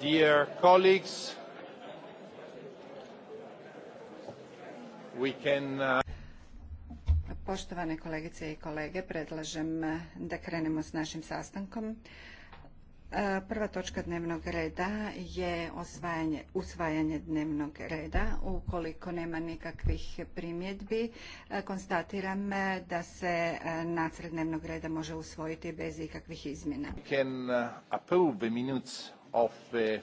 Dear colleagues, we uh, Poštovane kolegice i kolege, predlažem uh, da krenemo s našim sastankom. Uh, prva točka dnevnog reda je usvajanje dnevnog reda. Ukoliko nema nikakvih primjedbi, konstatiram da se nacrt dnevnog reda može usvojiti bez ikakvih izmjena. We can Eh,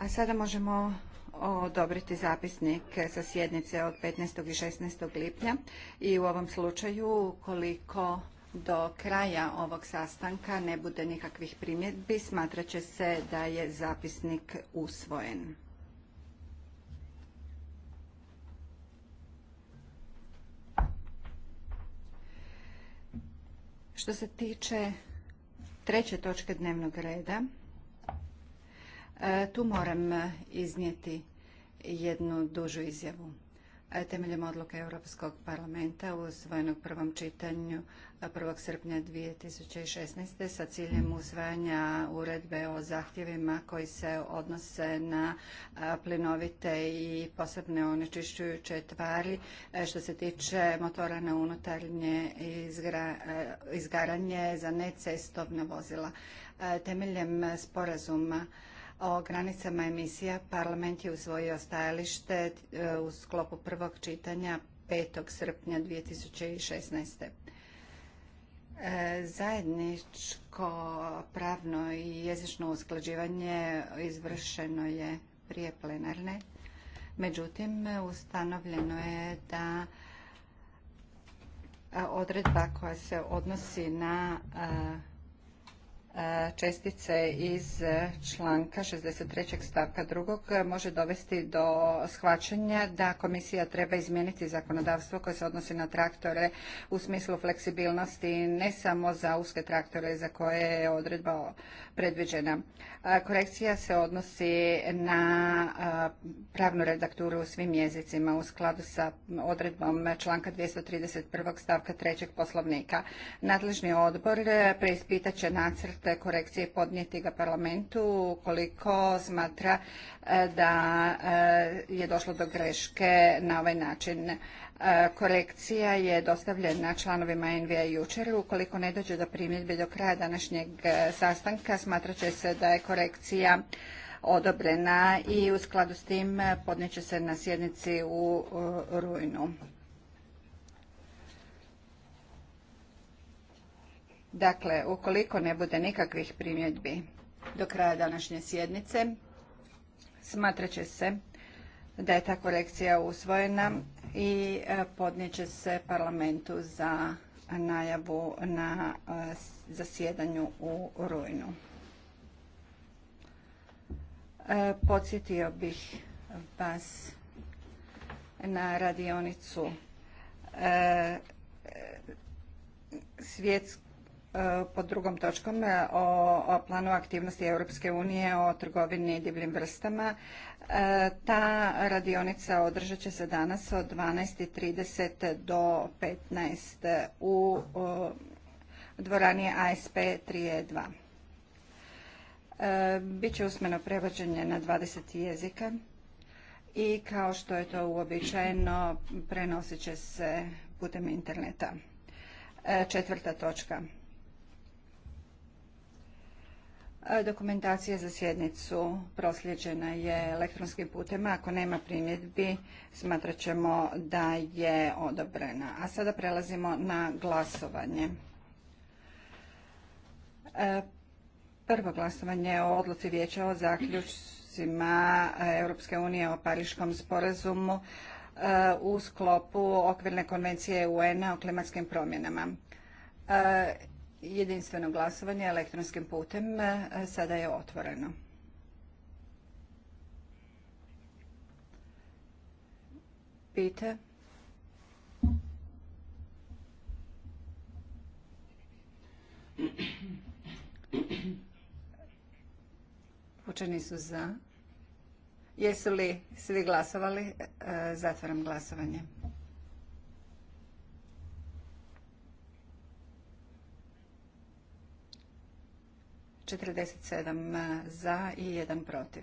A sada možemo odobriti zapisnik sa sjednice od 15. i 16. lipnja i u ovom slučaju koliko do kraja ovog sastanka ne bude nikakvih primjedbi, smatrat će se da je zapisnik usvojen. Što se tiče treće točke dnevnog reda, E, tu moram e, iznijeti jednu dužu izjavu. E, temeljem odluke Europskog parlamenta usvojenog prvom čitanju 1. srpnja 2016. sa ciljem usvajanja uredbe o zahtjevima koji se odnose na plinovite i posebne onečišćujuće tvari što se tiče motora na unutarnje izgaranje za necestovna vozila. Temeljem sporazuma o granicama emisija parlament je usvojio stajalište e, u sklopu prvog čitanja 5. srpnja 2016. E, zajedničko pravno i jezično usklađivanje izvršeno je prije plenarne. Međutim, ustanovljeno je da e, odredba koja se odnosi na E, čestice iz e, članka 63. stavka 2. E, može dovesti do shvaćanja da komisija treba izmijeniti zakonodavstvo koje se odnosi na traktore u smislu fleksibilnosti ne samo za uske traktore za koje je odredba predviđena. Korekcija se odnosi na pravnu redakturu u svim jezicima u skladu sa odredbom članka 231. stavka 3. poslovnika. Nadležni odbor preispitat će nacrt te korekcije podnijeti ga parlamentu ukoliko smatra e, da e, je došlo do greške na ovaj način. E, korekcija je dostavljena članovima NVA jučer. Ukoliko ne dođe do primjedbe do kraja današnjeg sastanka, smatrat će se da je korekcija odobrena i u skladu s tim podnijet će se na sjednici u rujnu. Dakle, ukoliko ne bude nikakvih primjedbi do kraja današnje sjednice, smatrat će se da je ta korekcija usvojena i e, će se parlamentu za najavu na e, zasjedanju u rujnu. E, podsjetio bih vas na radionicu svjetske E, pod drugom točkom e, o planu aktivnosti Europske unije o trgovini i divljim vrstama. E, ta radionica održat će se danas od 12.30 do 15 u dvorani ASP 3.2. Biće usmeno prevođenje na 20 jezika i kao što je to uobičajeno prenosit će se putem interneta. Četvrta točka. E, dokumentacija za sjednicu prosljeđena je elektronskim putem. Ako nema primjedbi, smatrat ćemo da je odobrena. A sada prelazimo na glasovanje. E, prvo glasovanje o odluci vijeća o zaključcima Europske unije o Pariškom sporazumu e, u sklopu okvirne konvencije UN-a o klimatskim promjenama jedinstveno glasovanje elektronskim putem e, sada je otvoreno. Pite. Učeni su za. Jesu li svi glasovali? E, zatvaram glasovanje. 47 eh, za i 1 protiv.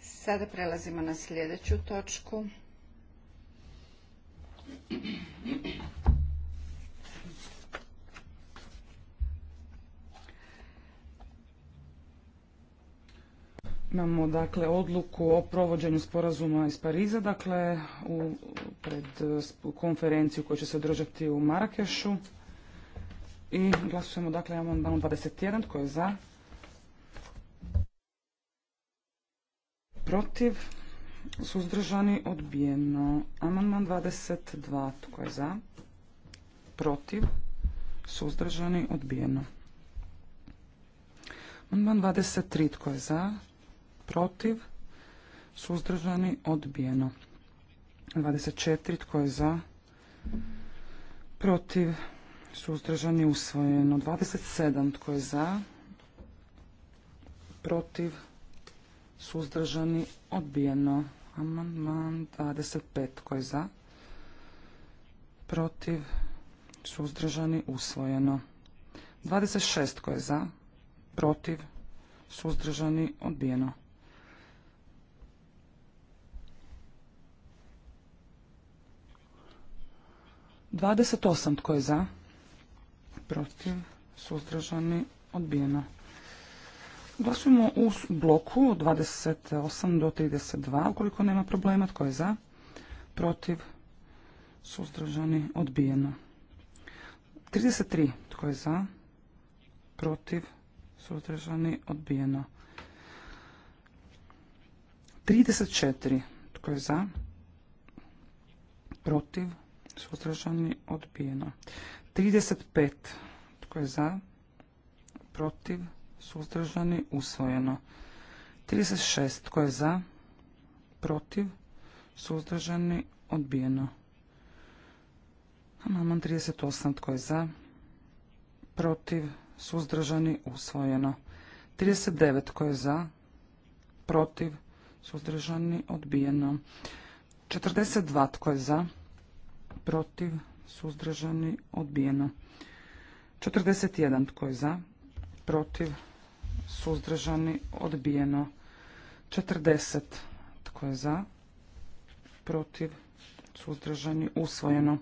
Sada prelazimo na sljedeću točku. Imamo dakle odluku o provođenju sporazuma iz Pariza, dakle u, pred konferenciju koja će se održati u Marakešu. I glasujemo dakle amandman 21, tko je za? Protiv? Suzdržani? Odbijeno. Amandman 22, tko je za? Protiv? Suzdržani? Odbijeno. Amandman 23, tko je za? protiv, suzdržani, odbijeno. 24 tko je za, protiv, suzdržani, usvojeno. 27 tko je za, protiv, suzdržani, odbijeno. Amandman 25 tko je za, protiv, suzdržani, usvojeno. 26 tko je za, protiv, suzdržani, odbijeno. 28. Tko je za? Protiv? Suzdržani? Odbijeno. Glasujemo u bloku 28 do 32. Ukoliko nema problema, tko je za? Protiv? Suzdržani? Odbijeno. 33. Tko je za? Protiv? Suzdržani? Odbijeno. 34. Tko je za? Protiv? suzdržani, odbijeno. 35. Tko je za? Protiv, suzdržani, usvojeno. 36. Tko je za? Protiv, suzdržani, odbijeno. Amandman 38. Tko je za? Protiv, suzdržani, usvojeno. 39. Tko je za? Protiv, suzdržani, odbijeno. 42. Tko je za? protiv, suzdržani, odbijeno. 41 tko je za, protiv, suzdržani, odbijeno. 40 tko je za, protiv, suzdržani, usvojeno.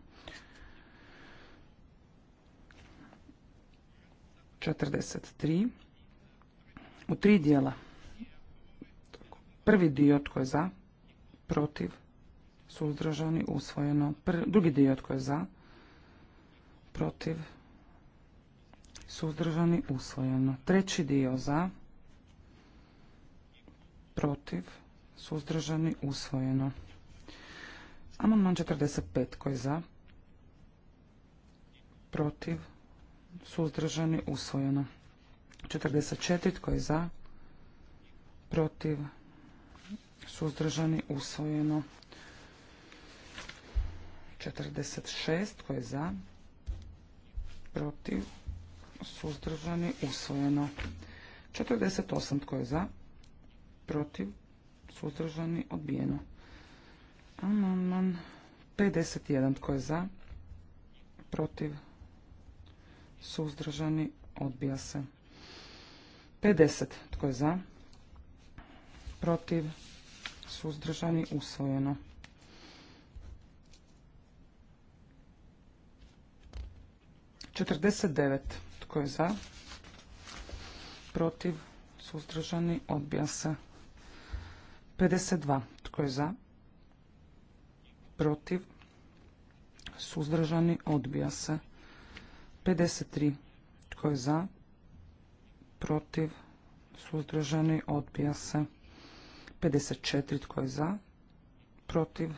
43 u tri dijela. Prvi dio tko je za, protiv, suzdržani, usvojeno. drugi dio tko je za, protiv, suzdržani, usvojeno. Treći dio za, protiv, suzdržani, usvojeno. Amandman 45 koji je za, protiv, suzdržani, usvojeno. 44 koji je za, protiv, suzdržani, usvojeno. 46 tko je za, protiv, suzdržani, usvojeno. 48 tko je za, protiv, suzdržani, odbijeno. Amandman 51 tko je za, protiv, suzdržani, odbija se. 50 tko je za, protiv, suzdržani, usvojeno. 49. Tko je za? Protiv? Suzdržani? Odbija se. 52. Tko je za? Protiv? Suzdržani? Odbija se. 53. Tko je za? Protiv? Suzdržani? Odbija se. 54. Tko je za? Protiv?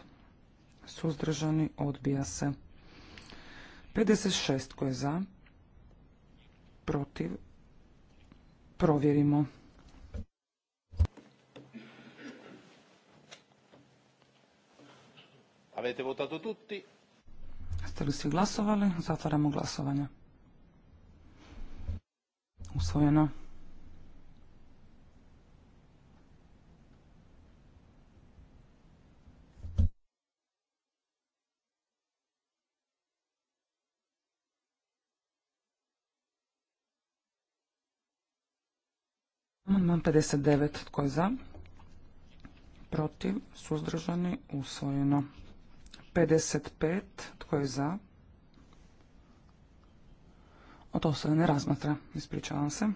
Suzdržani? Odbija se. 56 tko je za? Protiv? Provjerimo. Avete votato tutti? Ste li svi glasovali? Zatvaramo glasovanje. Usvojeno. Amandman 59. Tko je za? Protiv? Suzdržani? Usvojeno. 55. Tko je za? O to se ne razmatra. Ispričavam se.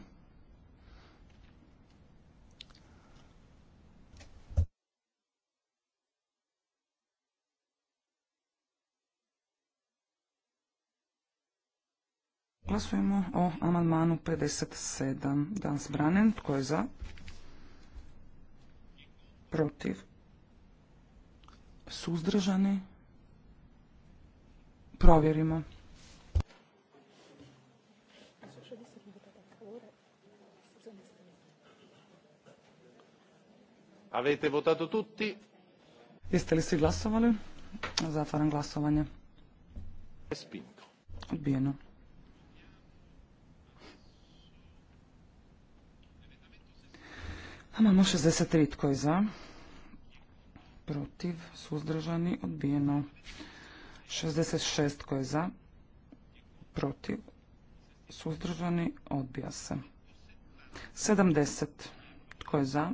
Glasujemo o amandmanu 57. Dans Branen, tko je za? Protiv? Suzdržani? Provjerimo. Avete votato tutti? Jeste li svi glasovali? Zatvaram glasovanje. Odbijeno. Amandman 63. Tko je za? Protiv. Suzdržani. Odbijeno. 66. Tko je za? Protiv. Suzdržani. Odbija se. 70. Tko je za?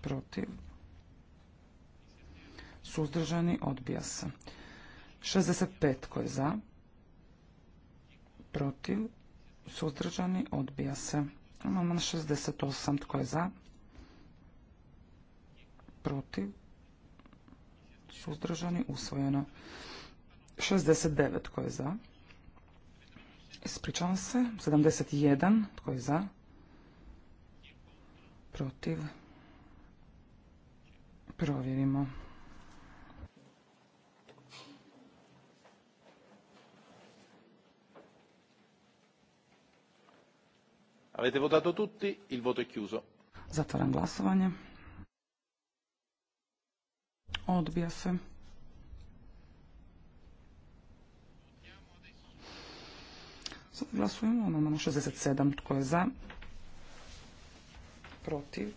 Protiv. Suzdržani. Odbija se. 65. Tko je za? Protiv. Suzdržani. Odbija se. Amandman 68. Tko je za? Protiv? Suzdržani? Usvojeno. 69. Tko je za? Ispričavam se. 71. Tko je za? Protiv? Provjerimo. Avete votato tutti, il voto è chiuso. Zatvaram glasovanje. Odbija se. Sad glasujemo ono na 67. Tko je za? Protiv?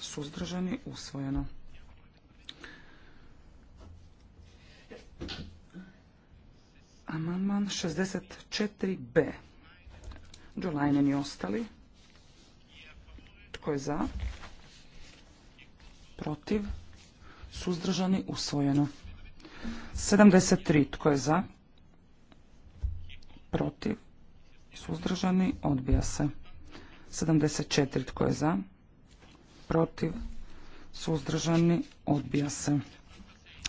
Suzdržani? Usvojeno. Amandman 64b. Đulajnen i ostali. Tko je za? Protiv? Suzdržani? Usvojeno. 73. Tko je za? Protiv? Suzdržani? Odbija se. 74. Tko je za? Protiv? Suzdržani? Odbija se.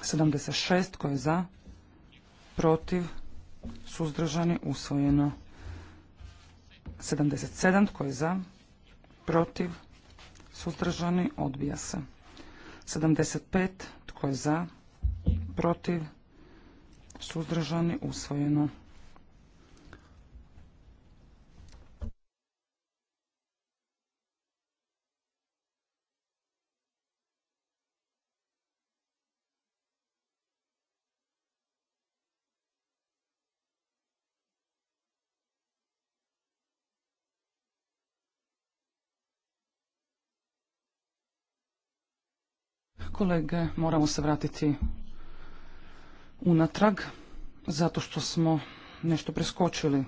76. Tko je za? Protiv? Suzdržani? Usvojeno. 77. Tko je za? Protiv? Suzdržani? Odbija se. 75. Tko je za? Protiv? Suzdržani? Usvojeno. Kolege, moramo se vratiti unatrag, zato što smo nešto preskočili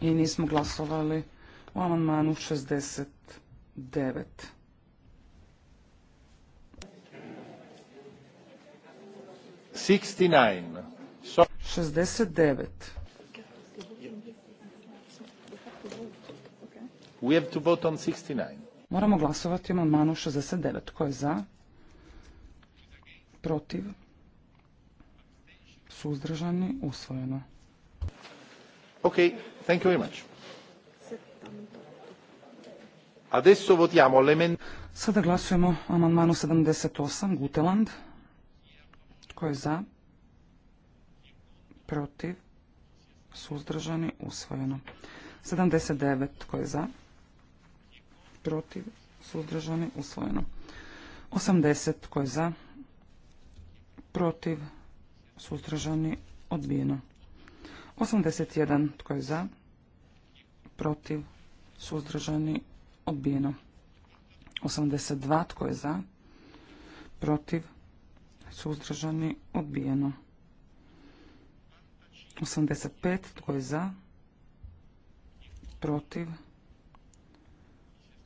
i nismo glasovali o amandmanu 69. on devet. Moramo glasovati o amandmanu 69. Tko je za? protiv, suzdržani, usvojeno. Ok, thank you very much. Adesso votiamo Sada glasujemo o amandmanu 78, Guteland. Tko je za? Protiv? Suzdržani? Usvojeno. 79. Tko je za? Protiv? Suzdržani? Usvojeno. 80. Tko je za? protiv, suzdržani, odbijeno. 81. Tko je za? Protiv, suzdržani, odbijeno. 82. Tko je za? Protiv, suzdržani, odbijeno. 85. Tko je za? Protiv,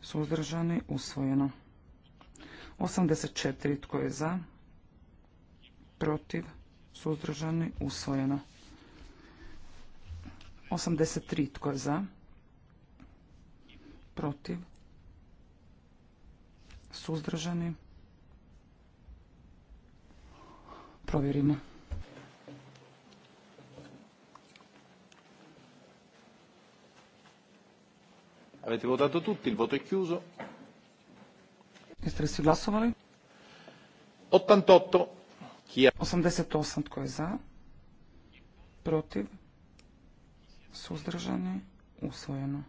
suzdržani, usvojeno. 84. Tko je za? protiv, suzdržani, usvojeno. 83 tko je za, protiv, suzdržani, provjerimo. Avete votato tutti, il voto è chiuso. Jeste li svi glasovali? 88 88 tko je za? Protiv? Suzdržani? Usvojeno.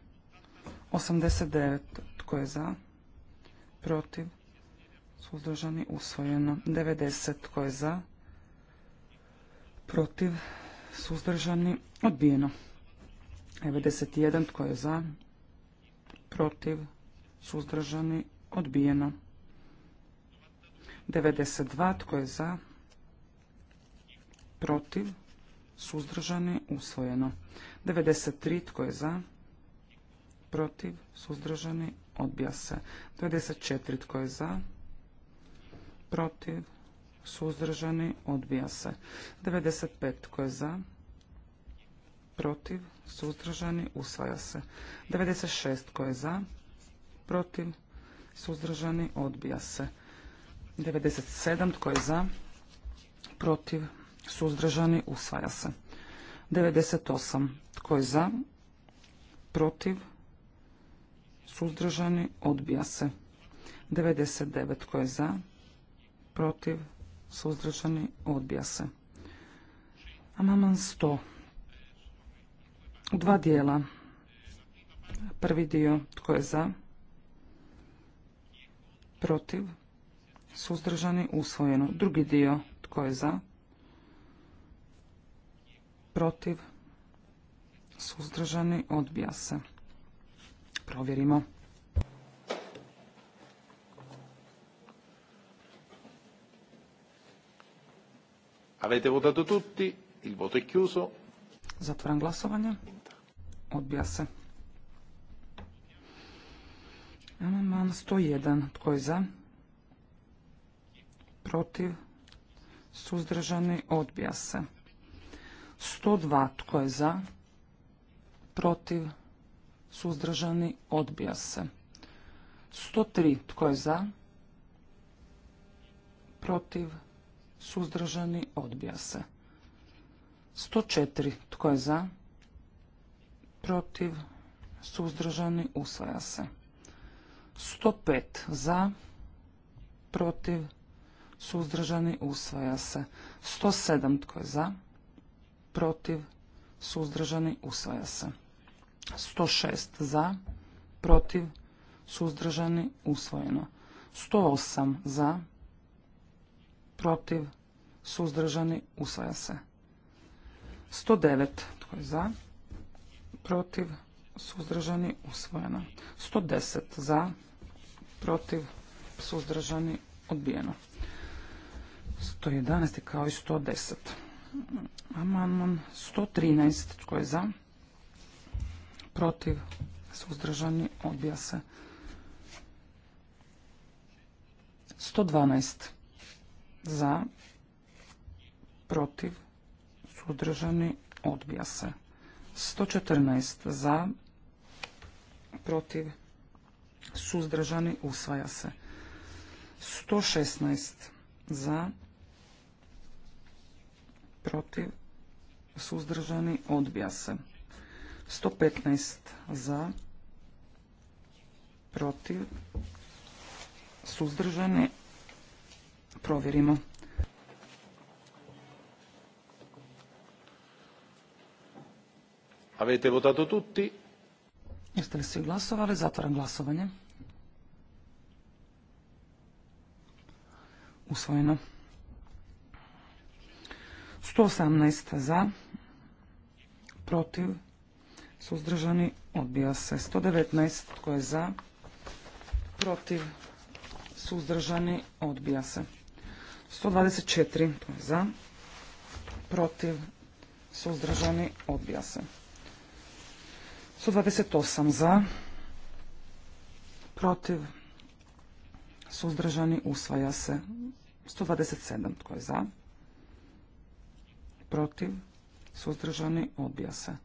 89 tko je za? Protiv? Suzdržani? Usvojeno. 90 tko je za? Protiv? Suzdržani? Odbijeno. 91 tko je za? Protiv? Suzdržani? Odbijeno. 92 tko je za? protiv, suzdržani, usvojeno. 93 tko je za, protiv, suzdržani, odbija se. 94 tko je za, protiv, suzdržani, odbija se. 95 tko je za, protiv, suzdržani, usvaja se. 96 tko je za, protiv, suzdržani, odbija se. 97 tko je za, protiv, suzdržani, usvaja se. 98. Tko je za? Protiv? Suzdržani, odbija se. 99. Tko je za? Protiv? Suzdržani, odbija se. Amaman 100. dva dijela. Prvi dio, tko je za? Protiv? Suzdržani, usvojeno. Drugi dio, tko je za? protiv, suzdržani, odbija se. Provjerimo. Avete votato tutti? Il voto è chiuso. Zatvaram glasovanje. Odbija se. Amandman 101. Tko je za? Protiv? Suzdržani? Odbija se. 102. Tko je za? Protiv? Suzdržani? Odbija se. 103. Tko je za? Protiv? Suzdržani? Odbija se. 104. Tko je za? Protiv? Suzdržani? Usvaja se. 105. Za? Protiv? Suzdržani? Usvaja se. 107. Tko je za? protiv, suzdržani, usvaja se. 106 za, protiv, suzdržani, usvojeno. 108 za, protiv, suzdržani, usvaja se. 109 tko je za, protiv, suzdržani, usvojeno. 110 za, protiv, suzdržani, odbijeno. 111 kao i 110. Amandman 113. Tko je za? Protiv? Suzdržani? Odbija se. 112. Za? Protiv? Suzdržani? Odbija se. 114. Za? Protiv? Suzdržani? Usvaja se. 116. Za? protiv, suzdržani, odbija se. 115 za, protiv, suzdržani, provjerimo. Avete votato tutti? Jeste li svi glasovali? Zatvaram glasovanje. Usvojeno. 118 za, protiv, suzdržani, odbija se. 119 tko je za, protiv, suzdržani, odbija se. 124 tko je za, protiv, suzdržani, odbija se. 128 za, protiv, suzdržani, usvaja se. 127 tko je za, protiv, suzdržani, odbija se.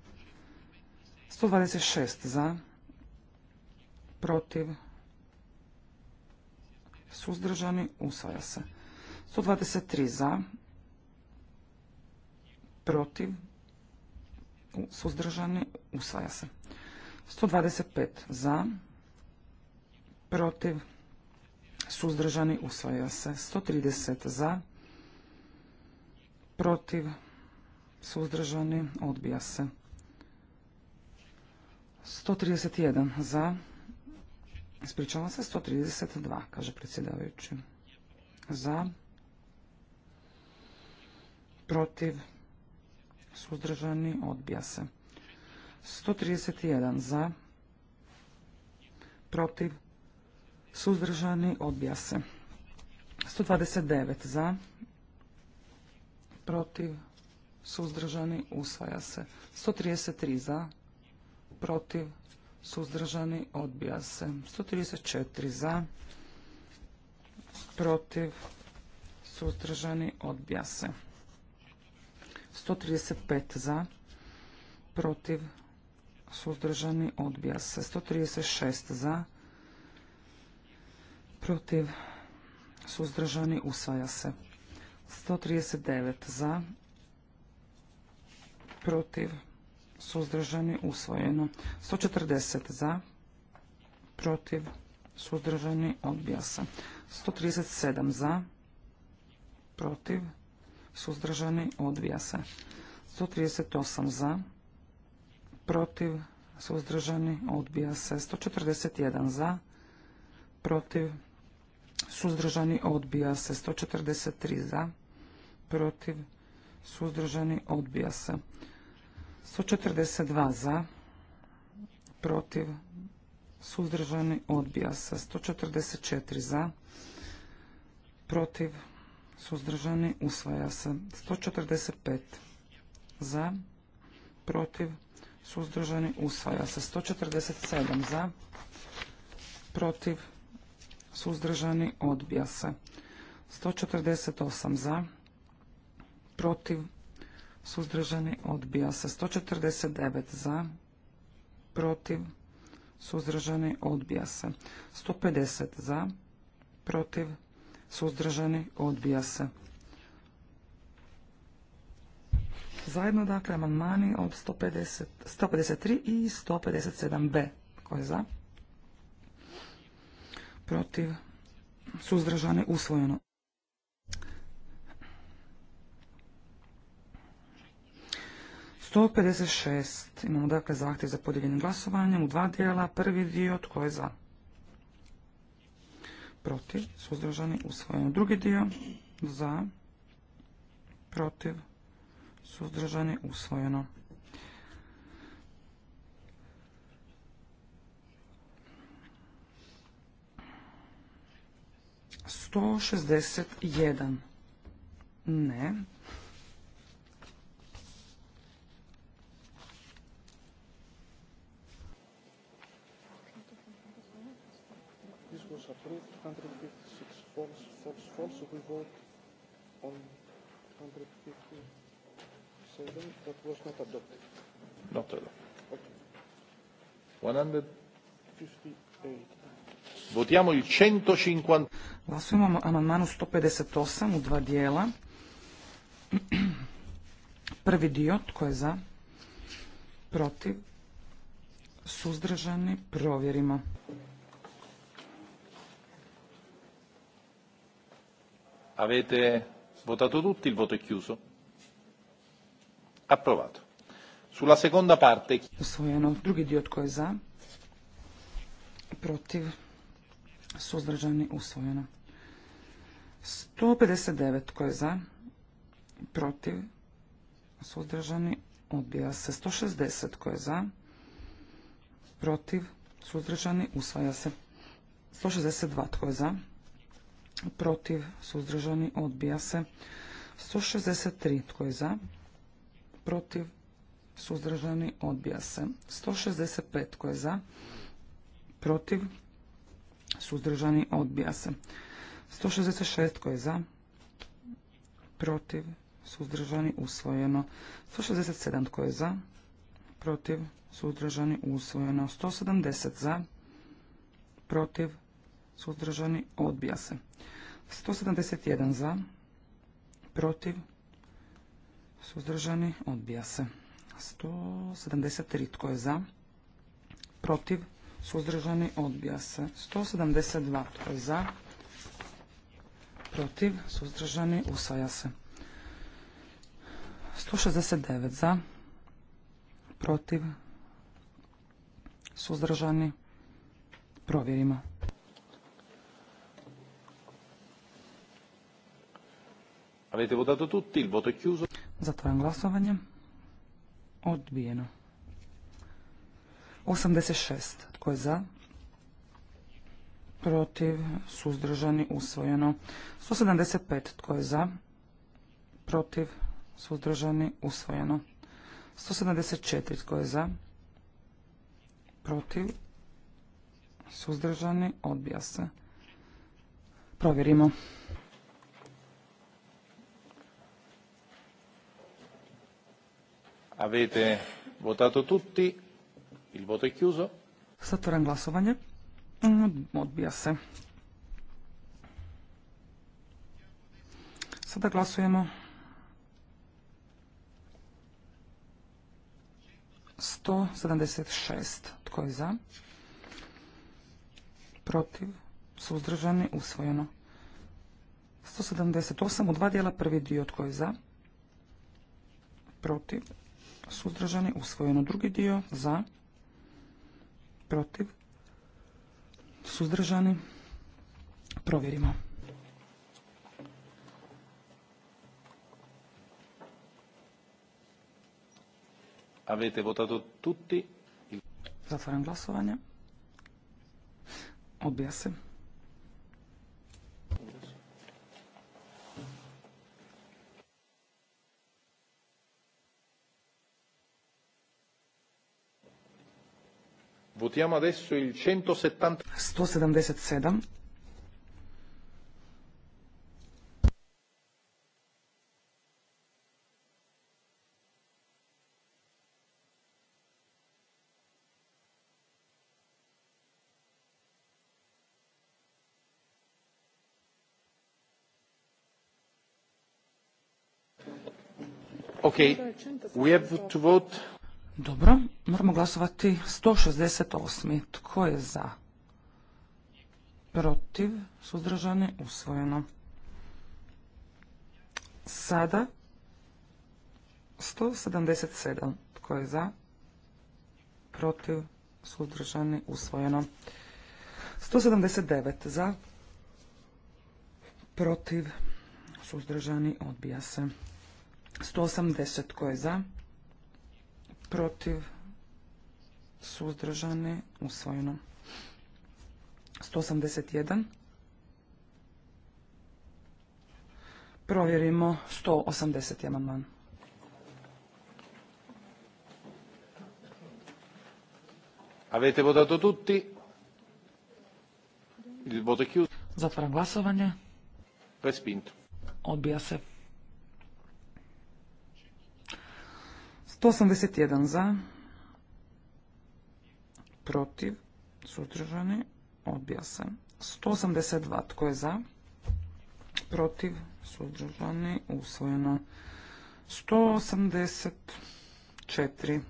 126 za, protiv, suzdržani, usvaja se. 123 za, protiv, suzdržani, usvaja se. 125 za, protiv, suzdržani, usvaja se. 130 za, protiv, suzdržani, odbija se. 131 za, ispričavam se, 132, kaže predsjedavajući. Za, protiv, suzdržani, odbija se. 131 za, protiv, suzdržani, odbija se. 129 za, protiv, suzdržani, usvaja se. 133 za, protiv, suzdržani, odbija se. 134 za, protiv, suzdržani, odbija se. 135 za, protiv, suzdržani, odbija se. 136 za, protiv, suzdržani, usvaja se. 139 za, protiv, suzdržani, usvojeno. 140 za, protiv, suzdržani, odbija se. 137 za, protiv, suzdržani, odbija se. 138 za, protiv, suzdržani, odbija se. 141 za, protiv, suzdržani, odbija se. 143 za, protiv, suzdržani, odbija se. 142 za, protiv, suzdržani, odbija se. 144 za, protiv, suzdržani, usvaja se. 145 za, protiv, suzdržani, usvaja se. 147 za, protiv, suzdržani, odbija se. 148 za, protiv, suzdržani, odbija se. 149 za, protiv, suzdržani, odbija se. 150 za, protiv, suzdržani, odbija se. Zajedno, dakle, amandmani od 150, 153 i 157b. Tko je za? Protiv, suzdržani, usvojeno. 156. Imamo dakle zahtjev za podijeljenim glasovanjem u dva dijela. Prvi dio, tko je za? Protiv. Suzdržani. Usvojeno. Drugi dio, za. Protiv. Suzdržani. Usvojeno. Sto šestdeset jedan. Ne. fall, so we on 157. That was not adopted. Not adopted. Okay. 158. Votiamo il 150. Glasujemo o amandmanu 158 u dva dijela. Prvi dio, tko je za? Protiv? Suzdržani? Provjerimo. Avete votato tutti, il voto è chiuso. Approvato. Sulla seconda parte. Usvojeno. Drugi dio tko je za? Protiv. Suzdržani. Usvojeno. 159 tko je za? Protiv. Suzdržani. Odbija se. 160 tko je za? Protiv. Suzdržani. Usvaja se. 162 tko je za? protiv, suzdržani, odbija se. 163, tko je za, protiv, suzdržani, odbija se. 165, tko je za, protiv, suzdržani, odbija se. 166, tko je za, protiv, suzdržani, usvojeno. 167, tko je za, protiv, suzdržani, usvojeno. 170 za, protiv, suzdržani, odbija se. 171 za, protiv, suzdržani, odbija se. 173 tko je za, protiv, suzdržani, odbija se. 172 tko je za, protiv, suzdržani, usvaja se. 169 za, protiv, suzdržani, provjerimo. Avete votato tutti, il voto è chiuso. Zatvaram glasovanje. Odbijeno. 86. Tko je za? Protiv. Suzdržani. Usvojeno. 175. Tko je za? Protiv. Suzdržani. Usvojeno. 174. Tko je za? Protiv. Suzdržani. Odbija se. Provjerimo. Avete votato tutti? Il voto è chiuso. Zatvaram glasovanje. Mm, odbija se. Sada glasujemo 176. Tko je za? Protiv? Suzdržani? Usvojeno. 178 u dva dijela prvi dio. Tko je za? Protiv? suzdržani, usvojeno. Drugi dio za, protiv, suzdržani, provjerimo. Avete votato tutti? Zatvaram glasovanje. Odbija se. Votiamo adesso il 170... 177. Okay, we have to vote dobro, moramo glasovati 168. Tko je za? Protiv, suzdržani, usvojeno. Sada 177. Tko je za? Protiv, suzdržani, usvojeno. 179 za, protiv, suzdržani, odbija se. 180 tko je za, protiv, suzdržane, usvojeno. 181. Provjerimo 180. amandman. Avete votato tutti? Il voto è chiuso. Zatvaram glasovanje. Respinto. Odbija se. 181 za, protiv, suzdržani, odbija se. 182 tko je za, protiv, suzdržani, usvojeno. 184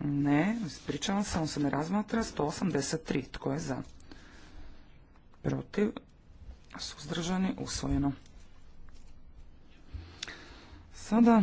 ne, ispričavam se, on se ne razmatra. 183 tko je za, protiv, suzdržani, usvojeno. Sada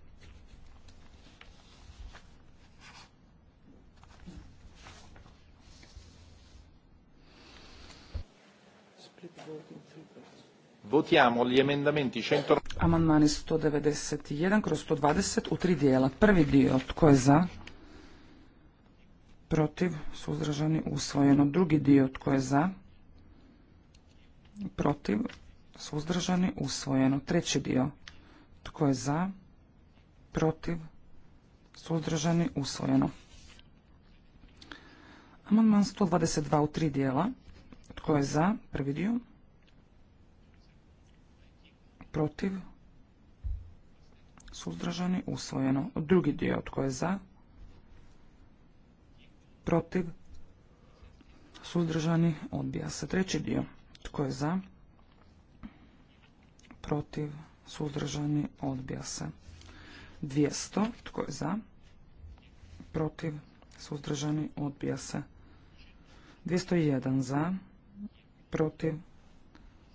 Votiamo gli emendamenti 100... Amandmani 191 kroz 120 u tri dijela. Prvi dio, tko je za? Protiv, suzdržani, usvojeno. Drugi dio, tko je za? Protiv, suzdržani, usvojeno. Treći dio, tko je za? Protiv, suzdržani, usvojeno. Amandman 122 u tri dijela. Tko je za? Prvi dio protiv, suzdržani, usvojeno. Drugi dio, tko je za, protiv, suzdržani, odbija se. Treći dio, tko je za, protiv, suzdržani, odbija se. 200, tko je za, protiv, suzdržani, odbija se. 201 za, protiv,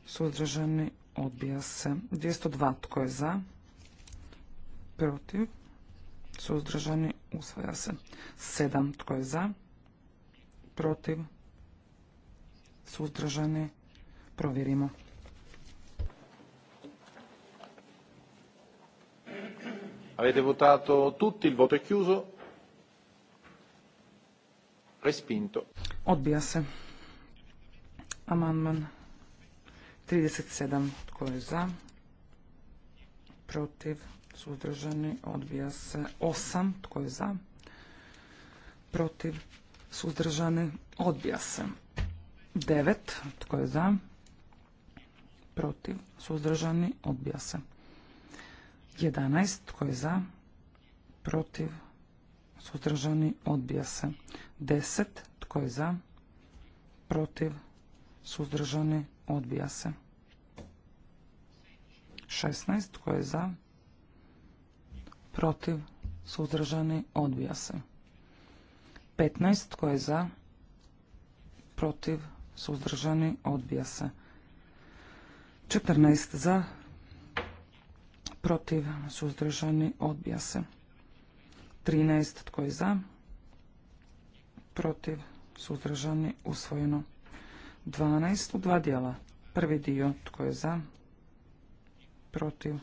suzdržani, Odbija se. 202. Tko je za? Protiv? Suzdržani? Usvaja se. 7. Tko je za? Protiv? Suzdržani? Provjerimo. Avete votato tutti, il voto è chiuso. Respinto. Odbija se. Amandman 37. Tko je za? Protiv? Suzdržani? Odbija se. 8. Tko je za? Protiv? Suzdržani? Odbija se. 9. Tko je za? Protiv? Suzdržani? Odbija se. 11. Tko je za? Protiv? Suzdržani? Odbija se. 10. Tko je za? Protiv? Suzdržani? Odbija se. 16. Tko je za? Protiv? Suzdržani? Odbija se. 15. Tko je za? Protiv? Suzdržani? Odbija se. 14. Za? Protiv? Suzdržani? Odbija se. 13. Tko je za? Protiv? Suzdržani? Usvojeno. 12 u dva dijela. Prvi dio tko je za, protiv,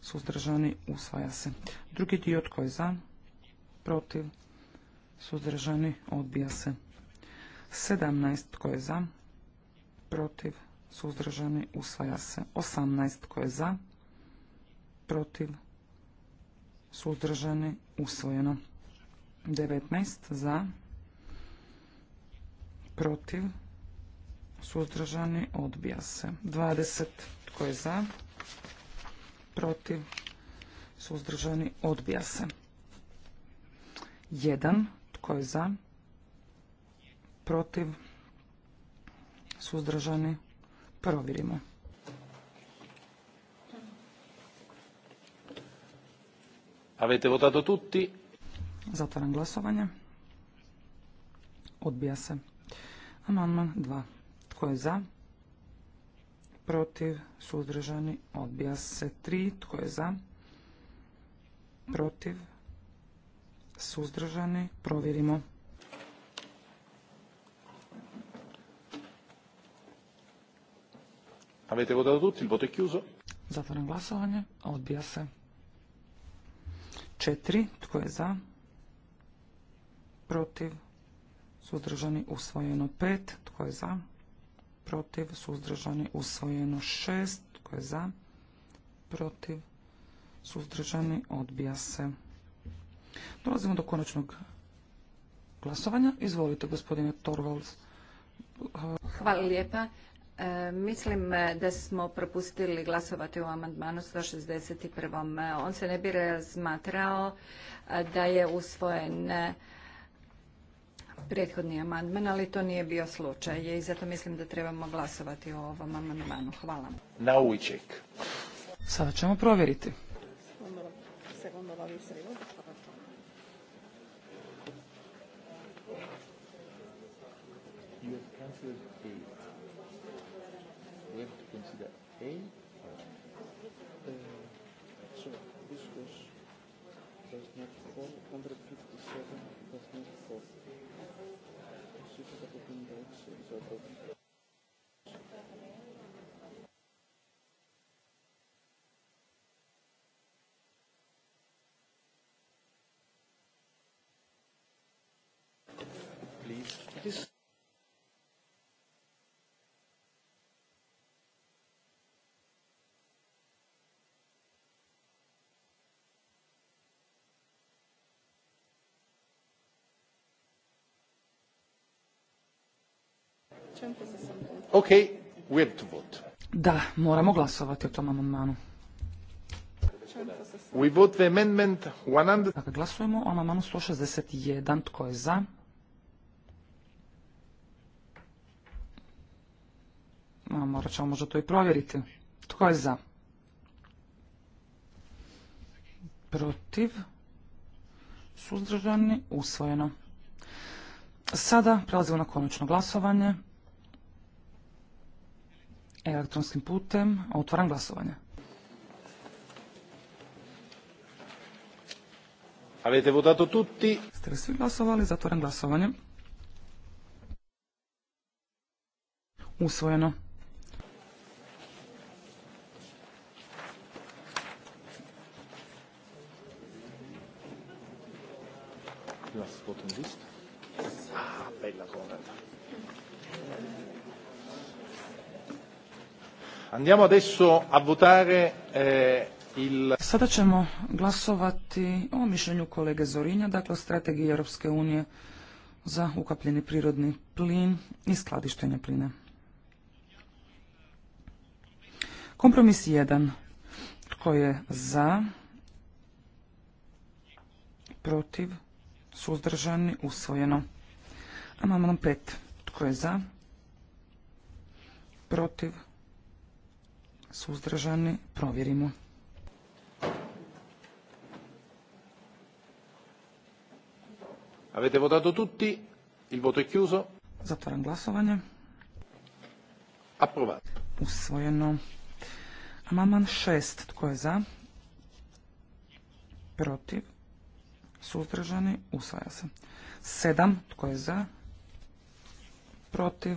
suzdržani, usvaja se. Drugi dio tko je za, protiv, suzdržani, odbija se. 17 tko je za, protiv, suzdržani, usvaja se. 18 tko je za, protiv, suzdržani, usvojeno. 19 za, protiv, suzdržani, odbija se. 20 tko je za, protiv, suzdržani, odbija se. 1 tko je za, protiv, suzdržani, provjerimo. Avete votato tutti? Zatvaram glasovanje. Odbija se. Amandman 2. Tko je za? Protiv? Suzdržani? Odbija se. 3. Tko je za? Protiv? Suzdržani? Provjerimo. Avete votato tutti, il voto chiuso. Zatvaram glasovanje, odbija se. Četiri, tko je za? Protiv, suzdržani, usvojeno 5. tko je za? protiv, suzdržani, usvojeno Šest, tko je za, protiv, suzdržani, odbija se. Dolazimo do konačnog glasovanja. Izvolite, gospodine Torvalds. Hvala lijepa. E, mislim e, da smo propustili glasovati o amandmanu 161. On se ne bi razmatrao e, da je usvojen prethodni amandman, ali to nije bio slučaj i zato mislim da trebamo glasovati o ovom amandmanu. Hvala. Sada ćemo provjeriti. Okay, we have to vote. Da, moramo glasovati o tom amandmanu. We vote the amendment 100. Dakle, glasujemo o amandmanu 161. Tko je za? A, morat ćemo možda to i provjeriti. Tko je za? Protiv? Suzdržani? Usvojeno. Sada prelazimo na konačno glasovanje elektronskim putem. Otvaram glasovanje. Avete votato tutti? Ste li svi glasovali? Zatvaram glasovanje. Usvojeno. Glas potom Andiamo adesso a votare eh, il... Sada ćemo glasovati o mišljenju kolege Zorinja, dakle o strategiji Europske unije za ukapljeni prirodni plin i skladištenje plina. Kompromis 1. Tko je za? Protiv? Suzdržani? Usvojeno. Amandman 5. Tko je za? Protiv? suzdržani, provjerimo. Avete votato tutti? Il voto è chiuso. Zatvaram glasovanje. Approvato. Usvojeno. Amandman 6. Tko je za? Protiv. Suzdržani. Usvaja se. 7. Tko je za? Protiv.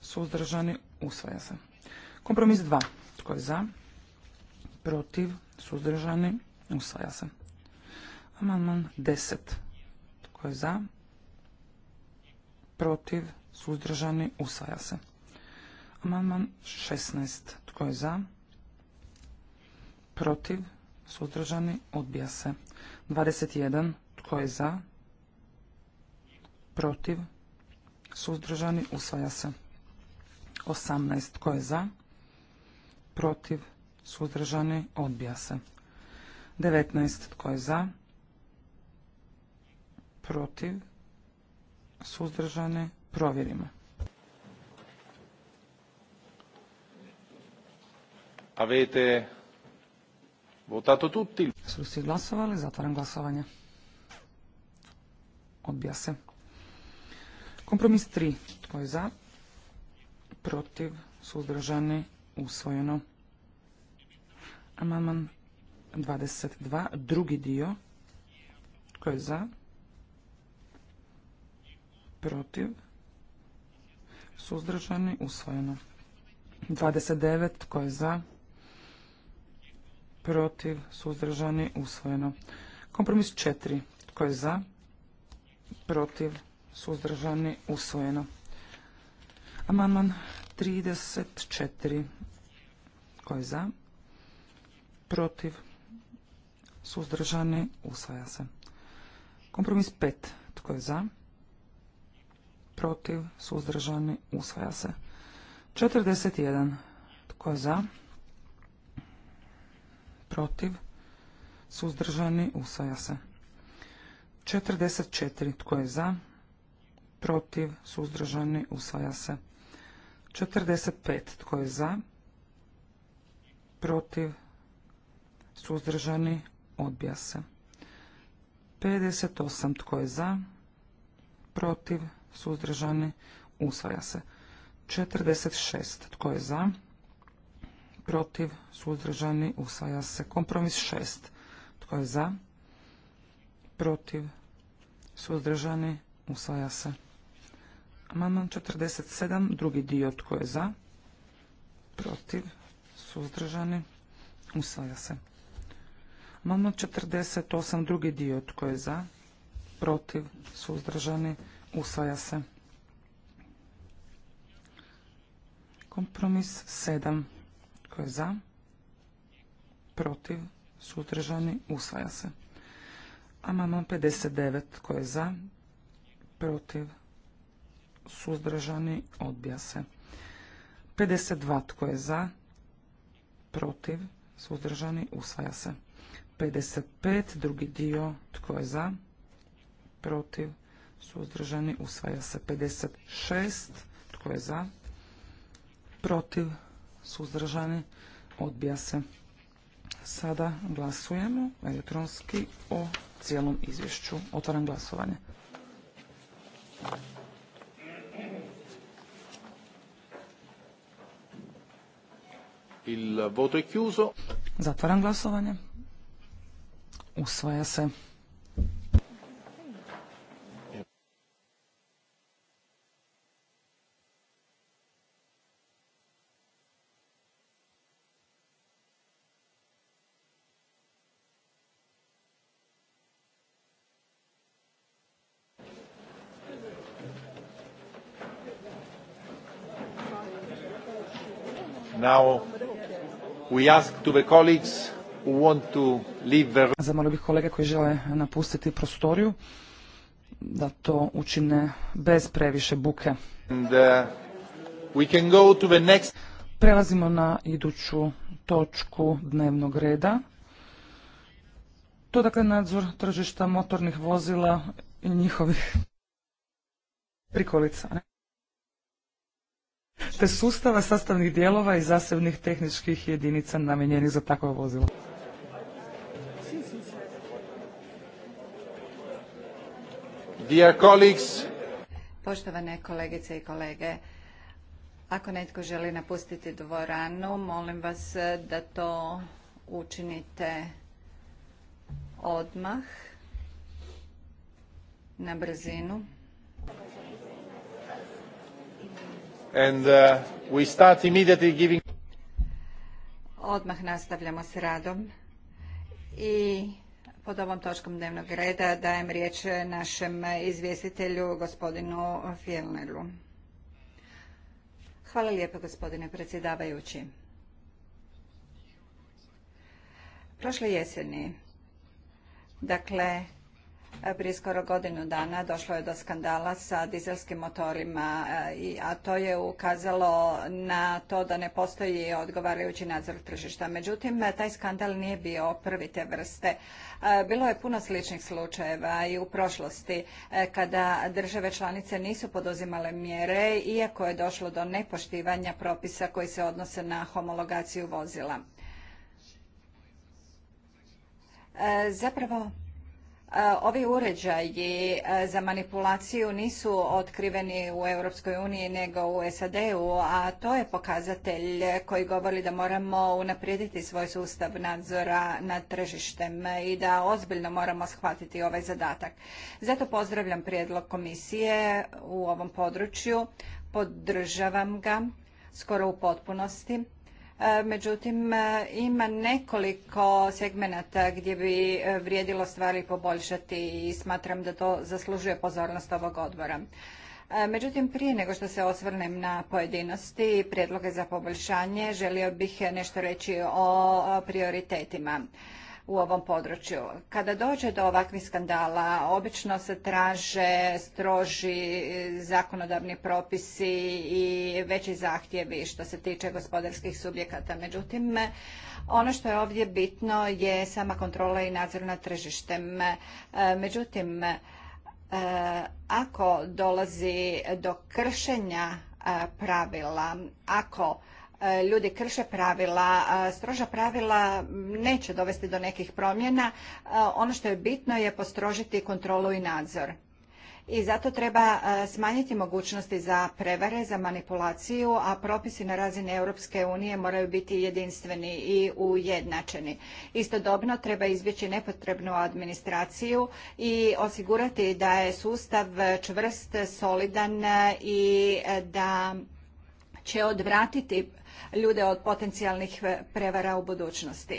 Suzdržani. Usvaja se. Kompromis 2. Tko je za? Protiv? Suzdržani? Usvaja se. Amandman 10. Tko je za? Protiv? Suzdržani? Usvaja se. Amandman 16. Tko je za? Protiv? Suzdržani? Odbija se. 21. Tko je za? Protiv? Suzdržani? Usvaja se. 18. Tko je za? Protiv? protiv, suzdržani, odbija se. 19. Tko je za? Protiv, suzdržani, provjerimo. Avete votato tutti? Su si glasovali? Zatvaram glasovanje. Odbija se. Kompromis 3. Tko je za? Protiv, suzdržani, usvojeno. Amandman 22, drugi dio. Tko je za? Protiv? Suzdržani? Usvojeno. 29. Tko je za? Protiv? Suzdržani? Usvojeno. Kompromis 4. Tko je za? Protiv? Suzdržani? Usvojeno. Amaman 34. Tko je za? Protiv? Suzdržani? Usvaja se. Kompromis 5. Tko je za? Protiv? Suzdržani? Usvaja se. 41. Tko je za? Protiv? Suzdržani? Usvaja se. 44. Tko je za? Protiv? Suzdržani? Usvaja se. 45. Tko je za? protiv, suzdržani, odbija se. 58. Tko je za? Protiv, suzdržani, usvaja se. 46. Tko je za? Protiv, suzdržani, usvaja se. Kompromis 6. Tko je za? Protiv, suzdržani, usvaja se. Amandman 47. Drugi dio. Tko je za? Protiv, suzdržani, usvaja se. Amandman 48, drugi dio, tko je za, protiv, suzdržani, usvaja se. Kompromis 7, tko je za, protiv, suzdržani, usvaja se. Amandman 59, tko je za, protiv, suzdržani, odbija se. 52, tko je za, protiv, suzdržani, usvaja se. 55, drugi dio, tko je za, protiv, suzdržani, usvaja se. 56, tko je za, protiv, suzdržani, odbija se. Sada glasujemo elektronski o cijelom izvješću. Otvaram glasovanje. Il voto è chiuso. Zatvaram glasovanje. Usvaja se. Now We to bih kolege koji žele napustiti prostoriju da to učine bez previše buke. Uh, Prelazimo na iduću točku dnevnog reda. To je dakle nadzor tržišta motornih vozila i njihovih prikolica te sustava sastavnih dijelova i zasebnih tehničkih jedinica namijenjenih za takvo vozilo. Poštovane kolegice i kolege, ako netko želi napustiti dvoranu, molim vas da to učinite odmah, na brzinu and uh, we Odmah nastavljamo s radom i pod ovom točkom dnevnog reda dajem riječ našem izvjestitelju gospodinu Fjellneru. Hvala lijepo gospodine predsjedavajući. Prošle jeseni, dakle prije skoro godinu dana došlo je do skandala sa dizelskim motorima, e, a to je ukazalo na to da ne postoji odgovarajući nadzor tržišta. Međutim, taj skandal nije bio prvi te vrste. E, bilo je puno sličnih slučajeva i u prošlosti e, kada države članice nisu poduzimale mjere, iako je došlo do nepoštivanja propisa koji se odnose na homologaciju vozila. Zapravo, E, ovi uređaji e, za manipulaciju nisu otkriveni u Europskoj uniji nego u SAD-u, a to je pokazatelj koji govori da moramo unaprijediti svoj sustav nadzora nad tržištem i da ozbiljno moramo shvatiti ovaj zadatak. Zato pozdravljam prijedlog komisije u ovom području, podržavam ga skoro u potpunosti E, međutim, e, ima nekoliko segmenata gdje bi e, vrijedilo stvari poboljšati i smatram da to zaslužuje pozornost ovog odbora. Međutim, prije nego što se osvrnem na pojedinosti i prijedloge za poboljšanje, želio bih nešto reći o prioritetima u ovom području. Kada dođe do ovakvih skandala, obično se traže stroži zakonodavni propisi i veći zahtjevi što se tiče gospodarskih subjekata. Međutim, ono što je ovdje bitno je sama kontrola i nadzor nad tržištem. Međutim, ako dolazi do kršenja pravila, ako E, ljudi krše pravila, e, stroža pravila neće dovesti do nekih promjena. E, ono što je bitno je postrožiti kontrolu i nadzor. I zato treba smanjiti mogućnosti za prevare, za manipulaciju, a propisi na razini Europske unije moraju biti jedinstveni i ujednačeni. Istodobno treba izbjeći nepotrebnu administraciju i osigurati da je sustav čvrst, solidan i da će odvratiti ljude od potencijalnih e, prevara u budućnosti.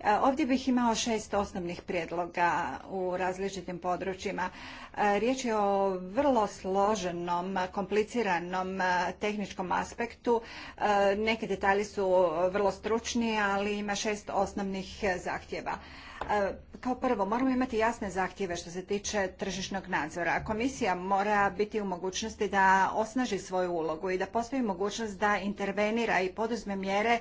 E, ovdje bih imao šest osnovnih prijedloga u različitim područjima. Riječ je o vrlo složenom, kompliciranom e, tehničkom aspektu. E, Neki detalji su vrlo stručni, ali ima šest osnovnih zahtjeva. E, Kao prvo, moramo imati jasne zahtjeve što se tiče tržišnog nadzora. Komisija mora biti u mogućnosti da osnaži svoju ulogu i da postoji mogućnost da intervenira i poduzme mjere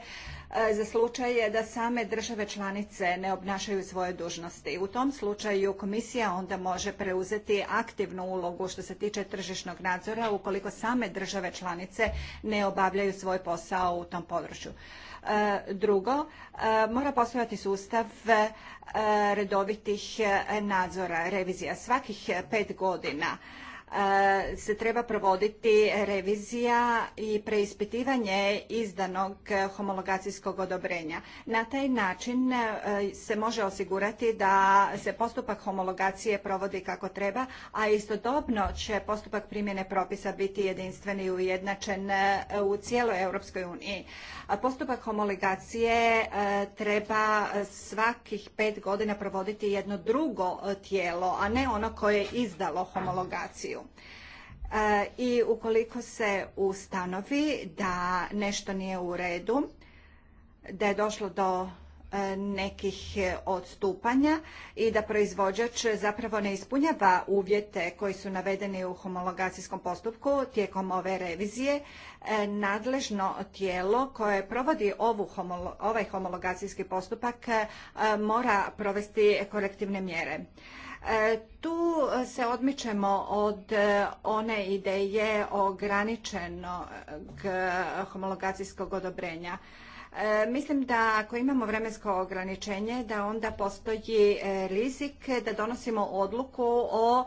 E, za je da same države članice ne obnašaju svoje dužnosti. U tom slučaju komisija onda može preuzeti aktivnu ulogu što se tiče tržišnog nadzora ukoliko same države članice ne obavljaju svoj posao u tom području. E, drugo, e, mora postojati sustav redovitih nadzora, revizija svakih pet godina se treba provoditi revizija i preispitivanje izdanog homologacijskog odobrenja. Na taj način e, se može osigurati da se postupak homologacije provodi kako treba, a istodobno će postupak primjene propisa biti jedinstven i ujednačen e, u cijeloj Europskoj uniji. Postupak homologacije e, treba svakih pet godina provoditi jedno drugo tijelo, a ne ono koje je izdalo homologaciju. I ukoliko se ustanovi da nešto nije u redu, da je došlo do e, nekih odstupanja i da proizvođač zapravo ne ispunjava uvjete koji su navedeni u homologacijskom postupku tijekom ove revizije, e, nadležno tijelo koje provodi ovu, ovaj homologacijski postupak e, mora provesti korektivne mjere. E, tu se odmičemo od e, one ideje ograničenog e, homologacijskog odobrenja. Mislim da ako imamo vremensko ograničenje, da onda postoji rizik da donosimo odluku o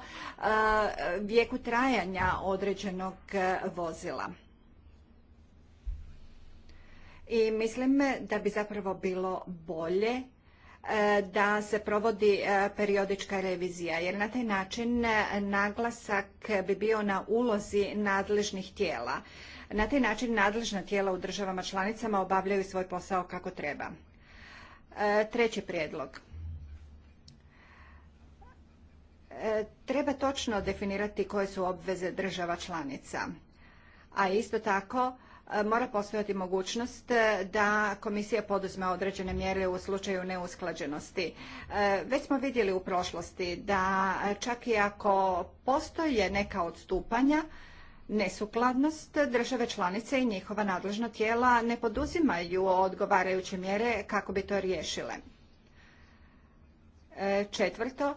vijeku trajanja određenog vozila. I mislim da bi zapravo bilo bolje da se provodi e, periodička revizija, jer na taj način e, naglasak bi bio na ulozi nadležnih tijela. Na taj način nadležna tijela u državama članicama obavljaju svoj posao kako treba. E, treći prijedlog. Treba točno definirati koje su obveze država članica, a isto tako E, mora postojati mogućnost e, da komisija poduzme određene mjere u slučaju neusklađenosti. E, već smo vidjeli u prošlosti da čak i ako postoje neka odstupanja, nesukladnost države članice i njihova nadležna tijela ne poduzimaju odgovarajuće mjere kako bi to riješile. Četvrto,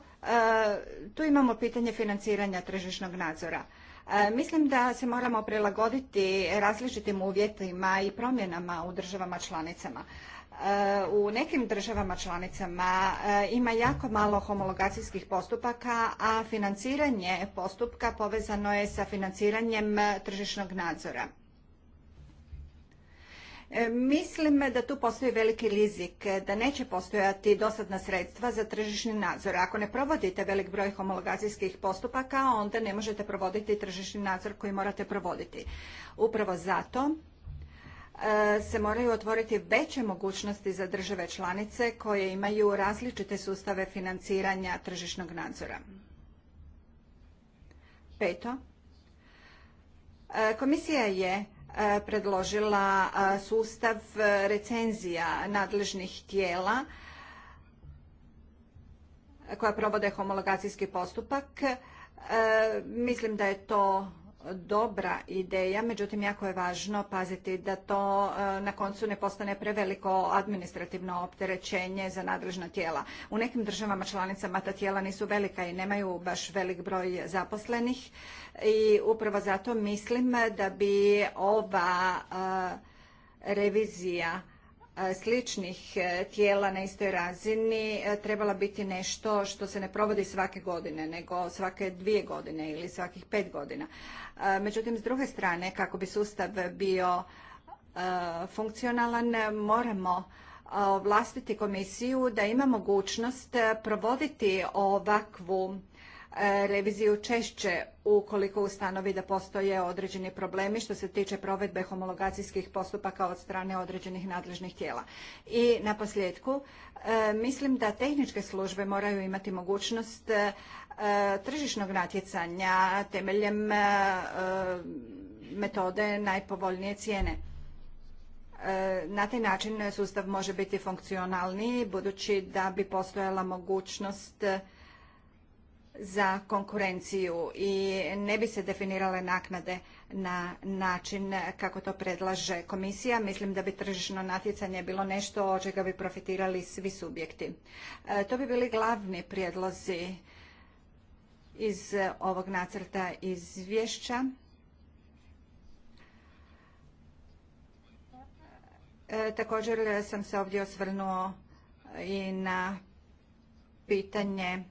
tu imamo pitanje financiranja tržišnog nadzora. E, mislim da se moramo prilagoditi različitim uvjetima i promjenama u državama članicama. E, u nekim državama članicama e, ima jako malo homologacijskih postupaka, a financiranje postupka povezano je sa financiranjem tržišnog nadzora. E, mislim da tu postoji veliki rizik, e, da neće postojati dosadna sredstva za tržišni nadzor. Ako ne provodite velik broj homologacijskih postupaka, onda ne možete provoditi tržišni nadzor koji morate provoditi. Upravo zato e, se moraju otvoriti veće mogućnosti za države članice koje imaju različite sustave financiranja tržišnog nadzora. Peto, komisija je E, predložila e, sustav recenzija nadležnih tijela e, koja provode homologacijski postupak. Mislim da je to dobra ideja, međutim jako je važno paziti da to e, na koncu ne postane preveliko administrativno opterećenje za nadležna tijela. U nekim državama članicama ta tijela nisu velika i nemaju baš velik broj zaposlenih i upravo zato mislim da bi ova e, revizija sličnih e, tijela na istoj razini e, trebala biti nešto što se ne provodi svake godine, nego svake dvije godine ili svakih pet godina. E, međutim, s druge strane, kako bi sustav bio funkcionalan, moramo vlastiti komisiju da ima mogućnost provoditi ovakvu E, reviziju češće ukoliko ustanovi da postoje određeni problemi što se tiče provedbe homologacijskih postupaka od strane određenih nadležnih tijela. I na posljedku, e, mislim da tehničke službe moraju imati mogućnost e, tržišnog natjecanja temeljem metode najpovoljnije cijene. Na taj način sustav može biti funkcionalniji budući da bi postojala mogućnost za konkurenciju i ne bi se definirale naknade na način kako to predlaže komisija. Mislim da bi tržišno natjecanje bilo nešto od čega bi profitirali svi subjekti. E, to bi bili glavni prijedlozi iz ovog nacrta izvješća. E, također sam se ovdje osvrnuo i na pitanje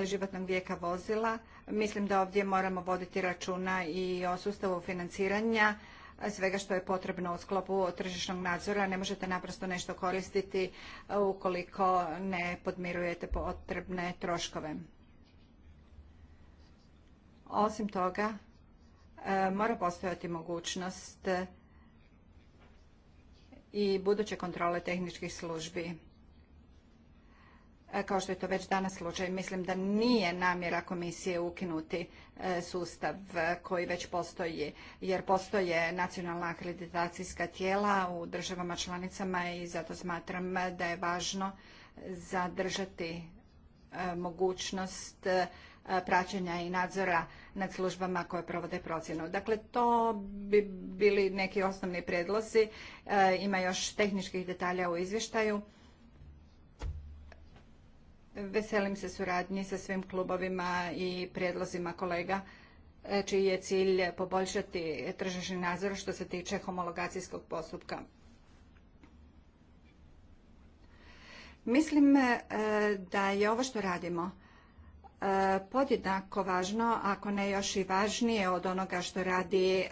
životnog vijeka vozila. Mislim da ovdje moramo voditi računa i o sustavu financiranja svega što je potrebno u sklopu tržišnog nadzora. Ne možete naprosto nešto koristiti ukoliko ne podmirujete potrebne troškove. Osim toga, mora postojati mogućnost i buduće kontrole tehničkih službi E, kao što je to već danas slučaj. Mislim da nije namjera komisije ukinuti e, sustav e, koji već postoji, jer postoje nacionalna akreditacijska tijela u državama članicama i zato smatram da je važno zadržati mogućnost praćenja i nadzora nad službama koje provode procjenu. Dakle, to bi bili neki osnovni prijedlozi. Ima još tehničkih detalja u izvještaju. Veselim se suradnji sa svim klubovima i prijedlozima kolega e, čiji je cilj poboljšati tržišni nadzor što se tiče homologacijskog postupka. Mislim e, da je ovo što radimo e, podjednako važno, ako ne još i važnije od onoga što radi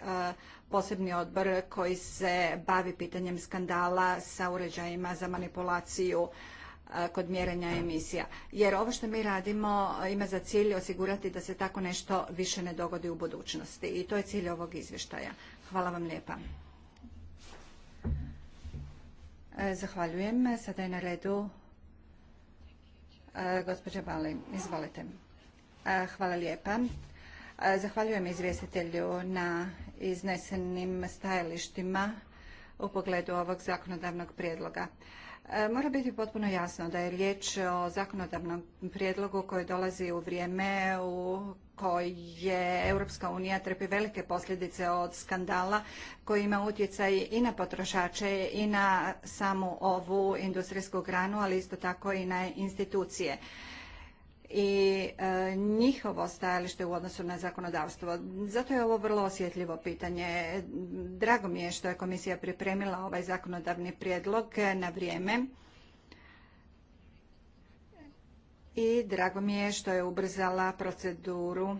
posebni odbor koji se bavi pitanjem skandala sa uređajima za manipulaciju kod mjerenja emisija. Jer ovo što mi radimo ima za cilj osigurati da se tako nešto više ne dogodi u budućnosti. I to je cilj ovog izvještaja. Hvala vam lijepa. E, zahvaljujem. Sada je na redu e, gospođa Bali. Izvolite. E, hvala lijepa. Zahvaljujem izvjestitelju na iznesenim stajalištima u pogledu ovog zakonodavnog prijedloga. E, mora biti potpuno jasno da je riječ o zakonodavnom prijedlogu koji dolazi u vrijeme u koje Europska unija trpi velike posljedice od skandala koji ima utjecaj i na potrošače i na samu ovu industrijsku granu, ali isto tako i na institucije i e, njihovo stajalište u odnosu na zakonodavstvo. Zato je ovo vrlo osjetljivo pitanje. Drago mi je što je komisija pripremila ovaj zakonodavni prijedlog na vrijeme i drago mi je što je ubrzala proceduru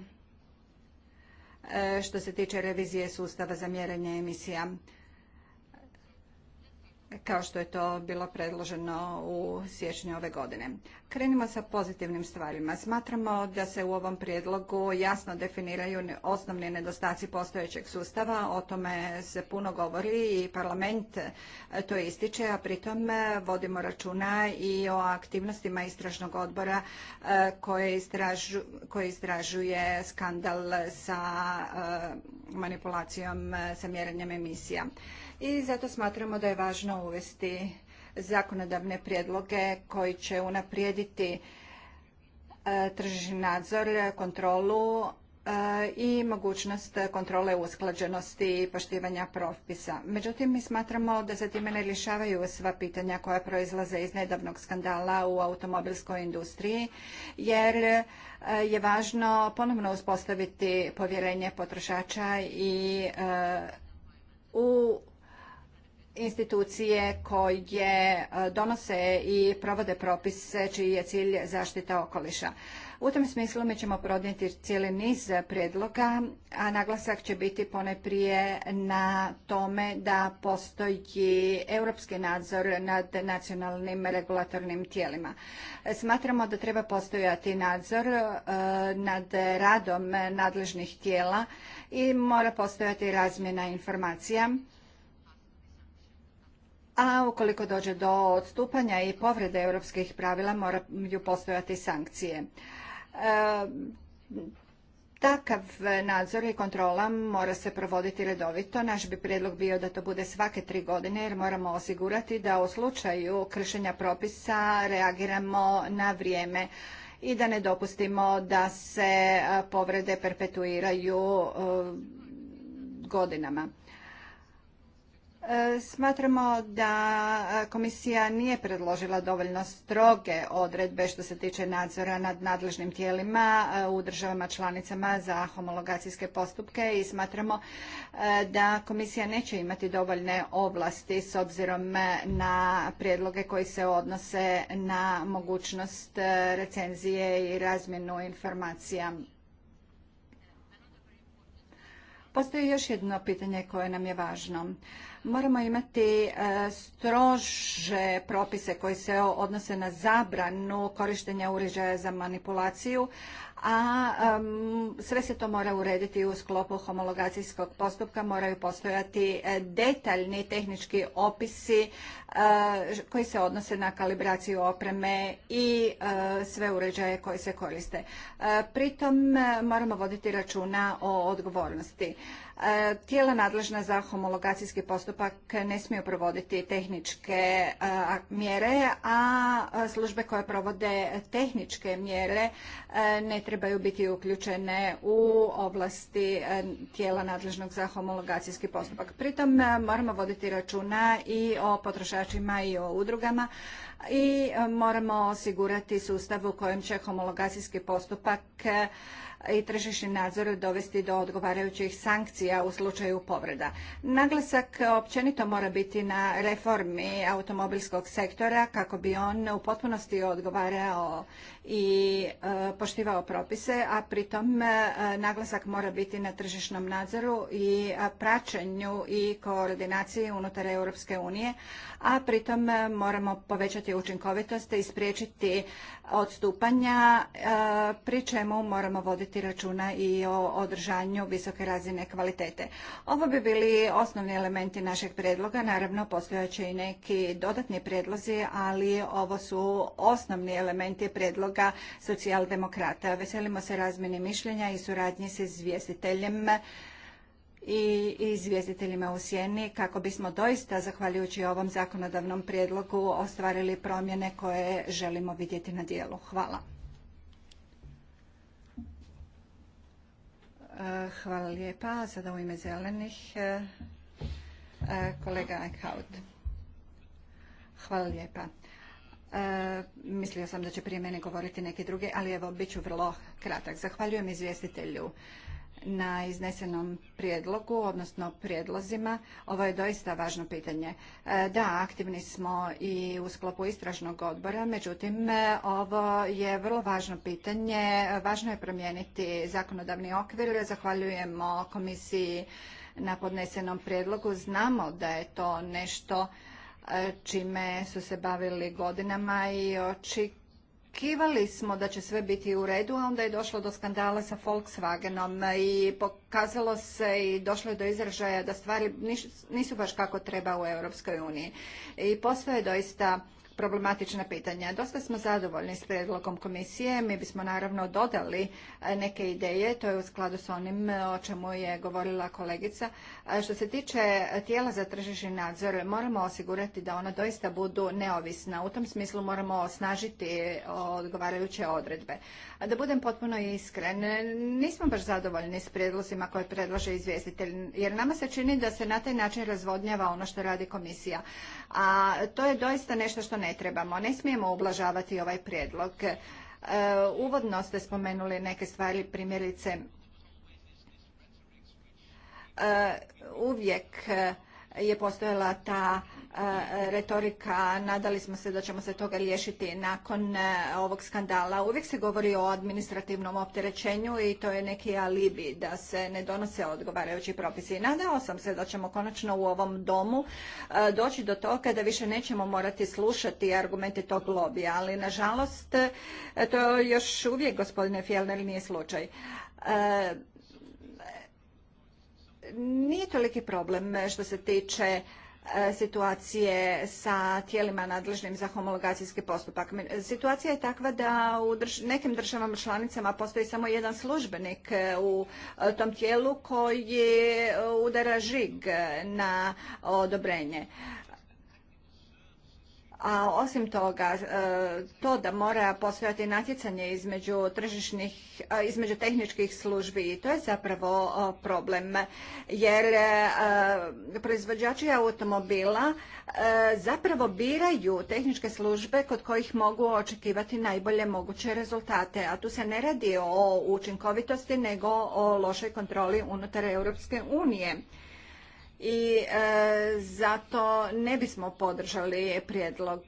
e, što se tiče revizije sustava za mjerenje emisija kao što je to bilo predloženo u siječnju ove godine. Krenimo sa pozitivnim stvarima. Smatramo da se u ovom prijedlogu jasno definiraju osnovni nedostaci postojećeg sustava. O tome se puno govori i parlament e, to ističe, a pritom e, vodimo računa i o aktivnostima istražnog odbora e, koje, koje istražuje skandal sa manipulacijom sa mjerenjem emisija i zato smatramo da je važno uvesti zakonodavne prijedloge koji će unaprijediti e, tržišni nadzor, kontrolu e, i mogućnost kontrole usklađenosti i poštivanja propisa. Međutim, mi smatramo da se time ne rješavaju sva pitanja koja proizlaze iz nedavnog skandala u automobilskoj industriji, jer e, je važno ponovno uspostaviti povjerenje potrošača i u institucije koje e, donose i provode propise čiji je cilj zaštita okoliša. U tom smislu mi ćemo prodniti cijeli niz predloga, a naglasak će biti poneprije na tome da postoji europski nadzor nad nacionalnim regulatornim tijelima. Smatramo da treba postojati nadzor e, nad radom nadležnih tijela i mora postojati razmjena informacija a ukoliko dođe do odstupanja i povrede europskih pravila moraju postojati sankcije. E, takav nadzor i kontrola mora se provoditi redovito. Naš bi prijedlog bio da to bude svake tri godine jer moramo osigurati da u slučaju kršenja propisa reagiramo na vrijeme i da ne dopustimo da se povrede perpetuiraju e, godinama. E, smatramo da e, komisija nije predložila dovoljno stroge odredbe što se tiče nadzora nad nadležnim tijelima e, u državama članicama za homologacijske postupke i smatramo da komisija neće imati dovoljne ovlasti s obzirom na prijedloge koji se odnose na mogućnost recenzije i razmjenu informacija Postoji još jedno pitanje koje nam je važno. Moramo imati e, strože propise koji se odnose na zabranu korištenja uređaja za manipulaciju, a sve se to mora urediti u sklopu homologacijskog postupka, moraju postojati e, detaljni tehnički opisi e, koji se odnose na kalibraciju opreme i e, sve uređaje koje se koriste. Pritom moramo voditi računa o odgovornosti. Tijela nadležna za homologacijski postupak ne smiju provoditi tehničke mjere, a službe koje provode tehničke mjere e, ne trebaju biti uključene u oblasti e, tijela nadležnog za homologacijski postupak. Pritom e, moramo voditi računa i o potrošačima i o udrugama i moramo osigurati sustav u kojem će homologacijski postupak i tržišni nadzor dovesti do odgovarajućih sankcija u slučaju povreda. Naglasak općenito mora biti na reformi automobilskog sektora kako bi on u potpunosti odgovarao i e, poštivao propise, a pritom e, naglasak mora biti na tržišnom nadzoru i e, praćenju i koordinaciji unutar Europske unije, a pritom moramo povećati učinkovitost i spriječiti odstupanja, pri čemu moramo voditi računa i o održanju visoke razine kvalitete. Ovo bi bili osnovni elementi našeg predloga, naravno postojaće i neki dodatni predlozi, ali ovo su osnovni elementi predloga socijaldemokrata. Veselimo se razmjeni mišljenja i suradnji s izvjestiteljem i izvjestiteljima u sjeni kako bismo doista zahvaljujući ovom zakonodavnom prijedlogu ostvarili promjene koje želimo vidjeti na dijelu. Hvala. Eh, hvala lijepa. Sada u ime zelenih eh, eh, kolega Eichhout. Hvala lijepa. E, mislio sam da će prije mene govoriti neki drugi, ali evo, bit ću vrlo kratak. Zahvaljujem izvjestitelju na iznesenom prijedlogu, odnosno prijedlozima. Ovo je doista važno pitanje. E, da, aktivni smo i u sklopu istražnog odbora, međutim, e, ovo je vrlo važno pitanje. Važno je promijeniti zakonodavni okvir. Zahvaljujemo komisiji na podnesenom prijedlogu. Znamo da je to nešto E, čime su se bavili godinama i očekivali smo da će sve biti u redu, a onda je došlo do skandala sa Volkswagenom i pokazalo se i došlo je do izražaja da stvari nisu baš kako treba u Europskoj uniji. I postoje doista problematična pitanja. Dosta smo zadovoljni s predlogom komisije. Mi bismo naravno dodali e, neke ideje. To je u skladu s onim e, o čemu je govorila kolegica. Što se tiče e, tijela za tržišni nadzor, moramo osigurati da ona doista budu neovisna. U tom smislu moramo osnažiti odgovarajuće odredbe. Da budem potpuno iskren, nismo baš zadovoljni s prijedlozima koje predlaže izvjestitelj, jer nama se čini da se na taj način razvodnjava ono što radi komisija. A to je doista nešto što ne trebamo, ne smijemo ublažavati ovaj prijedlog. E, uvodno ste spomenuli neke stvari, primjerice e, uvijek je postojala ta E, retorika, nadali smo se da ćemo se toga riješiti nakon e, ovog skandala. Uvijek se govori o administrativnom opterećenju i to je neki alibi da se ne donose odgovarajući propisi. Nadao sam se da ćemo konačno u ovom domu e, doći do toga da više nećemo morati slušati argumente tog lobija, ali nažalost to još uvijek gospodine Fjellner nije slučaj nije toliki problem što se tiče E, situacije sa tijelima nadležnim za homologacijski postupak. Situacija je takva da u nekim državama članicama postoji samo jedan službenik e, u e, tom tijelu koji udara žig na odobrenje. A osim toga, e, to da mora postojati natjecanje između tržišnih, e, između tehničkih službi, to je zapravo e, problem. Jer proizvođači automobila zapravo biraju tehničke službe kod kojih mogu očekivati najbolje moguće rezultate. A tu se ne radi o učinkovitosti, nego o lošoj kontroli unutar Europske unije i e, zato ne bismo podržali prijedlog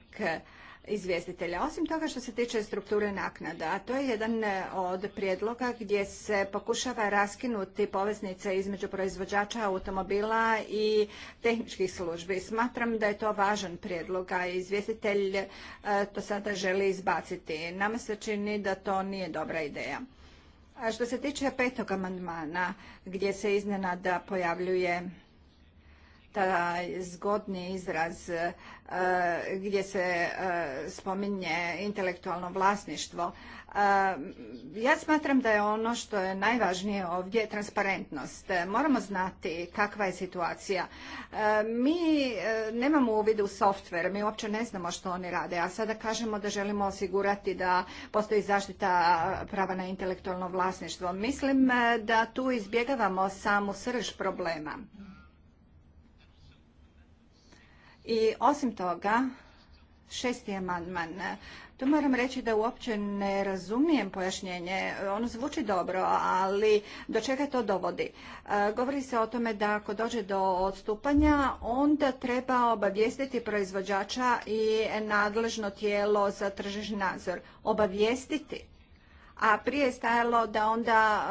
izvjestitelja. Osim toga što se tiče strukture naknada, to je jedan od prijedloga gdje se pokušava raskinuti poveznice između proizvođača automobila i tehničkih službi. Smatram da je to važan prijedlog, a izvjestitelj e, to sada želi izbaciti. Nama se čini da to nije dobra ideja. A što se tiče petog amandmana, gdje se iznenada pojavljuje taj zgodni izraz e, gdje se e, spominje intelektualno vlasništvo. E, ja smatram da je ono što je najvažnije ovdje transparentnost. Moramo znati kakva je situacija. Mi nemamo uvid u software, mi uopće ne znamo što oni rade, a sada kažemo da želimo osigurati da postoji zaštita prava na intelektualno vlasništvo. Mislim da tu izbjegavamo samu srž problema. I osim toga, šesti amandman. Tu moram reći da uopće ne razumijem pojašnjenje. Ono zvuči dobro, ali do čega to dovodi? E, govori se o tome da ako dođe do odstupanja, onda treba obavijestiti proizvođača i nadležno tijelo za tržišni nadzor. Obavijestiti. A prije je stajalo da onda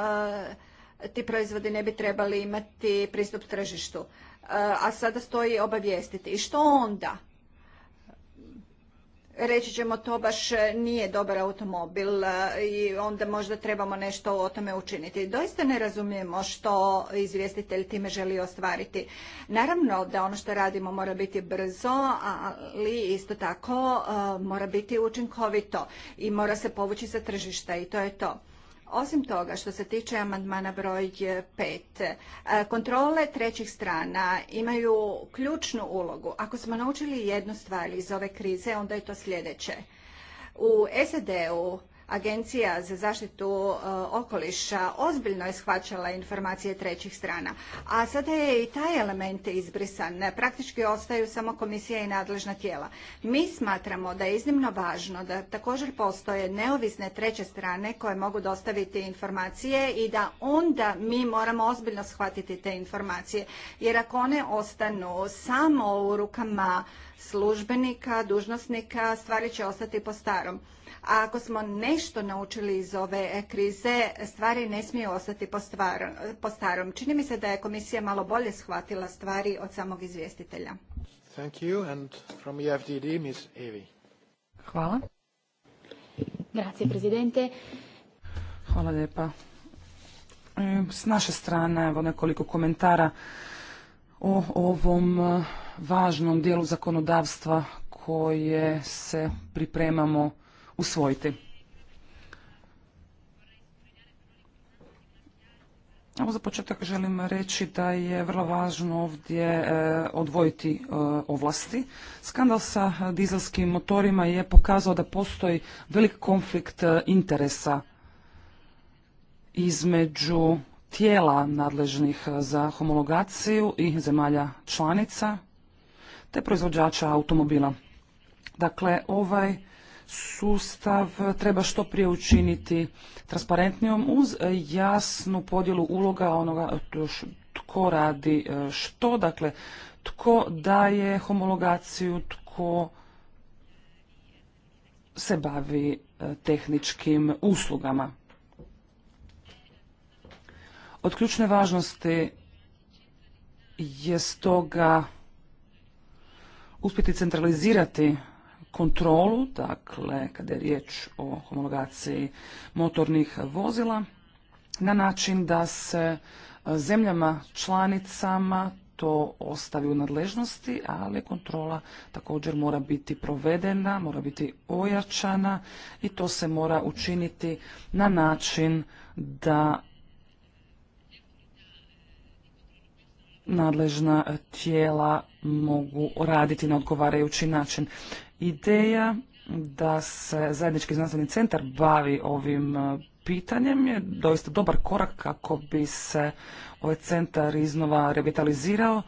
e, ti proizvodi ne bi trebali imati pristup tržištu a sada stoji obavijestiti. I što onda? Reći ćemo to baš nije dobar automobil e, i onda možda trebamo nešto o tome učiniti. Doista ne razumijemo što izvjestitelj time želi ostvariti. Naravno da ono što radimo mora biti brzo, ali isto tako e, mora biti učinkovito i mora se povući sa tržišta i to je to. Osim toga, što se tiče amandmana broj 5, e, kontrole trećih strana imaju ključnu ulogu. Ako smo naučili jednu stvar iz ove krize, onda je to sljedeće. U SAD-u Agencija za zaštitu e, okoliša ozbiljno je shvaćala informacije trećih strana, a sada je i taj element izbrisan. Praktički ostaju samo komisija i nadležna tijela. Mi smatramo da je iznimno važno da također postoje neovisne treće strane koje mogu dostaviti informacije i da onda mi moramo ozbiljno shvatiti te informacije. Jer ako one ostanu samo u rukama službenika, dužnosnika, stvari će ostati po starom. A ako smo nešto naučili iz ove krize, stvari ne smiju ostati po, starom. Čini mi se da je komisija malo bolje shvatila stvari od samog izvjestitelja. Thank you and from e Hvala. Grazie, Presidente. Hvala lijepa. E, s naše strane, evo nekoliko komentara o ovom e, važnom dijelu zakonodavstva koje se pripremamo usvojiti. samo za početak želim reći da je vrlo važno ovdje e, odvojiti e, ovlasti. Skandal sa dizelskim motorima je pokazao da postoji velik konflikt e, interesa između tijela nadležnih za homologaciju i zemalja članica te proizvođača automobila. Dakle, ovaj sustav treba što prije učiniti transparentnijom uz jasnu podjelu uloga onoga tko radi e, što, dakle tko daje homologaciju, tko se bavi e, tehničkim uslugama. Od ključne važnosti je stoga uspjeti centralizirati kontrolu, dakle kada je riječ o homologaciji motornih vozila, na način da se e, zemljama članicama to ostavi u nadležnosti, ali kontrola također mora biti provedena, mora biti ojačana i to se mora učiniti na način da nadležna tijela mogu raditi na odgovarajući način. Ideja da se zajednički znanstveni centar bavi ovim e, pitanjem je doista dobar korak kako bi se ovaj centar iznova revitalizirao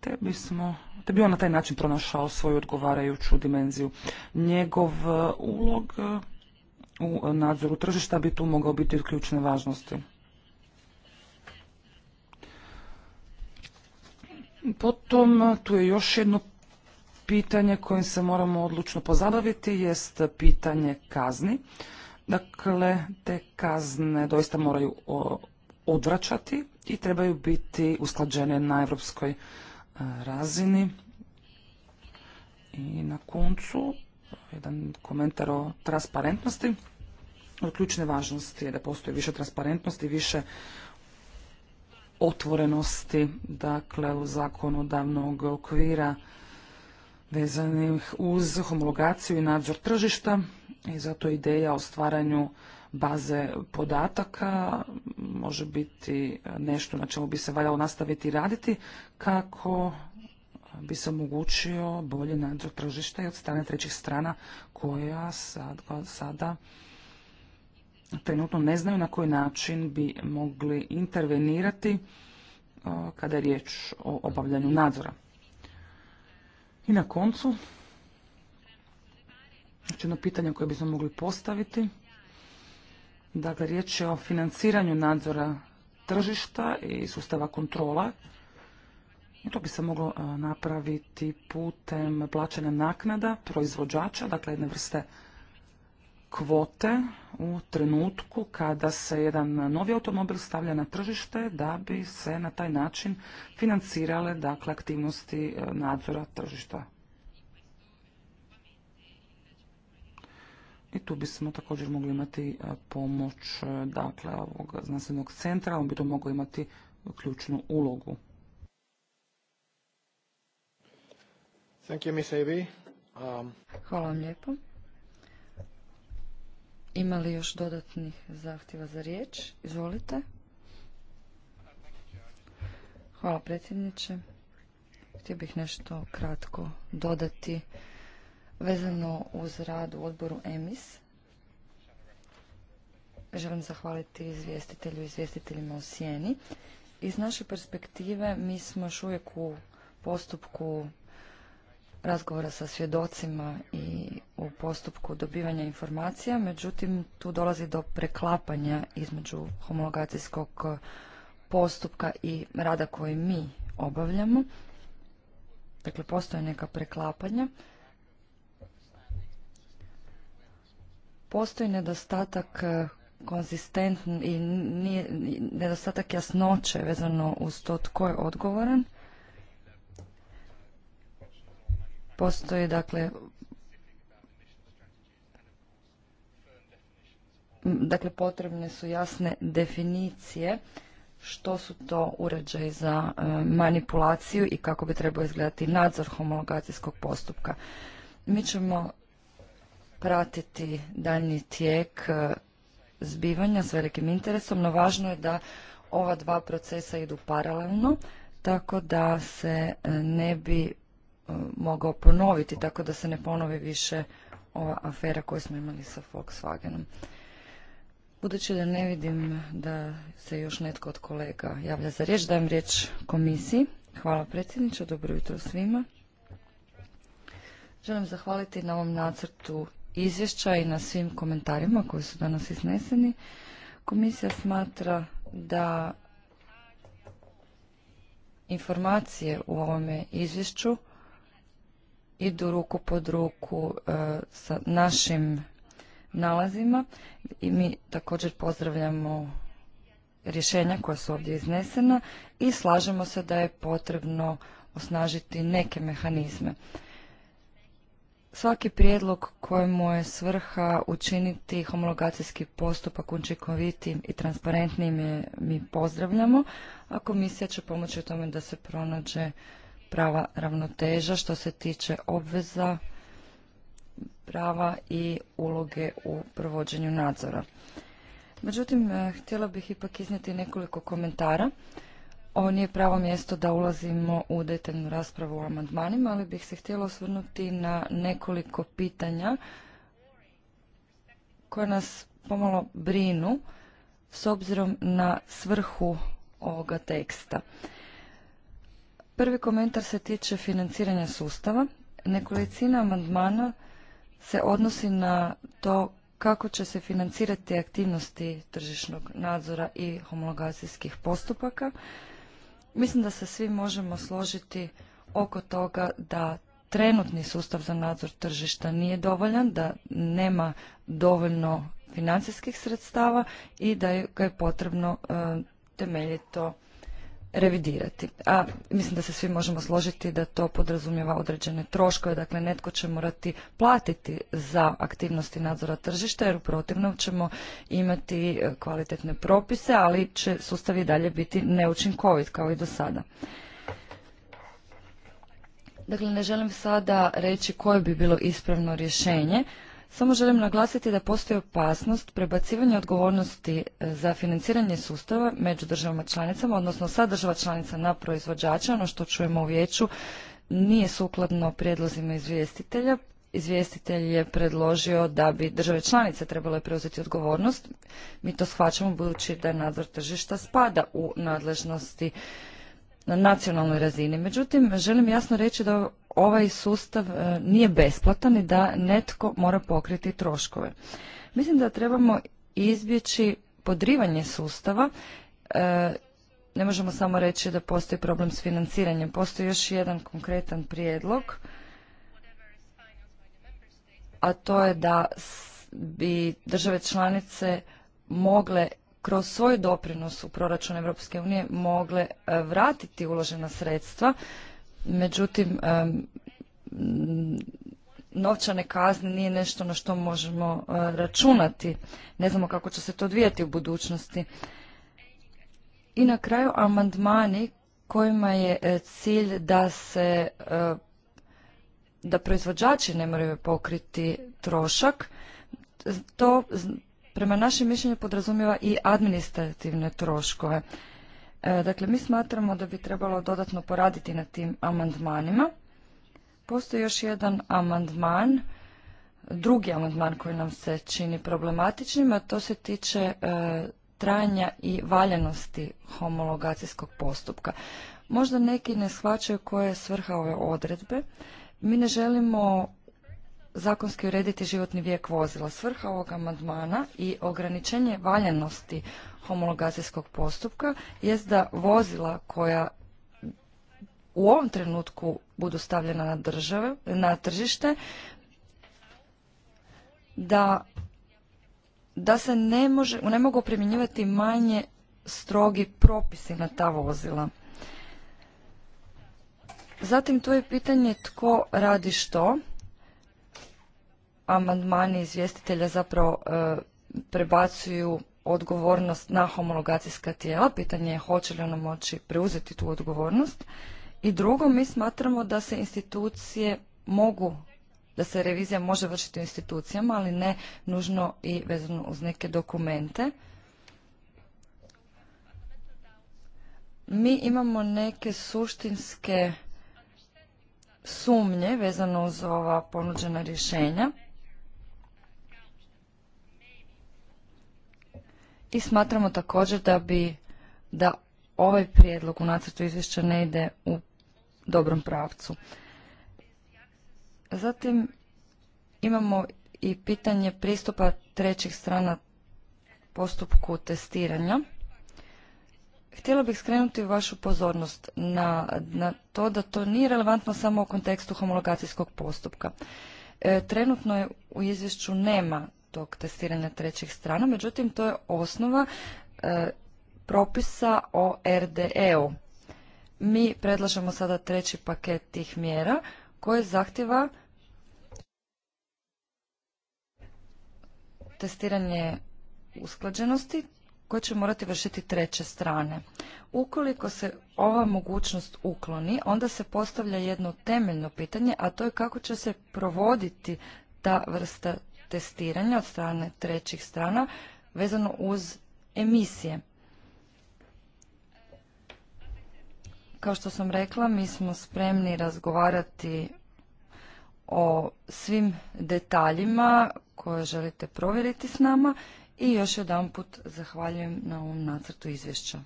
te bismo te bi on na taj način pronašao svoju odgovarajuću dimenziju. Njegov e, ulog e, u nadzoru tržišta bi tu mogao biti od ključne važnosti. Potom tu je još jedno pitanje kojim se moramo odlučno pozabaviti jest pitanje kazni. Dakle, te kazne doista moraju odvraćati i trebaju biti usklađene na evropskoj e, razini. I na koncu, jedan komentar o transparentnosti. Od ključne važnosti je da postoji više transparentnosti, više otvorenosti, dakle, u zakonodavnog okvira vezanih uz homologaciju i nadzor tržišta i zato ideja o stvaranju baze podataka može biti nešto na čemu bi se valjalo nastaviti raditi kako bi se omogućio bolji nadzor tržišta i od strane trećih strana koja sada trenutno ne znaju na koji način bi mogli intervenirati kada je riječ o obavljanju nadzora. I na koncu, znači jedno pitanje koje bismo mogli postaviti, dakle riječ je o financiranju nadzora tržišta i sustava kontrola. I to bi se moglo napraviti putem plaćanja naknada proizvođača, dakle jedne vrste kvote u trenutku kada se jedan novi automobil stavlja na tržište da bi se na taj način financirale dakle, aktivnosti e, nadzora tržišta. I tu bismo također mogli imati e, pomoć e, dakle, ovog znanstvenog centra, on bi to mogao imati ključnu ulogu. Thank you, Miss um, Hvala vam lijepo. Ima li još dodatnih zahtjeva za riječ? Izvolite. Hvala predsjedniče. Htio bih nešto kratko dodati vezano uz rad u odboru EMIS. Želim zahvaliti izvjestitelju i izvjestiteljima u Sjeni. Iz naše perspektive mi smo još uvijek u postupku razgovora sa svjedocima i u postupku dobivanja informacija, međutim tu dolazi do preklapanja između homologacijskog postupka i rada koji mi obavljamo. Dakle, postoje neka preklapanja. Postoji nedostatak e, konzistentno i nedostatak jasnoće vezano uz to tko je odgovoran Postoje dakle dakle potrebne su jasne definicije što su to uređaji za e, manipulaciju i kako bi trebao izgledati nadzor homologacijskog postupka. Mi ćemo pratiti daljnji tijek e, zbivanja s velikim interesom, no važno je da ova dva procesa idu paralelno, tako da se e, ne bi mogao ponoviti, tako da se ne ponovi više ova afera koju smo imali sa Volkswagenom. Budući da ne vidim da se još netko od kolega javlja za riječ, dajem riječ komisiji. Hvala predsjedniče, dobro jutro svima. Želim zahvaliti na ovom nacrtu izvješća i na svim komentarima koji su danas izneseni. Komisija smatra da informacije u ovome izvješću idu ruku pod ruku e, sa našim nalazima i mi također pozdravljamo rješenja koja su ovdje iznesena i slažemo se da je potrebno osnažiti neke mehanizme. Svaki prijedlog kojemu je svrha učiniti homologacijski postupak učinkovitim i transparentnim je mi pozdravljamo, a komisija će pomoći u tome da se pronađe prava ravnoteža što se tiče obveza prava i uloge u provođenju nadzora. Međutim, eh, htjela bih ipak iznijeti nekoliko komentara. Ovo nije pravo mjesto da ulazimo u detaljnu raspravu o amandmanima, ali bih se htjela osvrnuti na nekoliko pitanja koja nas pomalo brinu s obzirom na svrhu ovoga teksta. Prvi komentar se tiče financiranja sustava. Nekolicina amandmana se odnosi na to kako će se financirati aktivnosti tržišnog nadzora i homologacijskih postupaka. Mislim da se svi možemo složiti oko toga da trenutni sustav za nadzor tržišta nije dovoljan, da nema dovoljno financijskih sredstava i da ga je potrebno e, temeljito revidirati. A mislim da se svi možemo složiti da to podrazumijeva određene troškove, dakle netko će morati platiti za aktivnosti nadzora tržišta jer u protivnom ćemo imati e, kvalitetne propise, ali će sustav i dalje biti neučinkovit kao i do sada. Dakle, ne želim sada reći koje bi bilo ispravno rješenje, samo želim naglasiti da postoji opasnost prebacivanja odgovornosti e, za financiranje sustava među državama članicama, odnosno sa država članica na proizvođača, ono što čujemo u vijeću nije sukladno prijedlozima izvjestitelja. Izvjestitelj je predložio da bi države članice trebale preuzeti odgovornost. Mi to shvaćamo budući da nadzor tržišta spada u nadležnosti na nacionalnoj razini. Međutim, želim jasno reći da ovaj sustav e, nije besplatan i da netko mora pokriti troškove. Mislim da trebamo izbjeći podrivanje sustava. E, ne možemo samo reći da postoji problem s financiranjem. Postoji još jedan konkretan prijedlog, a to je da bi države članice mogle kroz svoj doprinos u proračun Europske unije mogle e, vratiti uložena sredstva. Međutim, e, novčane kazne nije nešto na što možemo e, računati. Ne znamo kako će se to odvijati u budućnosti. I na kraju amandmani kojima je cilj da se da proizvođači ne moraju pokriti trošak. To prema našem mišljenju podrazumijeva i administrativne troškove. E, dakle, mi smatramo da bi trebalo dodatno poraditi na tim amandmanima. Postoji još jedan amandman, drugi amandman koji nam se čini problematičnim, a to se tiče e, trajanja i valjanosti homologacijskog postupka. Možda neki ne shvaćaju koja je svrha ove odredbe. Mi ne želimo zakonski urediti životni vijek vozila. Svrha ovog amandmana i ograničenje valjanosti homologacijskog postupka jest da vozila koja u ovom trenutku budu stavljena na, države, na tržište, da, da se ne, može, ne mogu primjenjivati manje strogi propisi na ta vozila. Zatim tu je pitanje tko radi što amandmani izvjestitelja zapravo e, prebacuju odgovornost na homologacijska tijela. Pitanje je hoće li ono moći preuzeti tu odgovornost. I drugo, mi smatramo da se institucije mogu, da se revizija može vršiti u institucijama, ali ne nužno i vezano uz neke dokumente. Mi imamo neke suštinske sumnje vezano uz ova ponuđena rješenja. i smatramo također da bi da ovaj prijedlog u nacrtu izvješća ne ide u dobrom pravcu. Zatim imamo i pitanje pristupa trećih strana postupku testiranja. Htjela bih skrenuti vašu pozornost na, na to da to nije relevantno samo u kontekstu homologacijskog postupka. E, trenutno je u izvješću nema tog testiranja trećih strana, međutim to je osnova e, propisa o RDE-u. Mi predlažemo sada treći paket tih mjera koje zahtjeva testiranje usklađenosti koje će morati vršiti treće strane. Ukoliko se ova mogućnost ukloni, onda se postavlja jedno temeljno pitanje, a to je kako će se provoditi ta vrsta testiranja od strane trećih strana vezano uz emisije. Kao što sam rekla, mi smo spremni razgovarati o svim detaljima koje želite provjeriti s nama i još jedan put zahvaljujem na ovom nacrtu izvješća.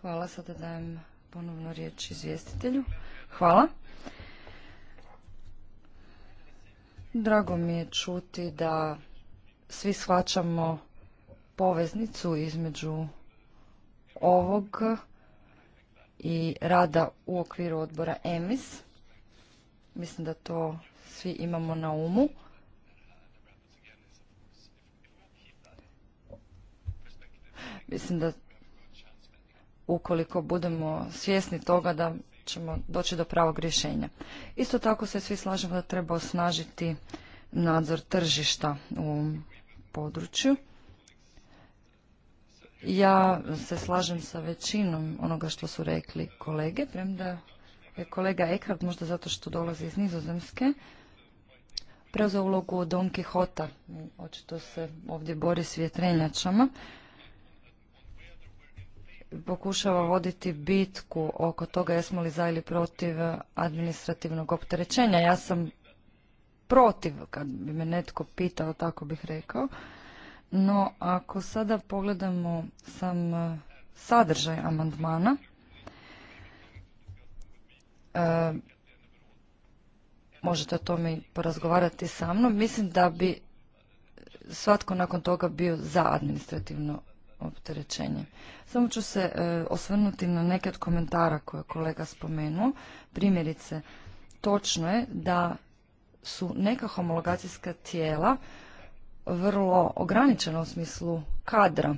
Hvala, sada dajem ponovno riječ izvjestitelju. Hvala. Drago mi je čuti da svi shvaćamo poveznicu između ovog i rada u okviru odbora EMIS. Mislim da to svi imamo na umu. Mislim da ukoliko budemo svjesni toga da ćemo doći do pravog rješenja. Isto tako se svi slažemo da treba osnažiti nadzor tržišta u području. Ja se slažem sa većinom onoga što su rekli kolege, premda je kolega Ekrad, možda zato što dolazi iz Nizozemske, preuzeo ulogu Don Kihota. Očito se ovdje bori s vjetrenjačama pokušava voditi bitku oko toga jesmo li za ili protiv administrativnog opterećenja. Ja sam protiv, kad bi me netko pitao, tako bih rekao. No, ako sada pogledamo sam e, sadržaj amandmana, e, možete o tome porazgovarati sa mnom, mislim da bi svatko nakon toga bio za administrativno opterećenje. Samo ću se e, osvrnuti na neke od komentara koje je kolega spomenuo. Primjerice, točno je da su neka homologacijska tijela vrlo ograničena u smislu kadra.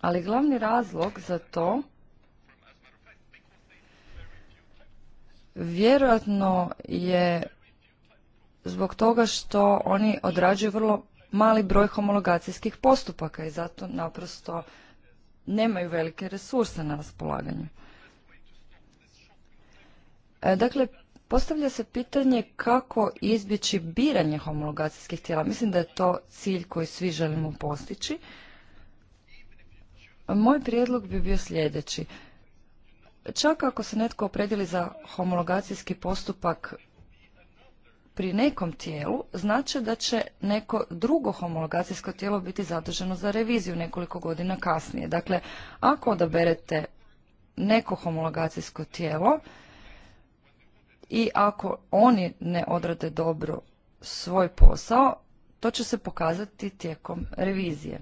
Ali glavni razlog za to vjerojatno je zbog toga što oni odrađuju vrlo mali broj homologacijskih postupaka i zato naprosto nemaju velike resurse na raspolaganju. E, dakle, postavlja se pitanje kako izbjeći biranje homologacijskih tijela. Mislim da je to cilj koji svi želimo postići. Moj prijedlog bi bio sljedeći. Čak ako se netko opredili za homologacijski postupak pri nekom tijelu, znači da će neko drugo homologacijsko tijelo biti zaduženo za reviziju nekoliko godina kasnije. Dakle, ako odaberete neko homologacijsko tijelo i ako oni ne odrade dobro svoj posao, to će se pokazati tijekom revizije.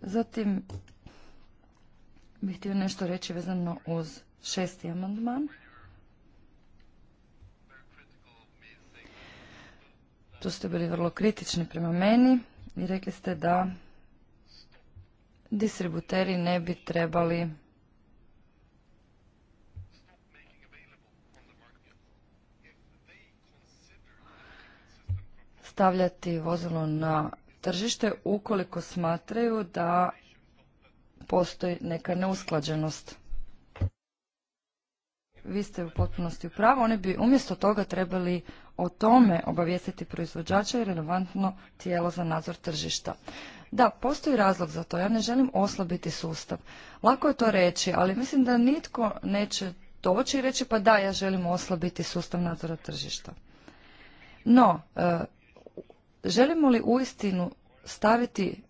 Zatim bih htio nešto reći vezano uz Šesti amandman. Tu ste bili vrlo kritični prema meni i rekli ste da distributeri ne bi trebali stavljati vozilo na tržište ukoliko smatraju da postoji neka neusklađenost vi ste u potpunosti u pravu, oni bi umjesto toga trebali o tome obavijestiti proizvođača i relevantno tijelo za nadzor tržišta. Da, postoji razlog za to. Ja ne želim oslabiti sustav. Lako je to reći, ali mislim da nitko neće doći i reći pa da, ja želim oslabiti sustav nadzora tržišta. No, e, želimo li uistinu staviti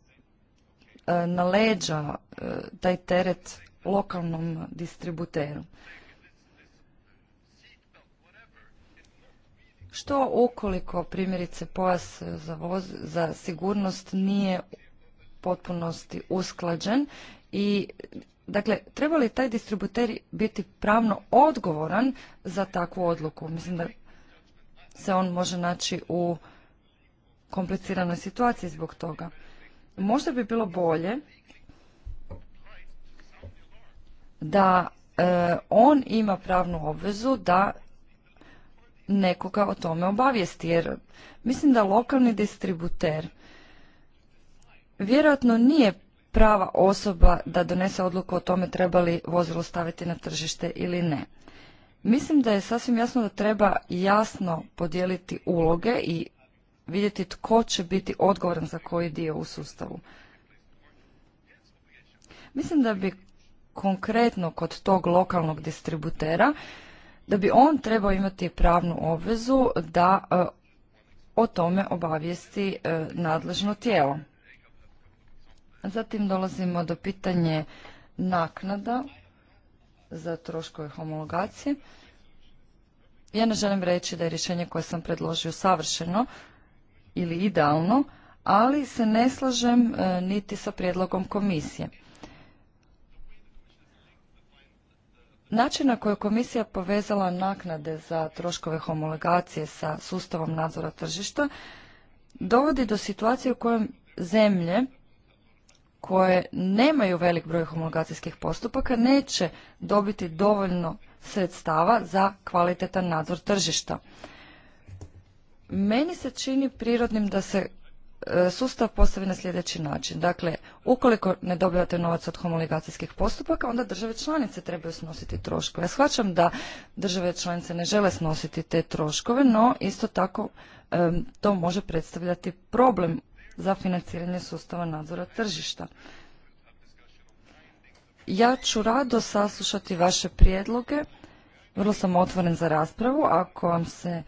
e, na leđa e, taj teret lokalnom distributeru? Što ukoliko primjerice pojas za, za sigurnost nije u potpunosti usklađen i Dakle, treba li taj distributer biti pravno odgovoran za takvu odluku? Mislim da se on može naći u kompliciranoj situaciji zbog toga. Možda bi bilo bolje da e, on ima pravnu obvezu da nekoga o tome obavijesti, jer mislim da lokalni distributer vjerojatno nije prava osoba da donese odluku o tome treba li vozilo staviti na tržište ili ne. Mislim da je sasvim jasno da treba jasno podijeliti uloge i vidjeti tko će biti odgovoran za koji dio u sustavu. Mislim da bi konkretno kod tog lokalnog distributera da bi on trebao imati pravnu obvezu da e, o tome obavijesti e, nadležno tijelo. Zatim dolazimo do pitanje naknada za troškove homologacije. Ja ne želim reći da je rješenje koje sam predložio savršeno ili idealno, ali se ne slažem e, niti sa prijedlogom komisije. Način na koji je komisija povezala naknade za troškove homologacije sa sustavom nadzora tržišta dovodi do situacije u kojem zemlje koje nemaju velik broj homologacijskih postupaka neće dobiti dovoljno sredstava za kvalitetan nadzor tržišta. Meni se čini prirodnim da se E, sustav postavi na sljedeći način. Dakle, ukoliko ne dobivate novac od homologacijskih postupaka, onda države članice trebaju snositi troškove. Ja shvaćam da države članice ne žele snositi te troškove, no isto tako e, to može predstavljati problem za financiranje sustava nadzora tržišta. Ja ću rado saslušati vaše prijedloge. Vrlo sam otvoren za raspravu. Ako vam se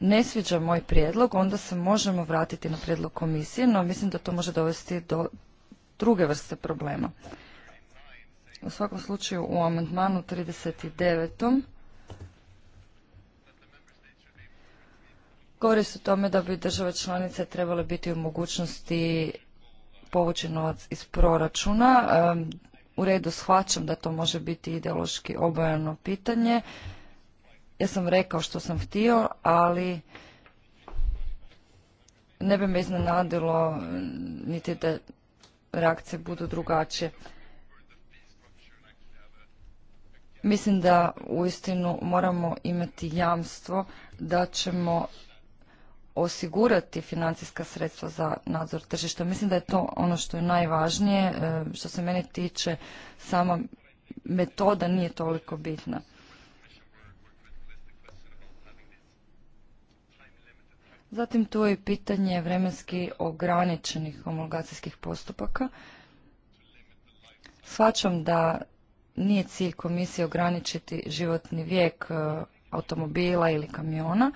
ne sviđa moj prijedlog, onda se možemo vratiti na prijedlog komisije, no mislim da to može dovesti do druge vrste problema. U svakom slučaju u amandmanu 39. Govori se o tome da bi države članice trebale biti u mogućnosti povući novac iz proračuna. U redu shvaćam da to može biti ideološki obojano pitanje. Ja sam rekao što sam htio, ali ne bi me iznenadilo mm, niti da reakcije budu drugačije. Mislim da uistinu moramo imati jamstvo da ćemo osigurati financijska sredstva za nadzor tržišta. Mislim da je to ono što je najvažnije, e, što se mene tiče, sama metoda nije toliko bitna. Zatim tu je i pitanje vremenski ograničenih homologacijskih postupaka. Shvaćam da nije cilj komisije ograničiti životni vijek e, automobila ili kamiona,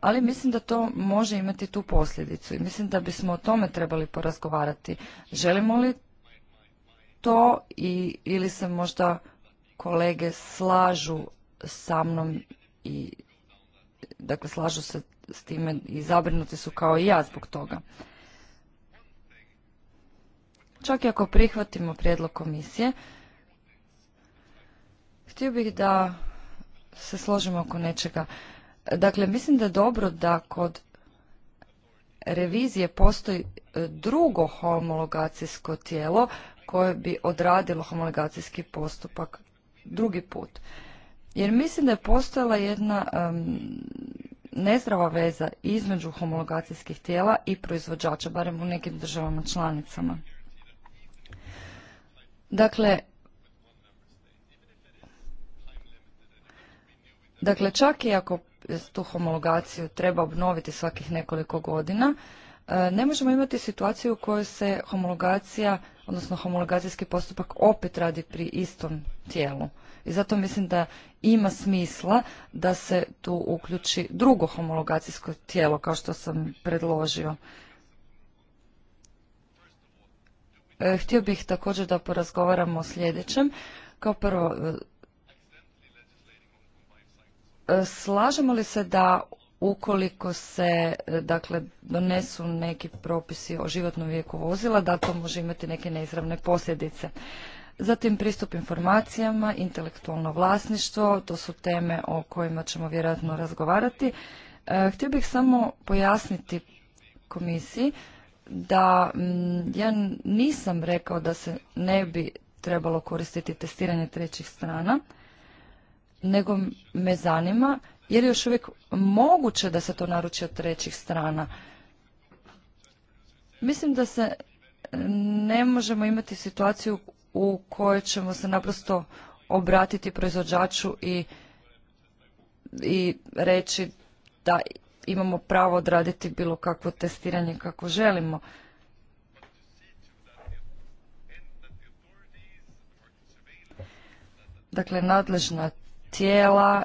ali mislim da to može imati tu posljedicu i mislim da bismo o tome trebali porazgovarati. Želimo li to i, ili se možda kolege slažu sa mnom i dakle slažu se s time i zabrinuti su kao i ja zbog toga. Čak i ako prihvatimo prijedlog komisije, htio bih da se složimo oko nečega. Dakle, mislim da je dobro da kod revizije postoji e, drugo homologacijsko tijelo koje bi odradilo homologacijski postupak drugi put. Jer mislim da je postojala jedna nezdrava veza između homologacijskih tijela i proizvođača, barem u nekim državama članicama. Dakle, dakle čak i ako tu homologaciju treba obnoviti svakih nekoliko godina, e, ne možemo imati situaciju u kojoj se homologacija, odnosno homologacijski postupak opet radi pri istom tijelu. I zato mislim da ima smisla da se tu uključi drugo homologacijsko tijelo kao što sam predložio. E, htio bih također da porazgovaramo o sljedećem. Kao prvo, e, e, slažemo li se da ukoliko se dakle donesu neki propisi o životnom vijeku vozila da to može imati neke neizravne posljedice. Zatim pristup informacijama, intelektualno vlasništvo, to su teme o kojima ćemo vjerojatno razgovarati. E, htio bih samo pojasniti komisiji da mm, ja nisam rekao da se ne bi trebalo koristiti testiranje trećih strana, nego me zanima je još uvijek moguće da se to naruči od trećih strana. Mislim da se ne možemo imati situaciju u kojoj ćemo se naprosto obratiti proizvođaču i, i reći da imamo pravo odraditi bilo kakvo testiranje kako želimo. Dakle, nadležna tijela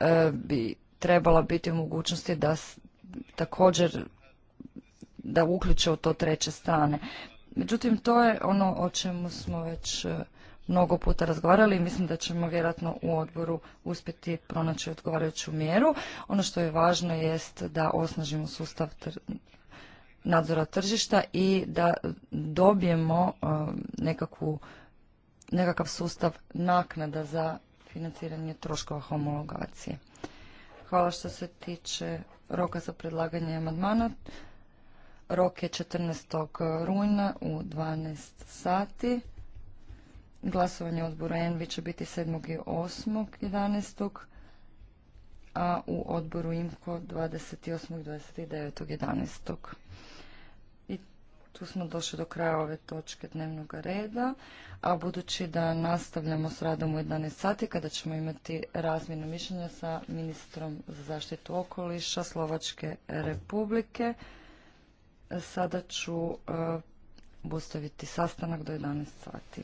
e, bi trebala biti u mogućnosti da također da uključe u to treće strane. Međutim, to je ono o čemu smo već e, mnogo puta razgovarali i mislim da ćemo vjerojatno u odboru uspjeti pronaći odgovarajuću mjeru. Ono što je važno jest da osnažimo sustav nadzora tržišta i da dobijemo e, nekakvu, nekakav sustav naknada za financiranje troškova homologacije. Hvala što se tiče roka za predlaganje amandmana. Rok je 14. rujna u 12 sati. Glasovanje odboru Envi će biti 7. i 8. 11. a u odboru IMKO 28. 29. 11. I tu smo došli do kraja ove točke dnevnog reda, a budući da nastavljamo s radom u 11 sati kada ćemo imati razmjenu mišljenja sa ministrom za zaštitu okoliša Slovačke republike. Sada ću postaviti e, sastanak do 11 sati.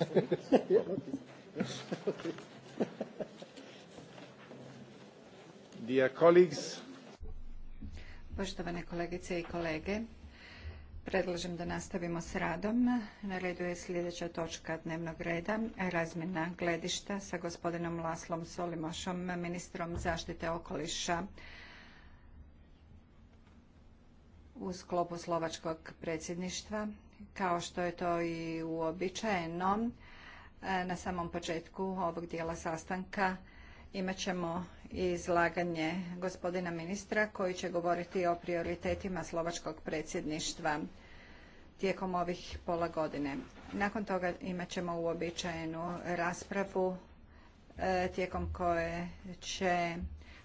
Poštovane kolegice i kolege, predlažem da nastavimo s radom. Na redu je sljedeća točka dnevnog reda, razmjena gledišta sa gospodinom Laslom Solimošom, ministrom zaštite okoliša u sklopu slovačkog predsjedništva kao što je to i uobičajeno. E, na samom početku ovog dijela sastanka imat ćemo izlaganje gospodina ministra koji će govoriti o prioritetima slovačkog predsjedništva tijekom ovih pola godine. Nakon toga imat ćemo uobičajenu raspravu e, tijekom koje će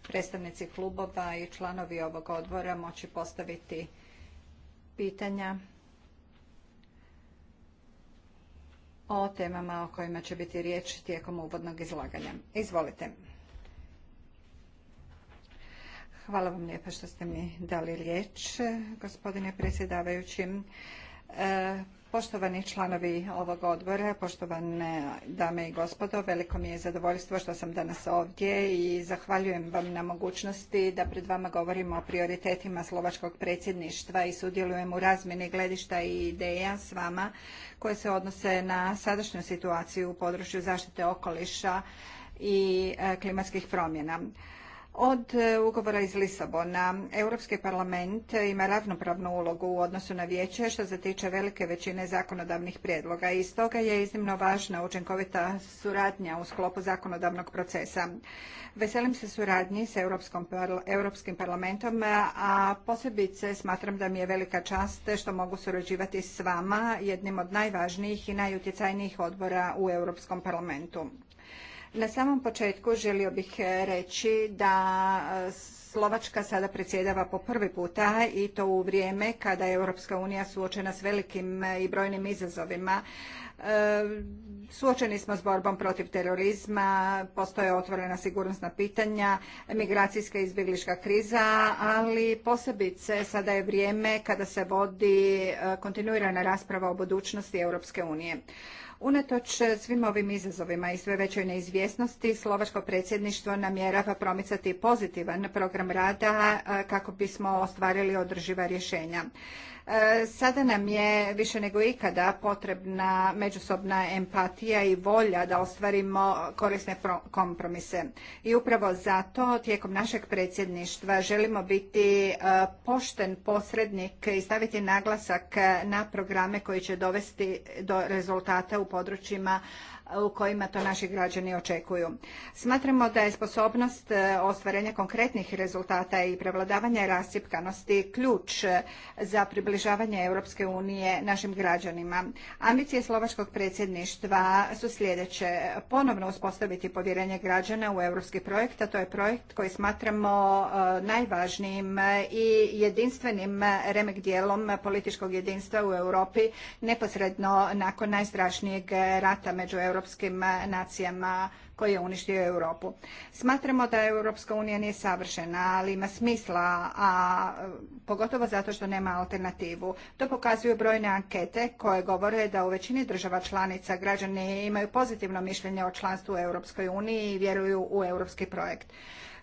predstavnici klubova i članovi ovog odbora moći postaviti pitanja o temama o kojima će biti riječ tijekom uvodnog izlaganja. Izvolite. Hvala vam lijepa što ste mi dali riječ, gospodine predsjedavajući. E, Poštovani članovi ovog odbora, poštovane dame i gospodo, veliko mi je zadovoljstvo što sam danas ovdje i zahvaljujem vam na mogućnosti da pred vama govorimo o prioritetima slovačkog predsjedništva i sudjelujem u razmjeni gledišta i ideja s vama koje se odnose na sadašnju situaciju u području zaštite okoliša i e, klimatskih promjena. Od e, ugovora iz Lisabona, Europski parlament ima ravnopravnu ulogu u odnosu na vijeće što se tiče velike većine zakonodavnih prijedloga i stoga je iznimno važna učinkovita suradnja u sklopu zakonodavnog procesa. Veselim se suradnji s Europskim parlamentom, a posebice smatram da mi je velika čast što mogu surađivati s vama, jednim od najvažnijih i najutjecajnijih odbora u Europskom parlamentu. Na samom početku želio bih e, reći da e, Slovačka sada predsjedava po prvi puta i to u vrijeme kada je Europska unija suočena s velikim e, i brojnim izazovima. Suočeni smo s borbom protiv terorizma, postoje otvorena sigurnosna pitanja, migracijska i izbjegliška kriza, ali posebice sada je vrijeme kada se vodi kontinuirana rasprava o budućnosti Europske unije. Unatoč svim ovim izazovima i sve većoj neizvjesnosti, slovačko predsjedništvo namjerava promicati pozitivan program rada kako bismo ostvarili održiva rješenja. E, sada nam je više nego ikada potrebna međusobna empatija i volja da ostvarimo korisne kompromise. I upravo zato tijekom našeg predsjedništva želimo biti e, pošten posrednik i staviti naglasak na programe koji će dovesti do rezultata u područjima u kojima to naši građani očekuju. Smatramo da je sposobnost e, ostvarenja konkretnih rezultata i prevladavanja rascipkanosti ključ e, za približavanje Europske unije našim građanima. Ambicije slovačkog predsjedništva su sljedeće. Ponovno uspostaviti povjerenje građana u europski projekt, a to je projekt koji smatramo e, najvažnijim i jedinstvenim remek dijelom političkog jedinstva u Europi neposredno nakon najstrašnijeg rata među Europom europskim eh, nacijama koji je uništio Europu. Smatramo da Europska unija nije savršena, ali ima smisla, a pogotovo zato što nema alternativu. To pokazuju brojne ankete koje govore da u većini država članica građani imaju pozitivno mišljenje o članstvu u Europskoj uniji i vjeruju u europski projekt.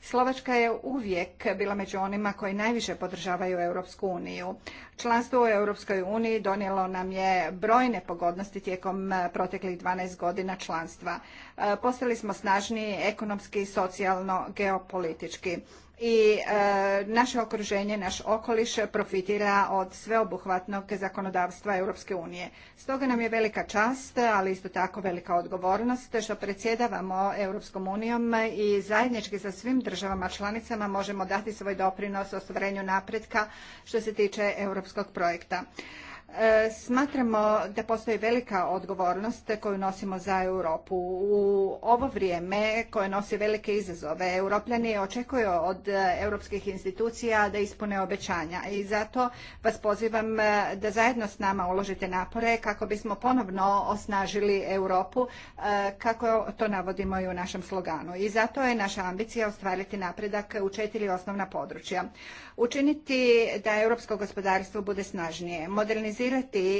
Slovačka je uvijek bila među onima koji najviše podržavaju Europsku uniju. Članstvo u Europskoj uniji donijelo nam je brojne pogodnosti tijekom e, proteklih 12 godina članstva. E, postali smo snažniji ekonomski, socijalno, geopolitički i e, naše okruženje, naš okoliš profitira od sveobuhvatnog zakonodavstva Europske unije. Stoga nam je velika čast, ali isto tako velika odgovornost što predsjedavamo Europskom unijom i zajednički sa svim državama članicama možemo dati svoj doprinos ostvarenju napretka što se tiče europskog projekta. E, smatramo da postoji velika odgovornost koju nosimo za Europu. U ovo vrijeme koje nosi velike izazove, europljani očekuju od europskih institucija da ispune obećanja i zato vas pozivam e, da zajedno s nama uložite napore kako bismo ponovno osnažili Europu e, kako to navodimo i u našem sloganu. I zato je naša ambicija ostvariti napredak u četiri osnovna područja. Učiniti da europsko gospodarstvo bude snažnije, modernizirati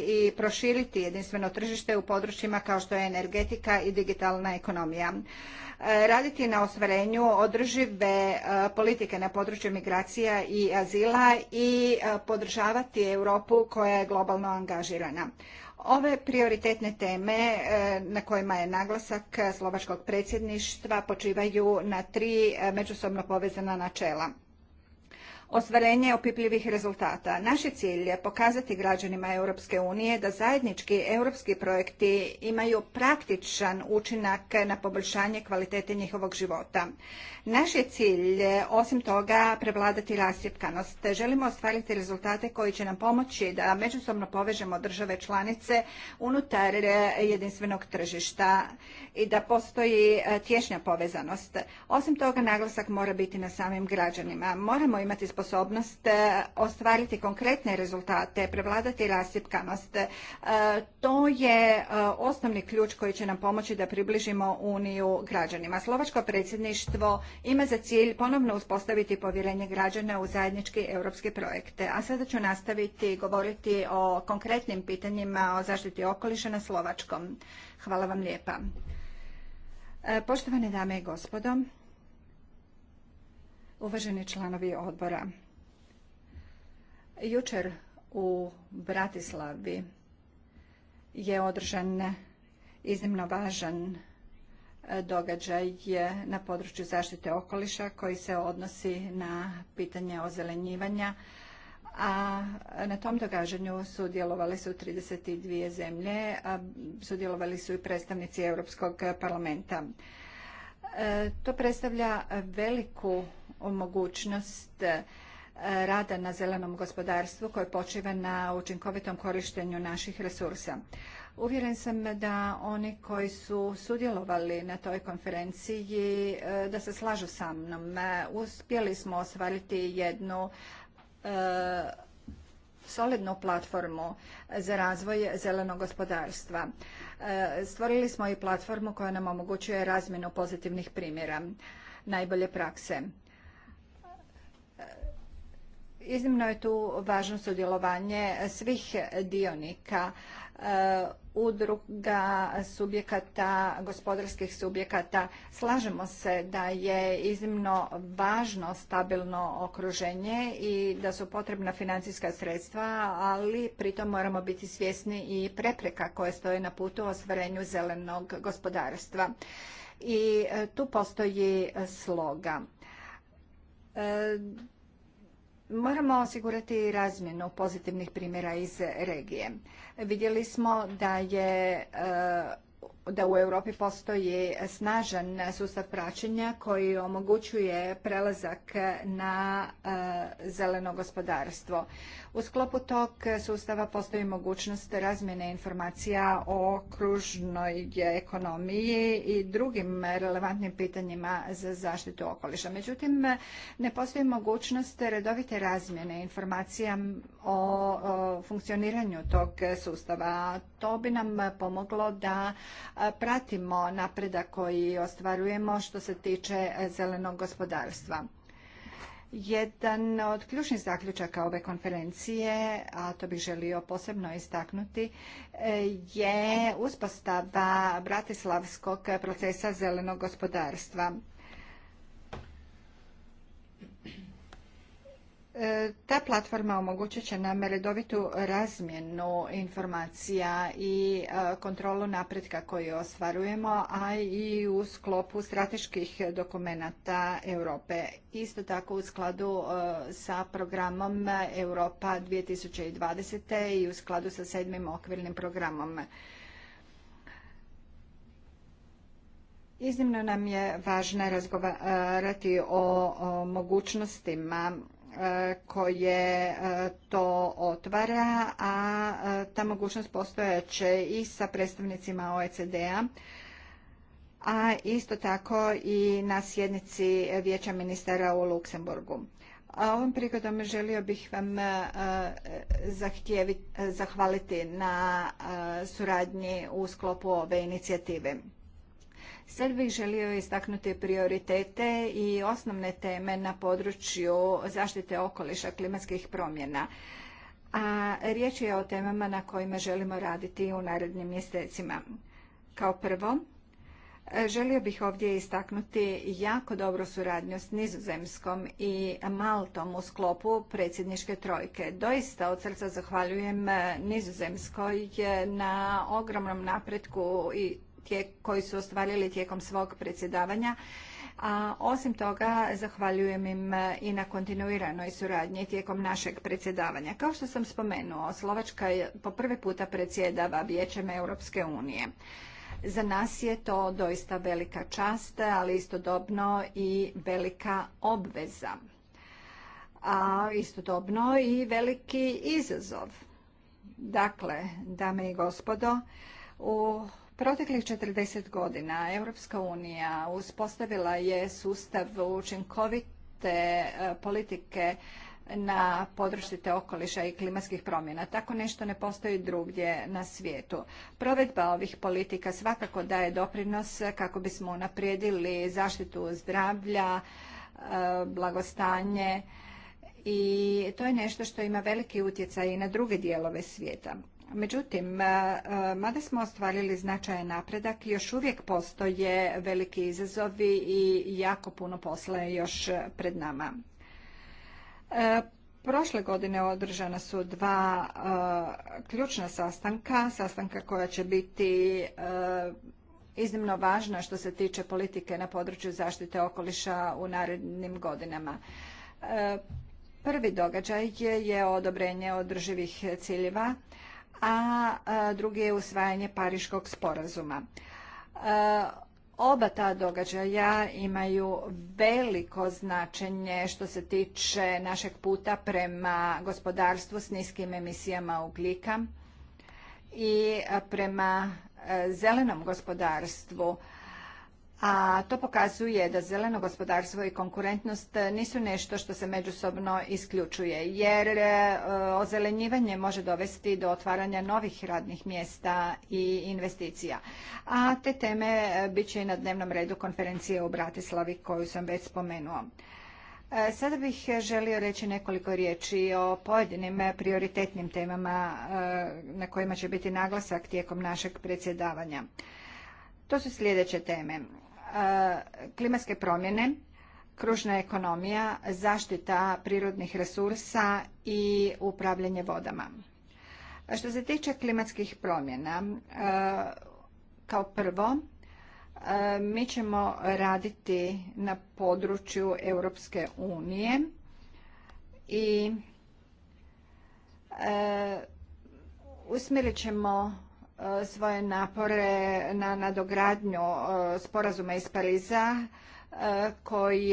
i proširiti jedinstveno tržište u područjima kao što je energetika i digitalna ekonomija e, raditi na ostvarenju održive e, politike na području migracija i azila i e, podržavati Europu koja je globalno angažirana. Ove prioritetne teme na kojima je naglasak slovačkog predsjedništva počivaju na tri međusobno povezana načela ostvarenje opipljivih rezultata. Naš je cilj je pokazati građanima Europske unije da zajednički europski projekti imaju praktičan učinak na poboljšanje kvalitete njihovog života. Naš je cilj osim toga prevladati rasjepkanost. Želimo ostvariti rezultate koji će nam pomoći da međusobno povežemo države članice unutar jedinstvenog tržišta i da postoji e, tješnja povezanost. Osim toga naglasak mora biti na samim građanima. Moramo imati sposobnost sposobnost ostvariti konkretne rezultate, prevladati rasipkanost. E, to je e, osnovni ključ koji će nam pomoći da približimo Uniju građanima. Slovačko predsjedništvo ima za cilj ponovno uspostaviti povjerenje građana u zajednički europski projekte. A sada ću nastaviti govoriti o konkretnim pitanjima o zaštiti okoliša na Slovačkom. Hvala vam lijepa. E, poštovane dame i gospodo, Uvaženi članovi odbora, jučer u Bratislavi je održan iznimno važan e, događaj na području zaštite okoliša koji se odnosi na pitanje ozelenjivanja, a na tom događanju sudjelovali su 32 zemlje, a sudjelovali su i predstavnici Europskog parlamenta. E, to predstavlja veliku mogućnost e, rada na zelenom gospodarstvu koje počiva na učinkovitom korištenju naših resursa. Uvjeren sam da oni koji su sudjelovali na toj konferenciji e, da se slažu sa mnom. Uspjeli smo ostvariti jednu solidnu platformu za razvoj zelenog gospodarstva. E, stvorili smo i platformu koja nam omogućuje razmjenu pozitivnih primjera, najbolje prakse. E, iznimno je tu važno sudjelovanje svih dionika Eh, udruga subjekata, gospodarskih subjekata. Slažemo se da je iznimno važno stabilno okruženje i da su potrebna financijska sredstva, ali pritom moramo biti svjesni i prepreka koje stoje na putu ostvarenju zelenog gospodarstva. I eh, tu postoji sloga. Eh, moramo osigurati razmjenu pozitivnih primjera iz regije. Vidjeli smo da je e, da u Europi postoji snažan sustav praćenja koji omogućuje prelazak na e, zeleno gospodarstvo. U sklopu tog sustava postoji mogućnost razmjene informacija o kružnoj ekonomiji i drugim relevantnim pitanjima za zaštitu okoliša. Međutim, ne postoji mogućnost redovite razmjene informacija o funkcioniranju tog sustava. To bi nam pomoglo da pratimo napredak koji ostvarujemo što se tiče zelenog gospodarstva. Jedan od ključnih zaključaka ove konferencije, a to bih želio posebno istaknuti, je uspostava bratislavskog procesa zelenog gospodarstva. E, ta platforma omogućit će nam redovitu razmjenu informacija i e, kontrolu napretka koju ostvarujemo, a i u sklopu strateških dokumenata Europe. Isto tako u skladu e, sa programom Europa 2020. i u skladu sa sedmim okvirnim programom. Iznimno nam je važno razgovarati o mogućnostima koje e, to otvara, a e, ta mogućnost će i sa predstavnicima OECD-a, a isto tako i na sjednici Vijeća ministara u Luksemburgu. A ovom prigodom želio bih vam e, zahvaliti na suradnji u sklopu ove inicijative. Sad bih želio istaknuti prioritete i osnovne teme na području zaštite okoliša klimatskih promjena. A riječ je o temama na kojima želimo raditi u narednim mjesecima. Kao prvo, Želio bih ovdje istaknuti jako dobru suradnju s Nizozemskom i Maltom u sklopu predsjedničke trojke. Doista od srca zahvaljujem Nizozemskoj na ogromnom napretku i koji su ostvarili tijekom svog predsjedavanja. A osim toga, zahvaljujem im e, i na kontinuiranoj suradnji tijekom našeg predsjedavanja. Kao što sam spomenuo, Slovačka je po prvi puta predsjedava Vijećem Europske unije. Za nas je to doista velika čast, ali istodobno i velika obveza. A istodobno i veliki izazov. Dakle, dame i gospodo, u Proteklih 40 godina Europska unija uspostavila je sustav učinkovite e, politike na područje okoliša i klimatskih promjena. Tako nešto ne postoji drugdje na svijetu. Provedba ovih politika svakako daje doprinos kako bismo unaprijedili zaštitu zdravlja, e, blagostanje i to je nešto što ima veliki utjecaj i na druge dijelove svijeta. Međutim, e, e, mada smo ostvarili značajan napredak, još uvijek postoje veliki izazovi i jako puno posla je još pred nama. E, prošle godine održana su dva ključna sastanka, sastanka koja će biti iznimno važna što se tiče politike na području zaštite okoliša u narednim godinama. Prvi događaj je odobrenje održivih ciljeva a drugi je usvajanje Pariškog sporazuma. E, oba ta događaja imaju veliko značenje što se tiče našeg puta prema gospodarstvu s niskim emisijama ugljika i prema e, zelenom gospodarstvu a to pokazuje da zeleno gospodarstvo i konkurentnost nisu nešto što se međusobno isključuje, jer e, ozelenjivanje može dovesti do otvaranja novih radnih mjesta i investicija. A te teme e, bit će i na dnevnom redu konferencije u Bratislavi koju sam već spomenuo. E, sada bih želio reći nekoliko riječi o pojedinim prioritetnim temama na kojima će biti naglasak tijekom našeg predsjedavanja. To su sljedeće teme. E, klimatske promjene, kružna ekonomija, zaštita prirodnih resursa i upravljanje vodama. Što se tiče klimatskih promjena, e, kao prvo, e, mi ćemo raditi na području Europske unije i usmjerit ćemo E, svoje napore na nadogradnju e, sporazuma iz Pariza e, koji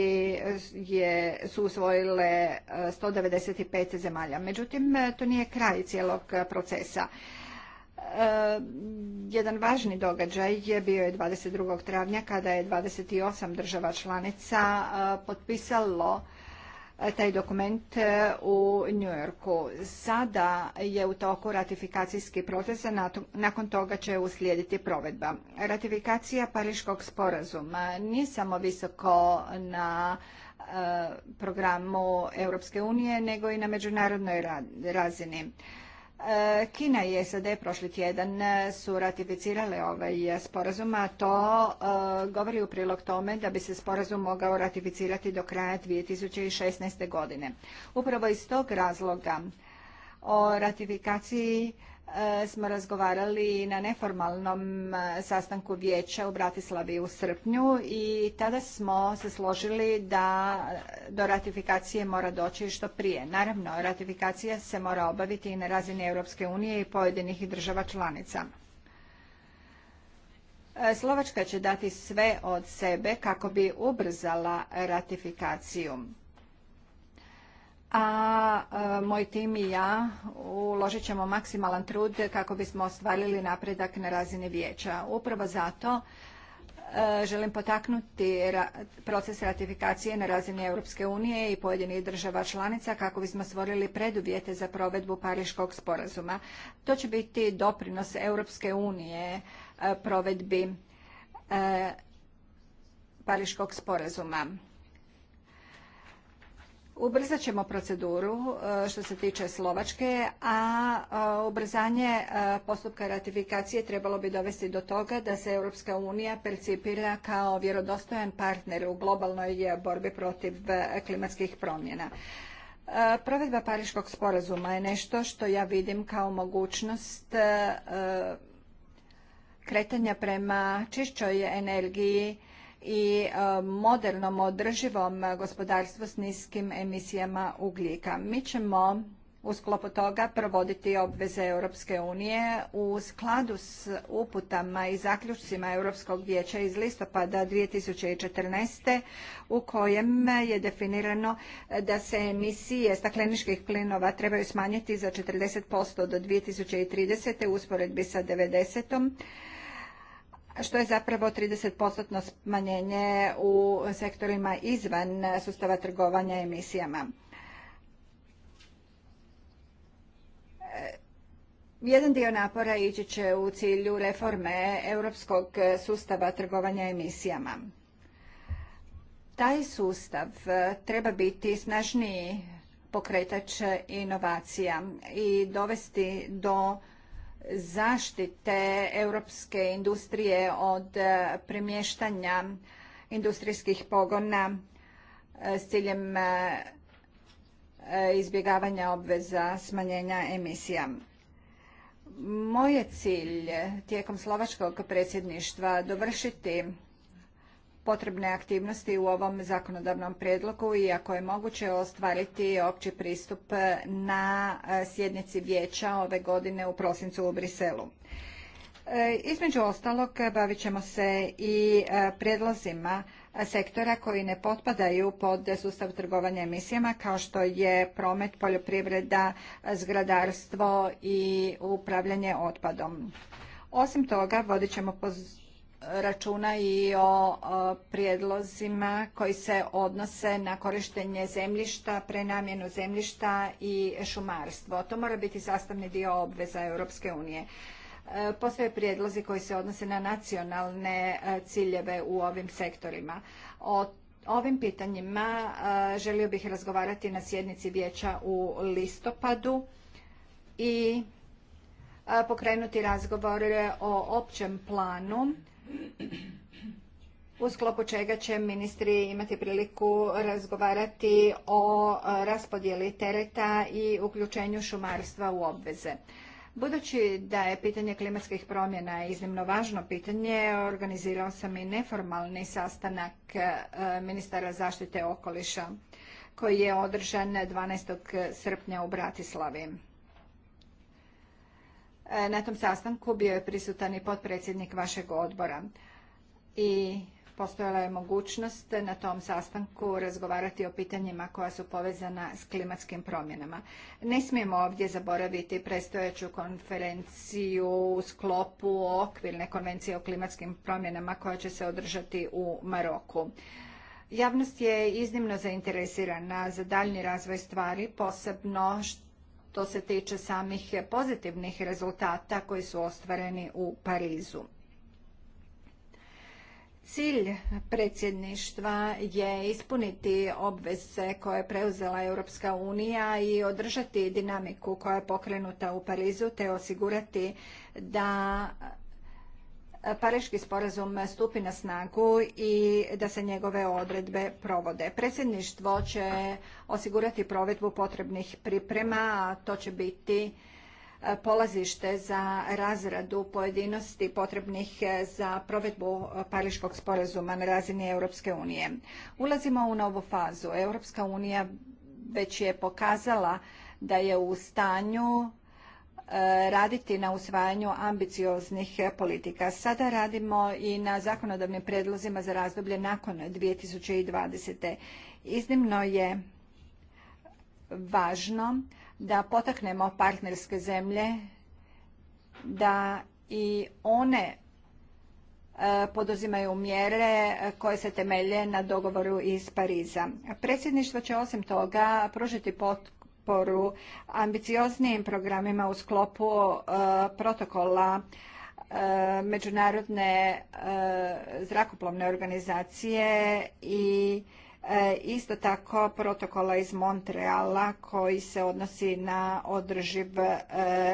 je, su usvojile 195 zemalja. Međutim, to nije kraj cijelog procesa. Jedan važni događaj je bio je 22. travnja kada je 28 država članica potpisalo E, taj dokument e, u Yorku. Sada je u toku ratifikacijski proces, a nakon toga će uslijediti provedba. Ratifikacija Pariškog sporazuma nije samo visoko na e, programu Europske unije, nego i na međunarodnoj razini. E, Kina i SAD prošli tjedan e, su ratificirale ovaj sporazum, a to e, govori u prilog tome da bi se sporazum mogao ratificirati do kraja 2016. godine. Upravo iz tog razloga o ratifikaciji E, smo razgovarali na neformalnom e, sastanku vijeća u Bratislavi u srpnju i tada smo se složili da e, do ratifikacije mora doći što prije. Naravno, ratifikacija se mora obaviti i na razini Europske unije i pojedinih država članica. Slovačka će dati sve od sebe kako bi ubrzala ratifikaciju a e, moj tim i ja uložit ćemo maksimalan trud kako bismo ostvarili napredak na razini vijeća. Upravo zato e, želim potaknuti proces ratifikacije na razini Europske unije i pojedinih država članica kako bismo stvorili preduvjete za provedbu Pariškog sporazuma. To će biti doprinos Europske unije e, provedbi Pariškog sporazuma. Ubrzat ćemo proceduru e, što se tiče Slovačke, a e, ubrzanje e, postupka ratifikacije trebalo bi dovesti do toga da se Europska unija percipira kao vjerodostojan partner u globalnoj borbi protiv klimatskih promjena. Provedba Pariškog sporazuma je nešto što ja vidim kao mogućnost kretanja prema čišćoj energiji i e, modernom održivom gospodarstvu s niskim emisijama ugljika. Mi ćemo u sklopu toga provoditi obveze Europske unije u skladu s uputama i zaključcima Europskog vijeća iz listopada 2014. u kojem je definirano da se emisije stakleničkih plinova trebaju smanjiti za 40% do 2030. u usporedbi sa 90 što je zapravo 30% smanjenje u sektorima izvan sustava trgovanja emisijama. Jedan dio napora ići će u cilju reforme europskog sustava trgovanja emisijama. Taj sustav treba biti snažniji pokretač inovacija i dovesti do zaštite europske industrije od e, premještanja industrijskih pogona e, s ciljem e, izbjegavanja obveza smanjenja emisija. Moj je cilj tijekom slovačkog predsjedništva dovršiti potrebne aktivnosti u ovom zakonodavnom predlogu i ako je moguće ostvariti opći pristup na e, sjednici vijeća ove godine u prosincu u Briselu. E, između ostalog bavit ćemo se i e, prijedlozima sektora koji ne potpadaju pod sustav trgovanja emisijama kao što je promet, poljoprivreda, zgradarstvo i upravljanje otpadom. Osim toga, vodit ćemo poz računa i o prijedlozima koji se odnose na korištenje zemljišta, prenamjenu zemljišta i šumarstvo. To mora biti sastavni dio obveza Europske unije. E, postoje prijedlozi koji se odnose na nacionalne e, ciljeve u ovim sektorima. O ovim pitanjima e, želio bih razgovarati na sjednici vijeća u listopadu i pokrenuti razgovor o općem planu u sklopu čega će ministri imati priliku razgovarati o e, raspodjeli tereta i uključenju šumarstva u obveze. Budući da je pitanje klimatskih promjena iznimno važno pitanje, organizirao sam i neformalni sastanak e, ministara zaštite okoliša koji je održan 12. srpnja u Bratislavi. E, na tom sastanku bio je prisutan i potpredsjednik vašeg odbora i postojala je mogućnost na tom sastanku razgovarati o pitanjima koja su povezana s klimatskim promjenama. Ne smijemo ovdje zaboraviti prestojeću konferenciju u sklopu okvirne konvencije o klimatskim promjenama koja će se održati u Maroku. Javnost je iznimno zainteresirana za daljnji razvoj stvari, posebno što to se tiče samih pozitivnih rezultata koji su ostvareni u Parizu. Cilj predsjedništva je ispuniti obveze koje je preuzela Europska unija i održati dinamiku koja je pokrenuta u Parizu te osigurati da Pariški sporazum stupi na snagu i da se njegove odredbe provode. Predsjedništvo će osigurati provedbu potrebnih priprema, a to će biti e, polazište za razradu pojedinosti potrebnih e, za provedbu Pariškog sporazuma na razini Europske unije. Ulazimo u novu fazu. Europska unija već je pokazala da je u stanju raditi na usvajanju ambicioznih politika. Sada radimo i na zakonodavnim predlozima za razdoblje nakon 2020. Iznimno je važno da potaknemo partnerske zemlje da i one e, poduzimaju mjere koje se temelje na dogovoru iz Pariza. Predsjedništvo će osim toga pružiti potporu potporu ambicioznijim programima u sklopu e, protokola e, Međunarodne e, zrakoplovne organizacije i isto tako protokola iz Montreala koji se odnosi na održiv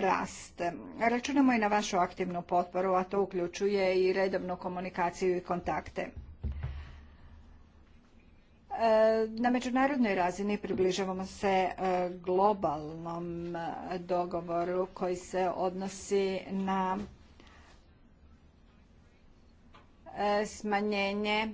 rast. Računamo i na vašu aktivnu potporu, a to uključuje i redovnu komunikaciju i kontakte. E, na međunarodnoj razini približavamo se e, globalnom e, dogovoru koji se odnosi na smanjenje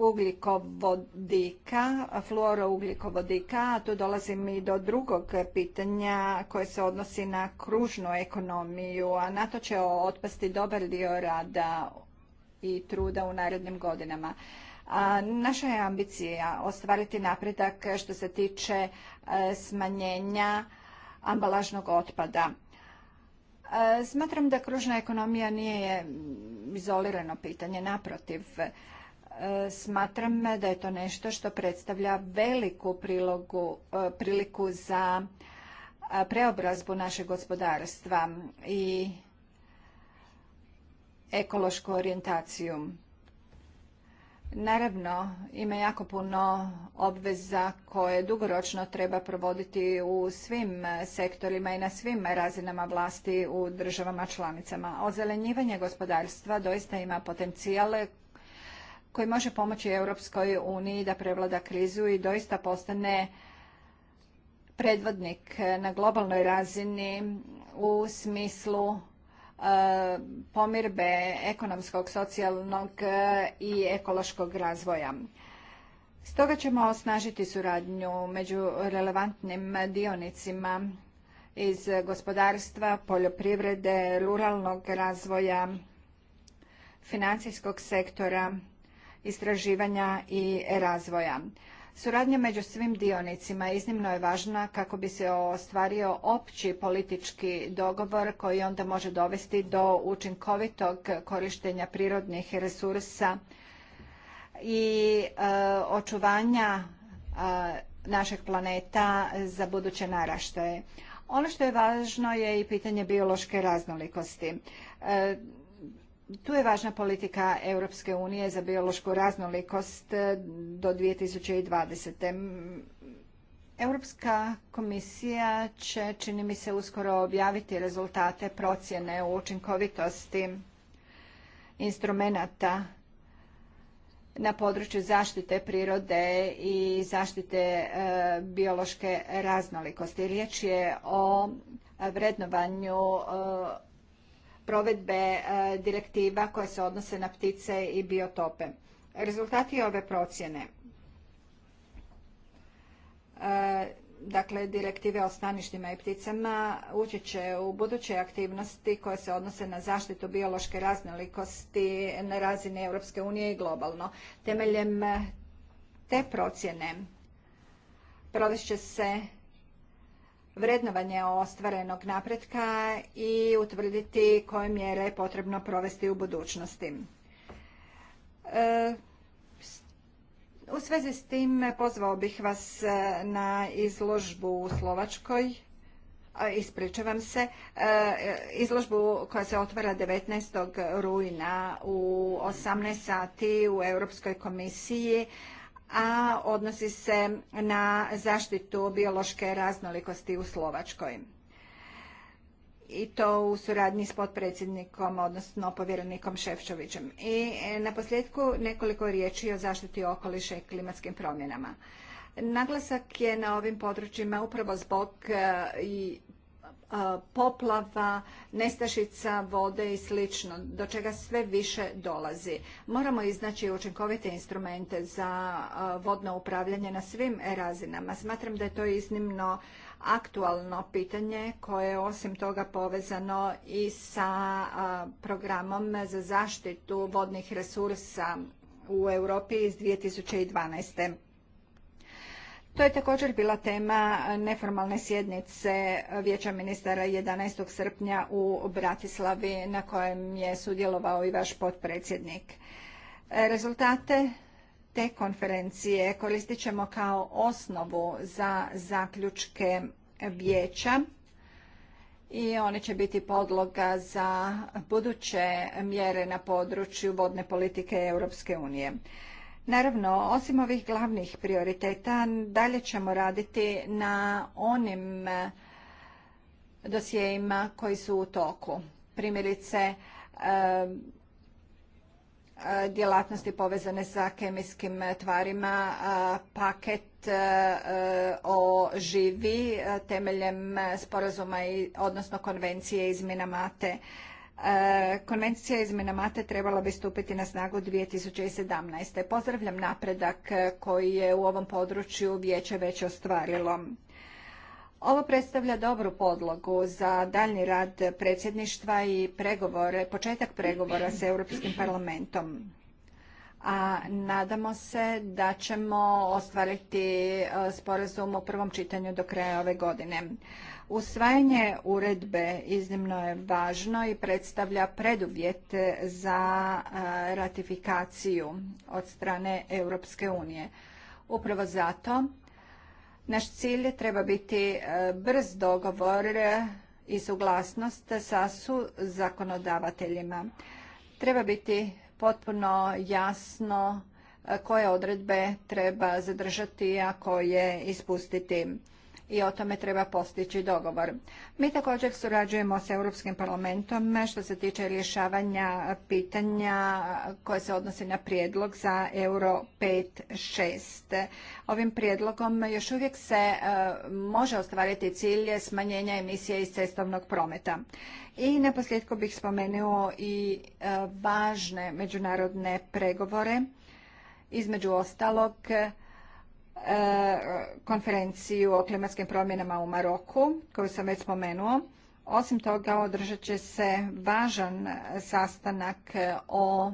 ugljikovodika, fluorougljikovodika, a tu dolazim i do drugog pitanja koje se odnosi na kružnu ekonomiju, a na to će otpasti dobar dio rada i truda u narednim godinama. naša je ambicija ostvariti napredak što se tiče e, smanjenja ambalažnog otpada. E, smatram da kružna ekonomija nije izolirano pitanje, naprotiv. Smatram da je to nešto što predstavlja veliku prilogu, e, priliku za e, preobrazbu našeg gospodarstva i ekološku orijentaciju. Naravno, ima jako puno obveza koje dugoročno treba provoditi u svim sektorima i na svim razinama vlasti u državama članicama. Ozelenjivanje gospodarstva doista ima potencijale koji može pomoći Europskoj uniji da prevlada krizu i doista postane predvodnik na globalnoj razini u smislu eh, pomirbe ekonomskog, socijalnog eh, i ekološkog razvoja. Stoga ćemo osnažiti suradnju među relevantnim dionicima iz gospodarstva, poljoprivrede, ruralnog razvoja, financijskog sektora istraživanja i razvoja. Suradnja među svim dionicima iznimno je važna kako bi se ostvario opći politički dogovor koji onda može dovesti do učinkovitog korištenja prirodnih resursa i e, očuvanja e, našeg planeta za buduće naraštaje. Ono što je važno je i pitanje biološke raznolikosti. E, tu je važna politika Europske unije za biološku raznolikost eh, do 2020. Europska komisija će, čini mi se, uskoro objaviti rezultate procjene u učinkovitosti instrumenta na području zaštite prirode i zaštite eh, biološke raznolikosti. Riječ je o vrednovanju eh, provedbe e, direktiva koje se odnose na ptice i biotope. Rezultati ove procjene e, dakle direktive o staništima i pticama ući će u buduće aktivnosti koje se odnose na zaštitu biološke raznolikosti na razini Europske unije i globalno. Temeljem te procjene provest će se vrednovanje ostvarenog napretka i utvrditi koje mjere je potrebno provesti u budućnosti. E, u svezi s tim pozvao bih vas e, na izložbu u Slovačkoj, ispričavam se, e, izložbu koja se otvara 19. rujna u 18 sati u Europskoj komisiji a odnosi se na zaštitu biološke raznolikosti u Slovačkoj. I to u suradnji s potpredsjednikom, odnosno povjerenikom Šefčovićem. I e, na posljedku nekoliko riječi o zaštiti okoliša i klimatskim promjenama. Naglasak je na ovim područjima upravo zbog e, i E, poplava, nestašica vode i sl. do čega sve više dolazi. Moramo iznaći učinkovite instrumente za e, vodno upravljanje na svim razinama. Smatram da je to iznimno aktualno pitanje koje je osim toga povezano i sa e, programom za zaštitu vodnih resursa u Europi iz 2012. To je također bila tema neformalne sjednice Vijeća ministara 11. srpnja u Bratislavi na kojem je sudjelovao i vaš potpredsjednik. Rezultate te konferencije koristit ćemo kao osnovu za zaključke vijeća i one će biti podloga za buduće mjere na području vodne politike Europske unije. Naravno, osim ovih glavnih prioriteta, dalje ćemo raditi na onim eh, dosjejima koji su u toku. Primjerice, eh, eh, djelatnosti povezane sa kemijskim tvarima, paket o živi temeljem sporazuma, odnosno konvencije iz Minamate, E, konvencija iz Minamate trebala bi stupiti na snagu 2017. Pozdravljam napredak e, koji je u ovom području vijeće već ostvarilo. Ovo predstavlja dobru podlogu za daljnji rad predsjedništva i pregovore, početak pregovora s Europskim parlamentom. A nadamo se da ćemo ostvariti e, sporazum u prvom čitanju do kraja ove godine. Usvajanje uredbe iznimno je važno i predstavlja preduvjet za ratifikaciju od strane Europske unije. Upravo zato naš cilj treba biti brz dogovor i suglasnost sa su zakonodavateljima. Treba biti potpuno jasno koje odredbe treba zadržati, a koje ispustiti i o tome treba postići dogovor. Mi također surađujemo s Europskim parlamentom što se tiče rješavanja pitanja koje se odnose na prijedlog za euro 5.6. Ovim prijedlogom još uvijek se e, može ostvariti cilje smanjenja emisije iz cestovnog prometa. I na bih spomenuo i e, važne međunarodne pregovore, između ostalog E, konferenciju o klimatskim promjenama u Maroku, koju sam već spomenuo. Osim toga, održat će se važan sastanak o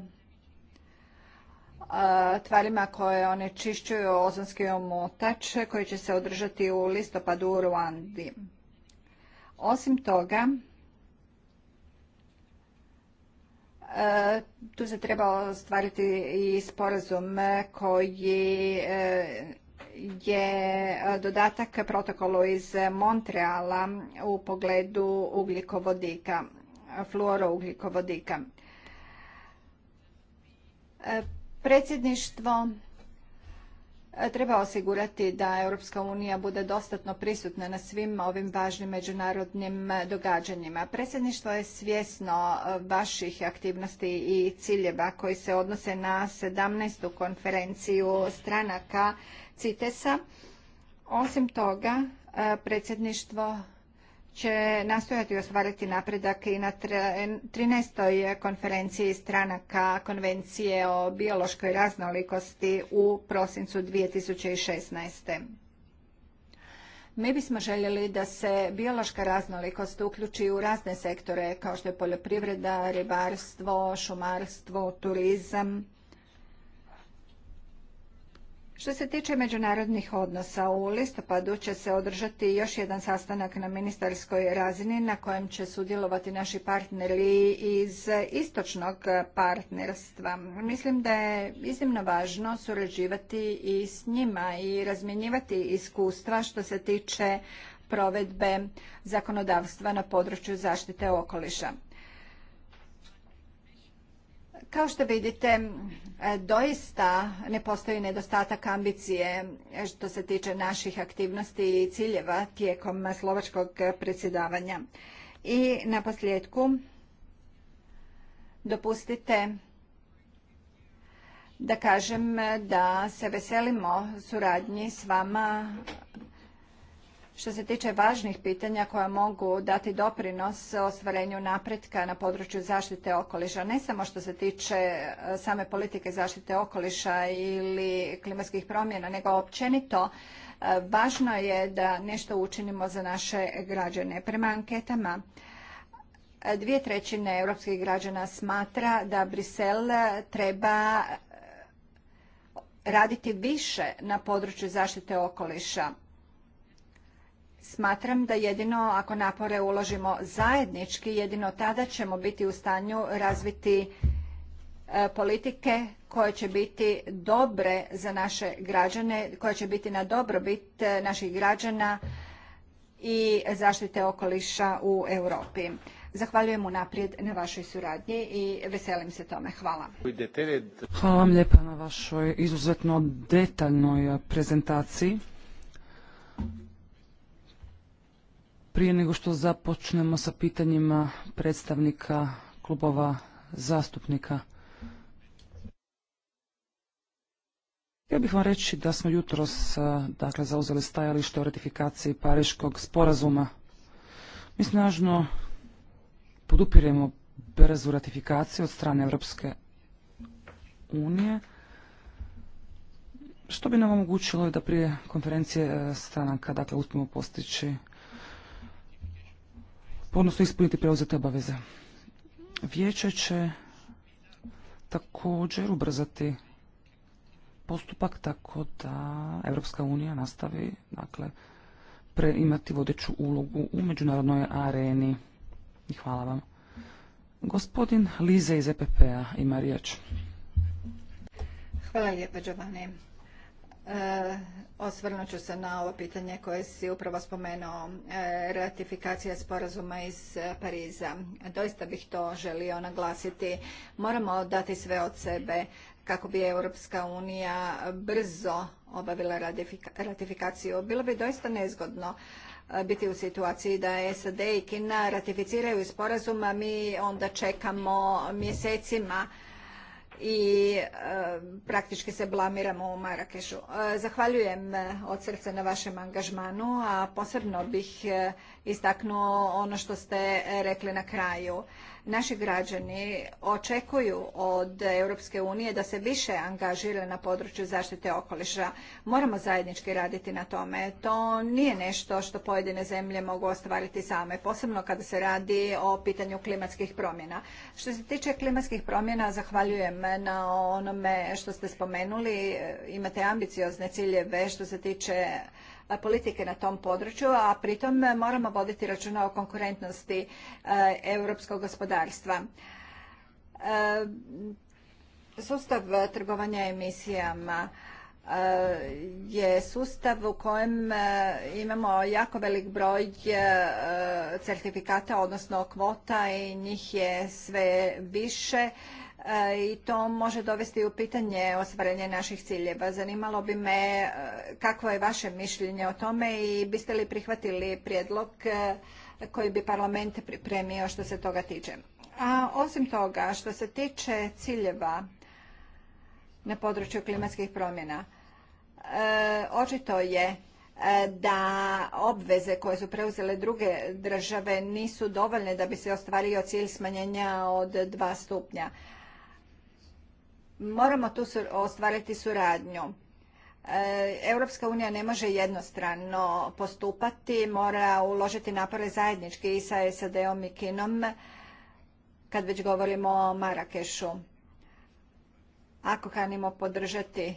e, tvarima koje onečišćuju ozonski omotač koji će se održati u listopadu u Ruandi. Osim toga, e, tu se treba ostvariti i sporazum koji je e, dodatak protokolu iz Montreala u pogledu ugljikovodika, fluorougljikovodika. E, predsjedništvo e, treba osigurati da Europska unija bude dostatno prisutna na svim ovim važnim međunarodnim događanjima. Predsjedništvo je svjesno vaših aktivnosti i ciljeva koji se odnose na 17. konferenciju stranaka CITES-a. Osim toga, e, predsjedništvo će nastojati ostvariti napredak i na 13. konferenciji stranaka konvencije o biološkoj raznolikosti u prosincu 2016. Mi bismo željeli da se biološka raznolikost uključi u razne sektore kao što je poljoprivreda, ribarstvo, šumarstvo, turizam što se tiče međunarodnih odnosa, u listopadu će se održati još jedan sastanak na ministarskoj razini na kojem će sudjelovati naši partneri iz istočnog partnerstva. Mislim da je iznimno važno surađivati i s njima i razmjenjivati iskustva što se tiče provedbe zakonodavstva na području zaštite okoliša. Kao što vidite, doista ne postoji nedostatak ambicije što se tiče naših aktivnosti i ciljeva tijekom slovačkog predsjedavanja. I na posljedku, dopustite da kažem da se veselimo suradnji s vama što se tiče važnih pitanja koja mogu dati doprinos ostvarenju napretka na području zaštite okoliša, ne samo što se tiče e, same politike zaštite okoliša ili klimatskih promjena, nego općenito e, važno je da nešto učinimo za naše građane. Prema anketama e, dvije trećine europskih građana smatra da Brisel treba raditi više na području zaštite okoliša Smatram da jedino ako napore uložimo zajednički, jedino tada ćemo biti u stanju razviti e, politike koje će biti dobre za naše građane, koje će biti na dobrobit e, naših građana i zaštite okoliša u Europi. Zahvaljujem unaprijed na vašoj suradnji i veselim se tome. Hvala. Hvala vam lijepa na vašoj izuzetno detaljnoj prezentaciji. Prije nego što započnemo sa pitanjima predstavnika klubova zastupnika. Htio bih vam reći da smo jutros dakle, zauzeli stajalište o ratifikaciji Pariškog sporazuma. Mi snažno podupiremo brzu ratifikaciju od strane Europske unije, što bi nam omogućilo da prije konferencije e, stranaka dakle, uspimo postići odnosno ispuniti preuzete obaveze. Vijeće će također ubrzati postupak tako da Europska unija nastavi dakle, preimati vodeću ulogu u međunarodnoj areni. I hvala vam. Gospodin Lize iz EPP-a ima riječ. Hvala lijepa, Giovanni. Eh, osvrnut ću se na ovo pitanje koje si upravo spomenuo, eh, ratifikacija sporazuma iz eh, Pariza. Doista bih to želio naglasiti. Moramo dati sve od sebe kako bi Europska unija brzo obavila ratifikaciju. Bilo bi doista nezgodno biti u situaciji da SAD i Kina ratificiraju sporazum, a mi onda čekamo mjesecima i eh, praktički se blamiramo u Marakešu. Eh, zahvaljujem eh, od srca na vašem angažmanu, a posebno bih istaknuo ono što ste rekli na kraju. Naši građani očekuju od Europske unije da se više angažira na području zaštite okoliša. Moramo zajednički raditi na tome. To nije nešto što pojedine zemlje mogu ostvariti same, posebno kada se radi o pitanju klimatskih promjena. Što se tiče klimatskih promjena, zahvaljujem na onome što ste spomenuli. Imate ambiciozne ciljeve što se tiče E, politike na tom području, a pritom moramo voditi računa o konkurentnosti e, europskog gospodarstva. E, sustav trgovanja emisijama je sustav u kojem imamo jako velik broj certifikata, odnosno kvota i njih je sve više E, i to može dovesti u pitanje ostvarenje naših ciljeva. Zanimalo bi me e, kakvo je vaše mišljenje o tome i biste li prihvatili prijedlog e, koji bi parlament pripremio što se toga tiče. A osim toga, što se tiče ciljeva na području klimatskih promjena, očito je da obveze koje su preuzele druge države nisu dovoljne da bi se ostvario cilj smanjenja od dva stupnja. Moramo tu ostvariti suradnju. E, Europska unija ne može jednostrano postupati, mora uložiti napore zajednički i sa SAD-om i Kinom, kad već govorimo o Marakešu. Ako kanimo podržati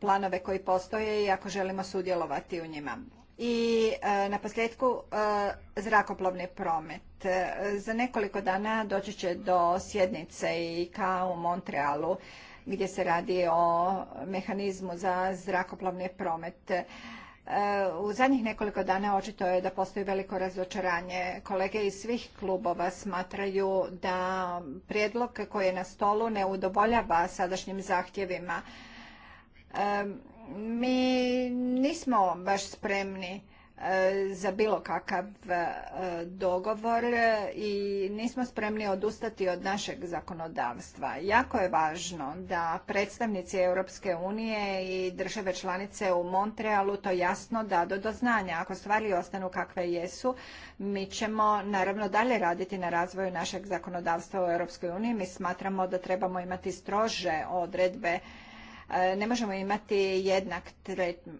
planove koji postoje i ako želimo sudjelovati u njima i e, na posljedku e, zrakoplovni promet. E, za nekoliko dana doći će do sjednice i kao u Montrealu gdje se radi o mehanizmu za zrakoplovni promet. U zadnjih nekoliko dana očito je da postoji veliko razočaranje. Kolege iz svih klubova smatraju da prijedlog koji je na stolu ne udovoljava sadašnjim zahtjevima. Mi nismo baš spremni e, za bilo kakav e, dogovor i nismo spremni odustati od našeg zakonodavstva. Jako je važno da predstavnici Europske unije i države članice u Montrealu to jasno dadu do znanja. Ako stvari ostanu kakve jesu, mi ćemo naravno dalje raditi na razvoju našeg zakonodavstva u Europskoj uniji. Mi smatramo da trebamo imati strože odredbe E, ne možemo imati jednak tretman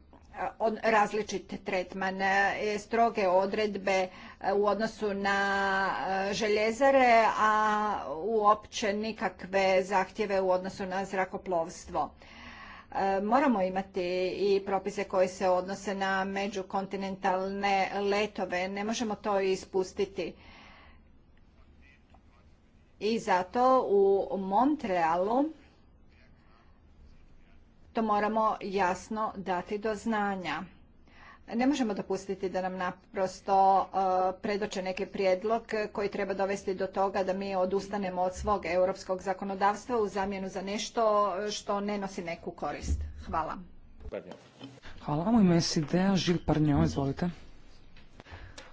različit tretman, e, stroge odredbe e, u odnosu na željezare, a uopće nikakve zahtjeve u odnosu na zrakoplovstvo. Moramo imati i propise koji se odnose na međukontinentalne letove, ne možemo to ispustiti. I zato u Montrealu to moramo jasno dati do znanja. Ne možemo dopustiti da nam naprosto e, predoče neki prijedlog koji treba dovesti do toga da mi odustanemo od svog europskog zakonodavstva u zamjenu za nešto što ne nosi neku korist. Hvala. Hvala vam. Ime izvolite.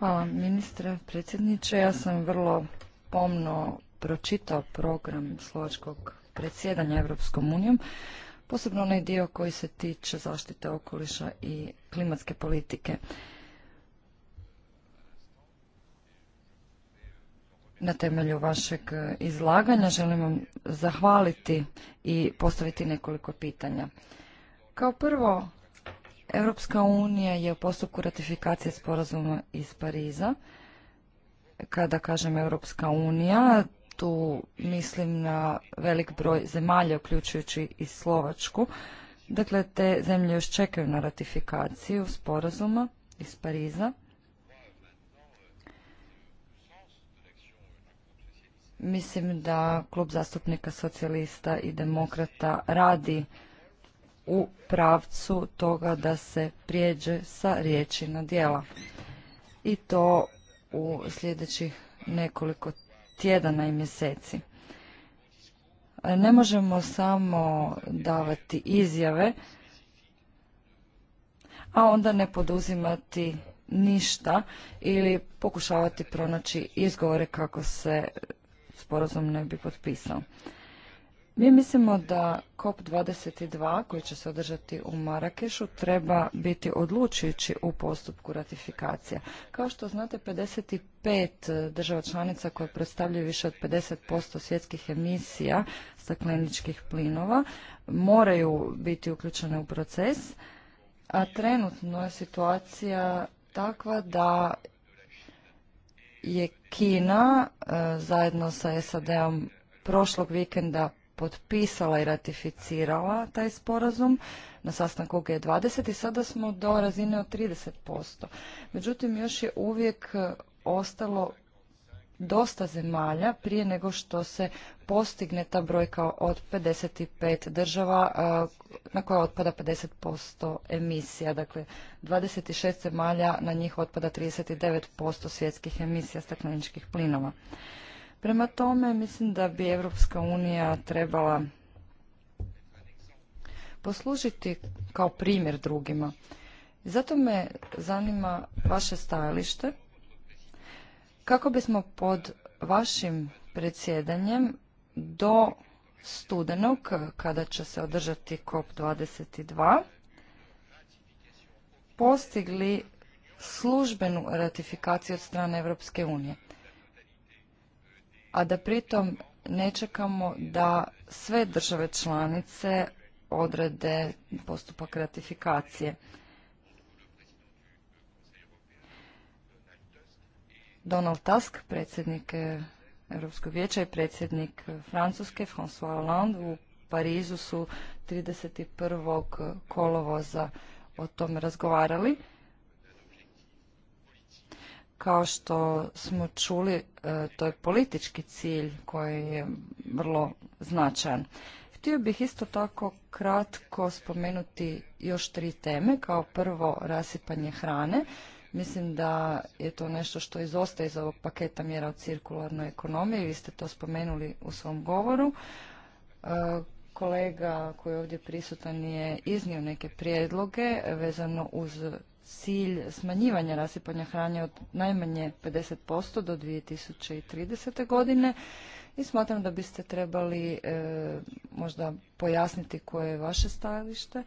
Hvala ministre, predsjedniče. Ja sam vrlo pomno pročitao program slovačkog predsjedanja Europskom unijom posebno onaj dio koji se tiče zaštite okoliša i klimatske politike. Na temelju vašeg izlaganja želim vam zahvaliti i postaviti nekoliko pitanja. Kao prvo, Europska unija je u postupku ratifikacije sporazuma iz Pariza. Kada kažem Europska unija, tu mislim na velik broj zemalja, uključujući i Slovačku. Dakle, te zemlje još čekaju na ratifikaciju sporazuma iz Pariza. Mislim da klub zastupnika socijalista i demokrata radi u pravcu toga da se prijeđe sa riječi na dijela. I to u sljedećih nekoliko tjedana i mjeseci. Ne možemo samo davati izjave, a onda ne poduzimati ništa ili pokušavati pronaći izgovore kako se sporazum ne bi potpisao. Mi mislimo da COP22 koji će se održati u Marakešu treba biti odlučujući u postupku ratifikacija. Kao što znate, 55 država članica koje predstavljaju više od 50% svjetskih emisija stakleničkih plinova moraju biti uključene u proces, a trenutno je situacija takva da je Kina e, zajedno sa SAD-om prošlog vikenda potpisala i ratificirala taj sporazum na sastanku G20 i sada smo do razine od 30%. Međutim, još je uvijek e, ostalo dosta zemalja prije nego što se postigne ta brojka od 55 država e, na koja otpada 50% emisija. Dakle, 26 zemalja na njih otpada 39% svjetskih emisija stakleničkih plinova. Prema tome mislim da bi Europska unija trebala poslužiti kao primjer drugima. Zato me zanima vaše stajalište kako bismo pod vašim predsjedanjem do studenog kada će se održati COP22 postigli službenu ratifikaciju od strane Europske unije a da pritom ne čekamo da sve države članice odrede postupak ratifikacije. Donald Tusk, predsjednik Europskog vijeća i predsjednik Francuske François Hollande u Parizu su 31. kolovoza o tome razgovarali. Kao što smo čuli, e, to je politički cilj koji je vrlo značajan. Htio bih isto tako kratko spomenuti još tri teme. Kao prvo, rasipanje hrane. Mislim da je to nešto što izostaje iz ovog paketa mjera o cirkularnoj ekonomiji. Vi ste to spomenuli u svom govoru. E, kolega koji je ovdje prisutan je iznio neke prijedloge vezano uz cilj smanjivanja rasipanja hrane od najmanje 50% do 2030. godine i smatram da biste trebali e, možda pojasniti koje je vaše stajalište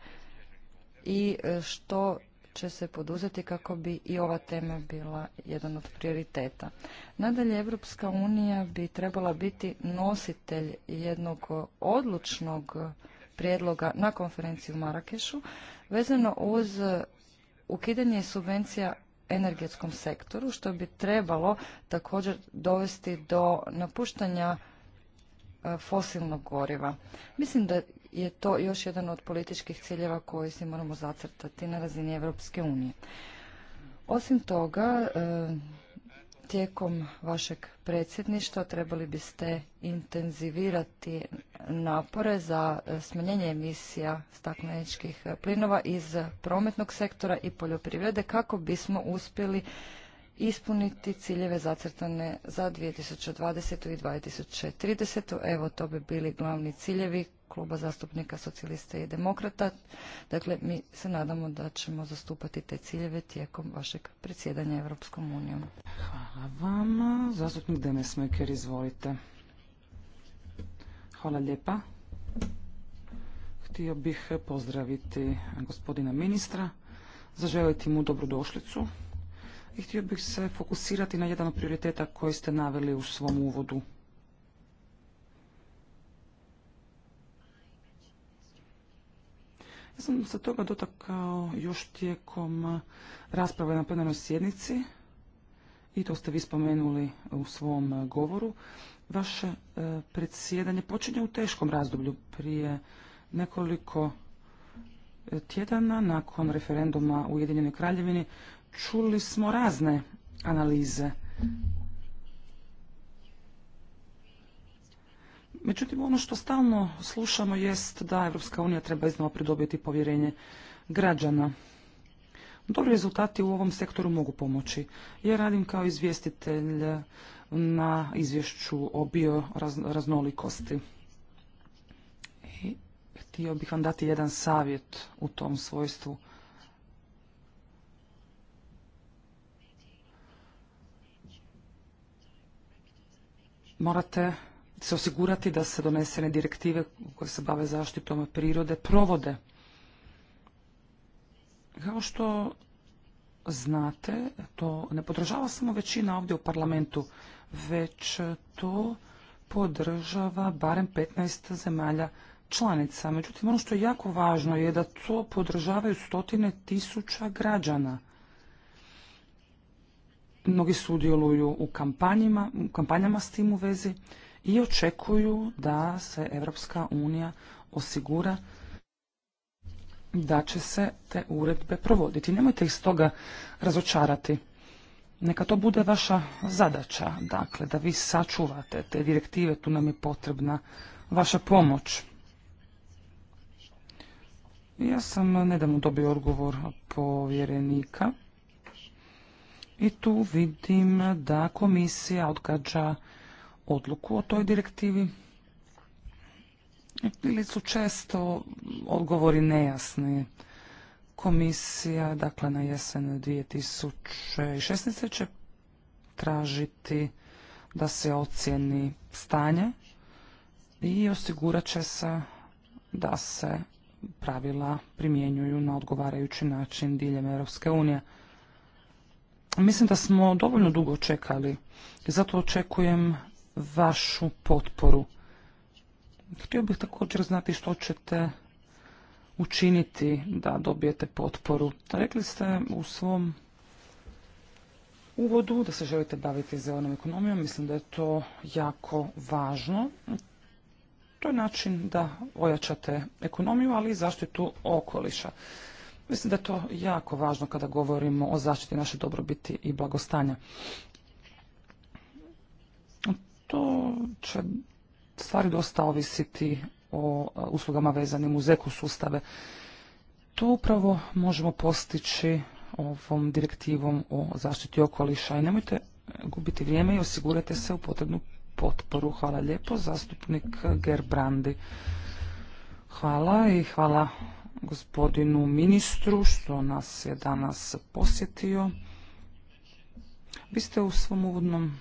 i e, što će se poduzeti kako bi i ova tema bila jedan od prioriteta. Nadalje, Evropska unija bi trebala biti nositelj jednog odlučnog prijedloga na konferenciju u Marakešu vezano uz ukidanje subvencija energetskom sektoru, što bi trebalo također dovesti do napuštanja e, fosilnog goriva. Mislim da je to još jedan od političkih ciljeva koji si moramo zacrtati na razini Europske unije. Osim toga, e, tijekom vašeg predsjedništva trebali biste intenzivirati napore za e, smanjenje emisija stakleničkih plinova iz prometnog sektora i poljoprivrede kako bismo uspjeli ispuniti ciljeve zacrtane za 2020. i 2030. Evo to bi bili glavni ciljevi kluba zastupnika socijalista i demokrata. Dakle, mi se nadamo da ćemo zastupati te ciljeve tijekom vašeg predsjedanja Europskom unijom. Hvala vam, Zastupnik Demes Meker, izvolite. Hvala lijepa. Htio bih pozdraviti gospodina ministra, zaželiti mu dobrodošlicu i htio bih se fokusirati na jedan od prioriteta koji ste naveli u svom uvodu. Ja sam se toga dotakao još tijekom rasprave na plenarnoj sjednici i to ste vi spomenuli u svom govoru. Vaše e, predsjedanje počinje u teškom razdoblju prije nekoliko e, tjedana nakon referenduma u Ujedinjenoj Kraljevini čuli smo razne analize Međutim, ono što stalno slušamo jest da Evropska unija treba iznova pridobiti povjerenje građana. Dobri rezultati u ovom sektoru mogu pomoći. Ja radim kao izvjestitelj na izvješću o bioraznolikosti. I htio bih vam dati jedan savjet u tom svojstvu. Morate se osigurati da se donesene direktive koje se bave zaštitom prirode provode. Kao što znate, to ne podržava samo većina ovdje u parlamentu, već to podržava barem 15 zemalja članica. Međutim, ono što je jako važno je da to podržavaju stotine tisuća građana. Mnogi sudjeluju u u kampanjama s tim u vezi i očekuju da se Europska unija osigura da će se te uredbe provoditi. Nemojte ih stoga razočarati. Neka to bude vaša zadaća, dakle, da vi sačuvate te direktive, tu nam je potrebna vaša pomoć. Ja sam nedavno dobio odgovor povjerenika i tu vidim da komisija odgađa odluku o toj direktivi. E, Ili su često odgovori nejasni. Komisija, dakle, na jesen 2016. će tražiti da se ocijeni stanje i osigurat će se da se pravila primjenjuju na odgovarajući način diljem Europske unije. Mislim da smo dovoljno dugo čekali i zato očekujem vašu potporu. Htio bih također znati što ćete učiniti da dobijete potporu. Rekli ste u svom uvodu da se želite baviti zelenom ekonomijom. Mislim da je to jako važno. To je način da ojačate ekonomiju, ali i zaštitu okoliša. Mislim da je to jako važno kada govorimo o zaštiti naše dobrobiti i blagostanja to će stvari dosta ovisiti o e, uslugama vezanim uz sustave. To upravo možemo postići ovom direktivom o zaštiti okoliša i nemojte gubiti vrijeme i osigurajte se u potrebnu potporu. Hvala lijepo, zastupnik Gerbrandi. Hvala i hvala gospodinu ministru što nas je danas posjetio. Vi ste u svom uvodnom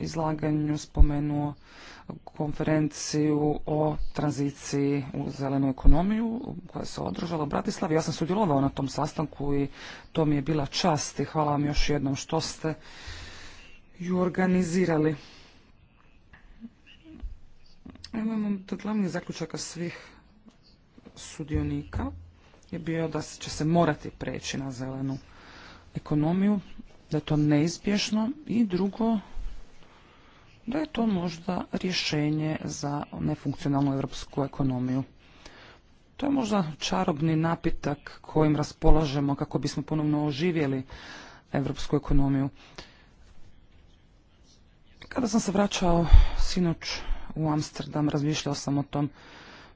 izlaganju spomenuo konferenciju o tranziciji u zelenu ekonomiju koja se održala u Bratislavi. Ja sam sudjelovao na tom sastanku i to mi je bila čast i hvala vam još jednom što ste ju organizirali. Imamo do glavnih zaključaka svih sudionika je bio da će se morati preći na zelenu ekonomiju, da je to neizbješno i drugo da je to možda rješenje za nefunkcionalnu europsku ekonomiju. To je možda čarobni napitak kojim raspolažemo kako bismo ponovno oživjeli europsku ekonomiju. Kada sam se vraćao sinoć u Amsterdam, razmišljao sam o tom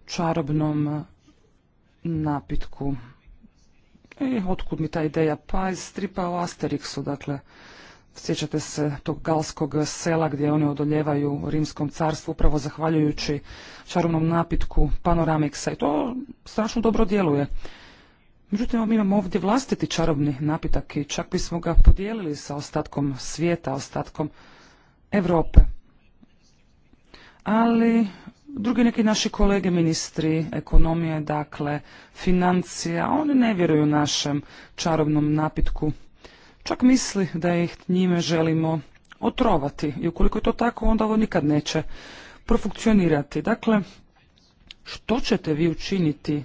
čarobnom napitku. I e, otkud mi ta ideja? Pa iz stripa o Asterixu, dakle, Sjećate se tog galskog sela gdje oni odoljevaju rimskom carstvu upravo zahvaljujući čarobnom napitku panoramiksa i to strašno dobro djeluje. Međutim, mi imamo ovdje vlastiti čarobni napitak i čak bismo ga podijelili sa ostatkom svijeta, ostatkom Europe. Ali drugi neki naši kolege ministri ekonomije, dakle financija, oni ne vjeruju našem čarobnom napitku čak misli da ih njime želimo otrovati. I ukoliko je to tako, onda ovo nikad neće profunkcionirati. Dakle, što ćete vi učiniti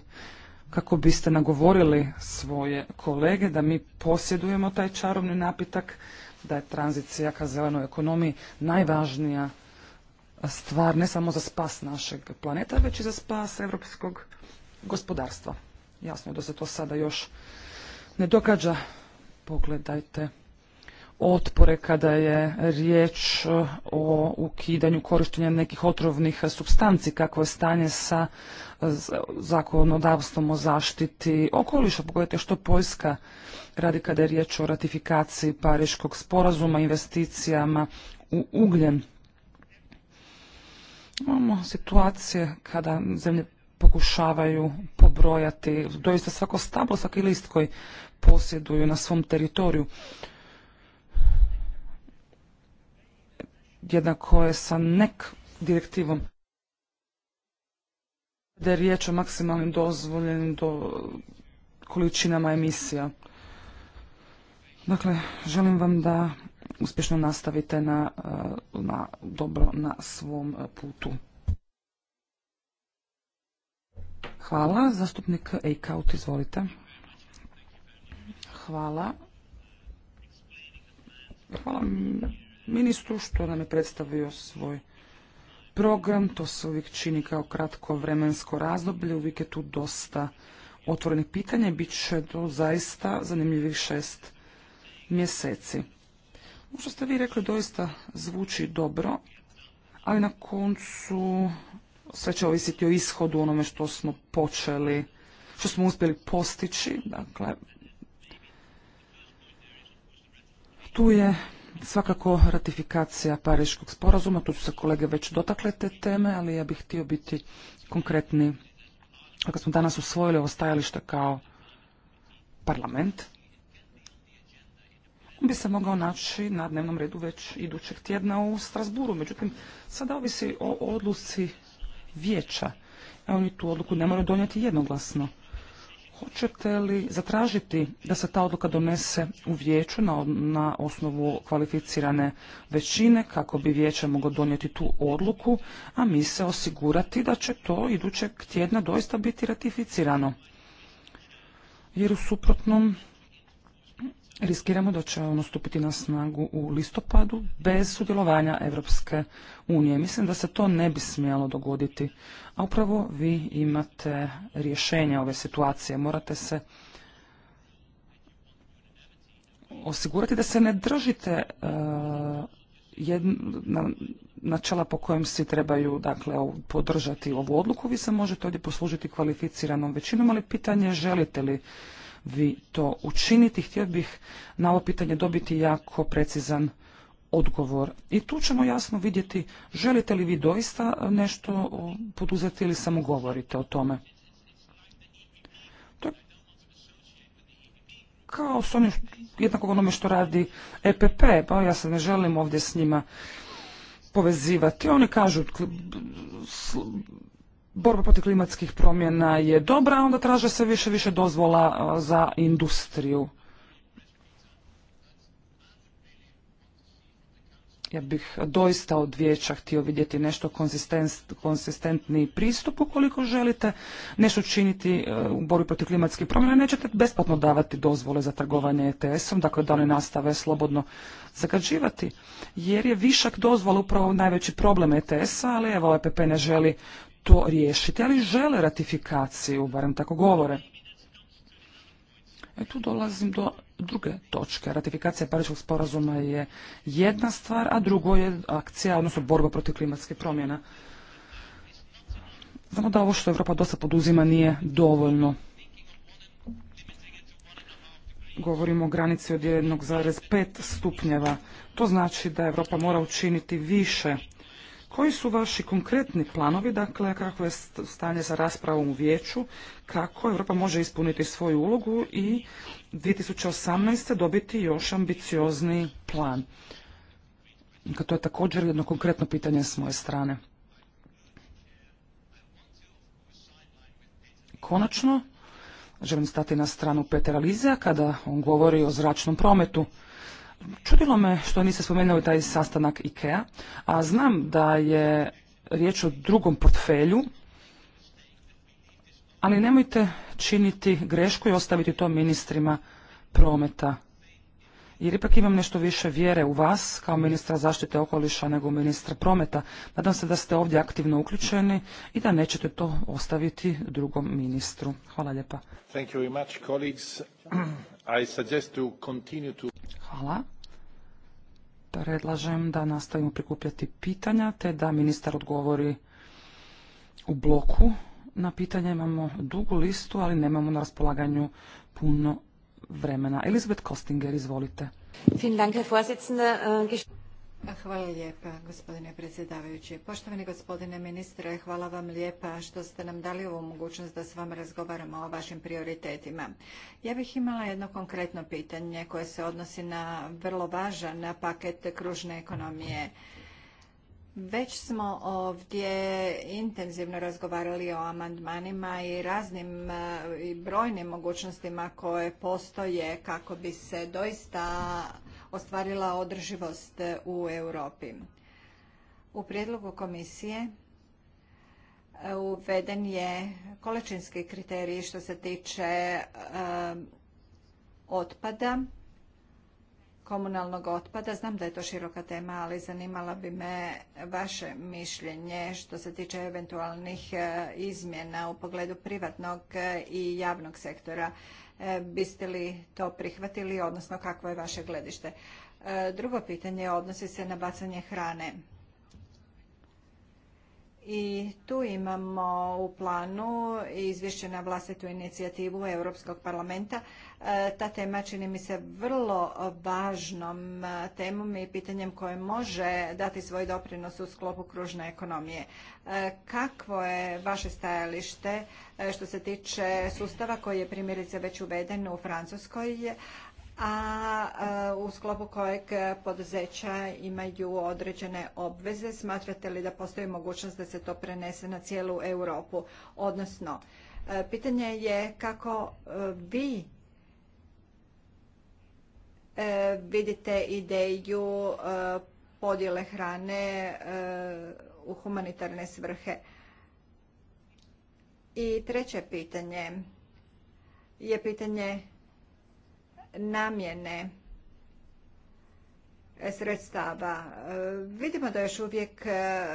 kako biste nagovorili svoje kolege da mi posjedujemo taj čarobni napitak, da je tranzicija ka zelenoj ekonomiji najvažnija stvar ne samo za spas našeg planeta, već i za spas evropskog gospodarstva. Jasno je da se to sada još ne događa pogledajte otpore kada je riječ o ukidanju korištenja nekih otrovnih substanci, kakvo je stanje sa zakonodavstvom o zaštiti okoliša. Pogledajte što Poljska radi kada je riječ o ratifikaciji Pariškog sporazuma, investicijama u ugljen. Imamo situacije kada zemlje pokušavaju pobrojati doista svako stablo, svaki list koji posjeduju na svom teritoriju. Jednako je sa nek direktivom da je riječ o maksimalnim dozvoljenim količinama emisija. Dakle, želim vam da uspješno nastavite na, eh, na dobro na svom putu. Hvala. Zastupnik Ejkaut, izvolite. Hvala. Hvala ministru što nam je predstavio svoj program. To se uvijek čini kao kratko vremensko razdoblje. Uvijek je tu dosta otvorenih pitanja i bit će to zaista zanimljivih šest mjeseci. Ovo što ste vi rekli doista zvuči dobro, ali na koncu sve će ovisiti o ishodu onome što smo počeli, što smo uspjeli postići. Dakle, tu je svakako ratifikacija Pariškog sporazuma, tu su se kolege već dotakle te teme, ali ja bih htio biti konkretni. Ako smo danas usvojili ovo stajalište kao parlament, bi se mogao naći na dnevnom redu već idućeg tjedna u Strasburu. Međutim, sada ovisi o odluci vijeća. A oni tu odluku ne moraju donijeti jednoglasno. Hoćete li zatražiti da se ta odluka donese u vijeću na, na osnovu kvalificirane većine kako bi vijeće moglo donijeti tu odluku, a mi se osigurati da će to idućeg tjedna doista biti ratificirano? Jer u suprotnom riskiramo da će ono stupiti na snagu u listopadu bez sudjelovanja Evropske unije. Mislim da se to ne bi smjelo dogoditi. A upravo vi imate rješenje ove situacije. Morate se osigurati da se ne držite e, načela po kojem svi trebaju dakle, podržati ovu odluku. Vi se možete ovdje poslužiti kvalificiranom većinom, ali pitanje je želite li vi to učiniti? Htio bih na ovo pitanje dobiti jako precizan odgovor. I tu ćemo jasno vidjeti želite li vi doista nešto poduzeti ili samo govorite o tome. kao s onim jednako onome što radi EPP, pa ja se ne želim ovdje s njima povezivati. Oni kažu borba protiv klimatskih promjena je dobra, onda traže se više više dozvola za industriju. Ja bih doista od vijeća htio vidjeti nešto konsistentni pristup ukoliko želite nešto činiti e, u borbi protiv klimatskih promjena. Nećete besplatno davati dozvole za trgovanje ETS-om, dakle da one nastave slobodno zagađivati. Jer je višak dozvola upravo najveći problem ETS-a, ali evo EPP ne želi to riješiti, ali žele ratifikaciju, barem tako govore. E tu dolazim do druge točke. Ratifikacija Pariškog sporazuma je jedna stvar, a drugo je akcija, odnosno borba protiv klimatskih promjena. Znamo da ovo što Europa dosta poduzima nije dovoljno. Govorimo o granici od 1,5 stupnjeva. To znači da Europa mora učiniti više koji su vaši konkretni planovi, dakle, kako je stanje sa raspravom u vijeću, kako Europa može ispuniti svoju ulogu i 2018. dobiti još ambiciozni plan? Dakle, to je također jedno konkretno pitanje s moje strane. Konačno, želim stati na stranu Petera Lizea kada on govori o zračnom prometu. Čudilo me što niste spomenuli taj sastanak IKEA, a znam da je riječ o drugom portfelju, ali nemojte činiti grešku i ostaviti to ministrima prometa jer ipak imam nešto više vjere u vas kao ministra zaštite okoliša nego ministra prometa. Nadam se da ste ovdje aktivno uključeni i da nećete to ostaviti drugom ministru. Hvala lijepa. Thank you very much, colleagues. I suggest to continue to... Hvala. Predlažem da nastavimo prikupljati pitanja te da ministar odgovori u bloku. Na pitanje. imamo dugu listu, ali nemamo na raspolaganju puno vremena. Elizabeth Kostinger, izvolite. Äh, hvala lijepa, gospodine predsjedavajući. Poštovani gospodine ministre, hvala vam lijepa što ste nam dali ovu mogućnost da s vama razgovaramo o vašim prioritetima. Ja bih imala jedno konkretno pitanje koje se odnosi na vrlo važan paket kružne ekonomije već smo ovdje intenzivno razgovarali o amandmanima i raznim e, i brojnim mogućnostima koje postoje kako bi se doista ostvarila održivost u Europi. U prijedlogu komisije e, uveden je količinski kriterij što se tiče e, otpada komunalnog otpada. Znam da je to široka tema, ali zanimala bi me vaše mišljenje što se tiče eventualnih e, izmjena u pogledu privatnog e, i javnog sektora. E, biste li to prihvatili, odnosno kakvo je vaše gledište? Drugo pitanje odnosi se na bacanje hrane i tu imamo u planu izvješće na vlastitu inicijativu Europskog parlamenta. E, ta tema čini mi se vrlo važnom e, temom i pitanjem koje može dati svoj doprinos u sklopu kružne ekonomije. E, kakvo je vaše stajalište što se tiče sustava koji je primjerice već uveden u Francuskoj, a u sklopu kojeg poduzeća imaju određene obveze. Smatrate li da postoji mogućnost da se to prenese na cijelu Europu? Odnosno, e, pitanje je kako e, vi e, vidite ideju podjele hrane u humanitarne svrhe. I treće pitanje je pitanje namjene sredstava. Vidimo da još uvijek e,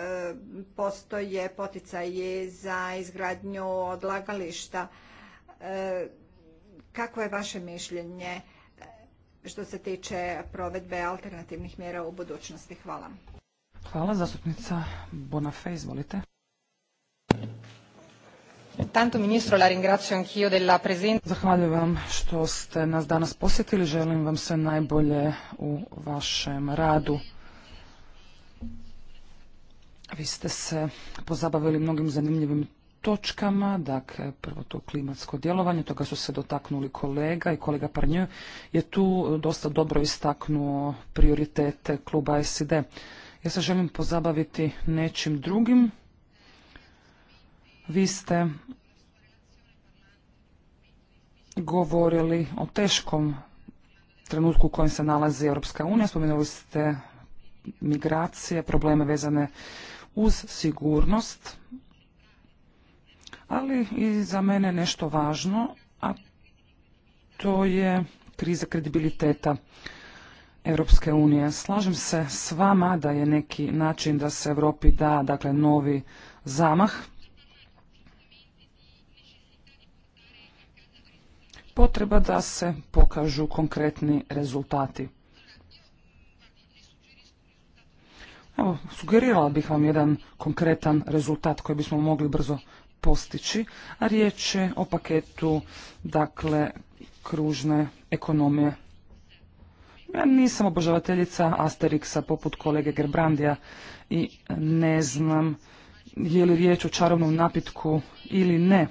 postoje poticaji za izgradnju odlagališta. E, kako je vaše mišljenje e, što se tiče provedbe alternativnih mjera u budućnosti? Hvala. Hvala, zastupnica Bonafej, izvolite. Tanto ministro, la ringrazio Zahvaljujem vam što ste nas danas posjetili. Želim vam sve najbolje u vašem radu. Vi ste se pozabavili mnogim zanimljivim točkama, dakle prvo to klimatsko djelovanje, toga su se dotaknuli kolega i kolega Parnjö je tu dosta dobro istaknuo prioritete kluba SID. Ja se želim pozabaviti nečim drugim, vi ste govorili o teškom trenutku u kojem se nalazi Europska unija. Spomenuli ste migracije, probleme vezane uz sigurnost, ali i za mene nešto važno, a to je kriza kredibiliteta Europske unije. Slažem se s vama da je neki način da se Europi da dakle novi zamah, potreba da se pokažu konkretni rezultati. Evo, sugerirala bih vam jedan konkretan rezultat koji bismo mogli brzo postići, a riječ je o paketu, dakle, kružne ekonomije. Ja nisam obožavateljica Asterixa poput kolege Gerbrandija i ne znam je li riječ o čarovnom napitku ili ne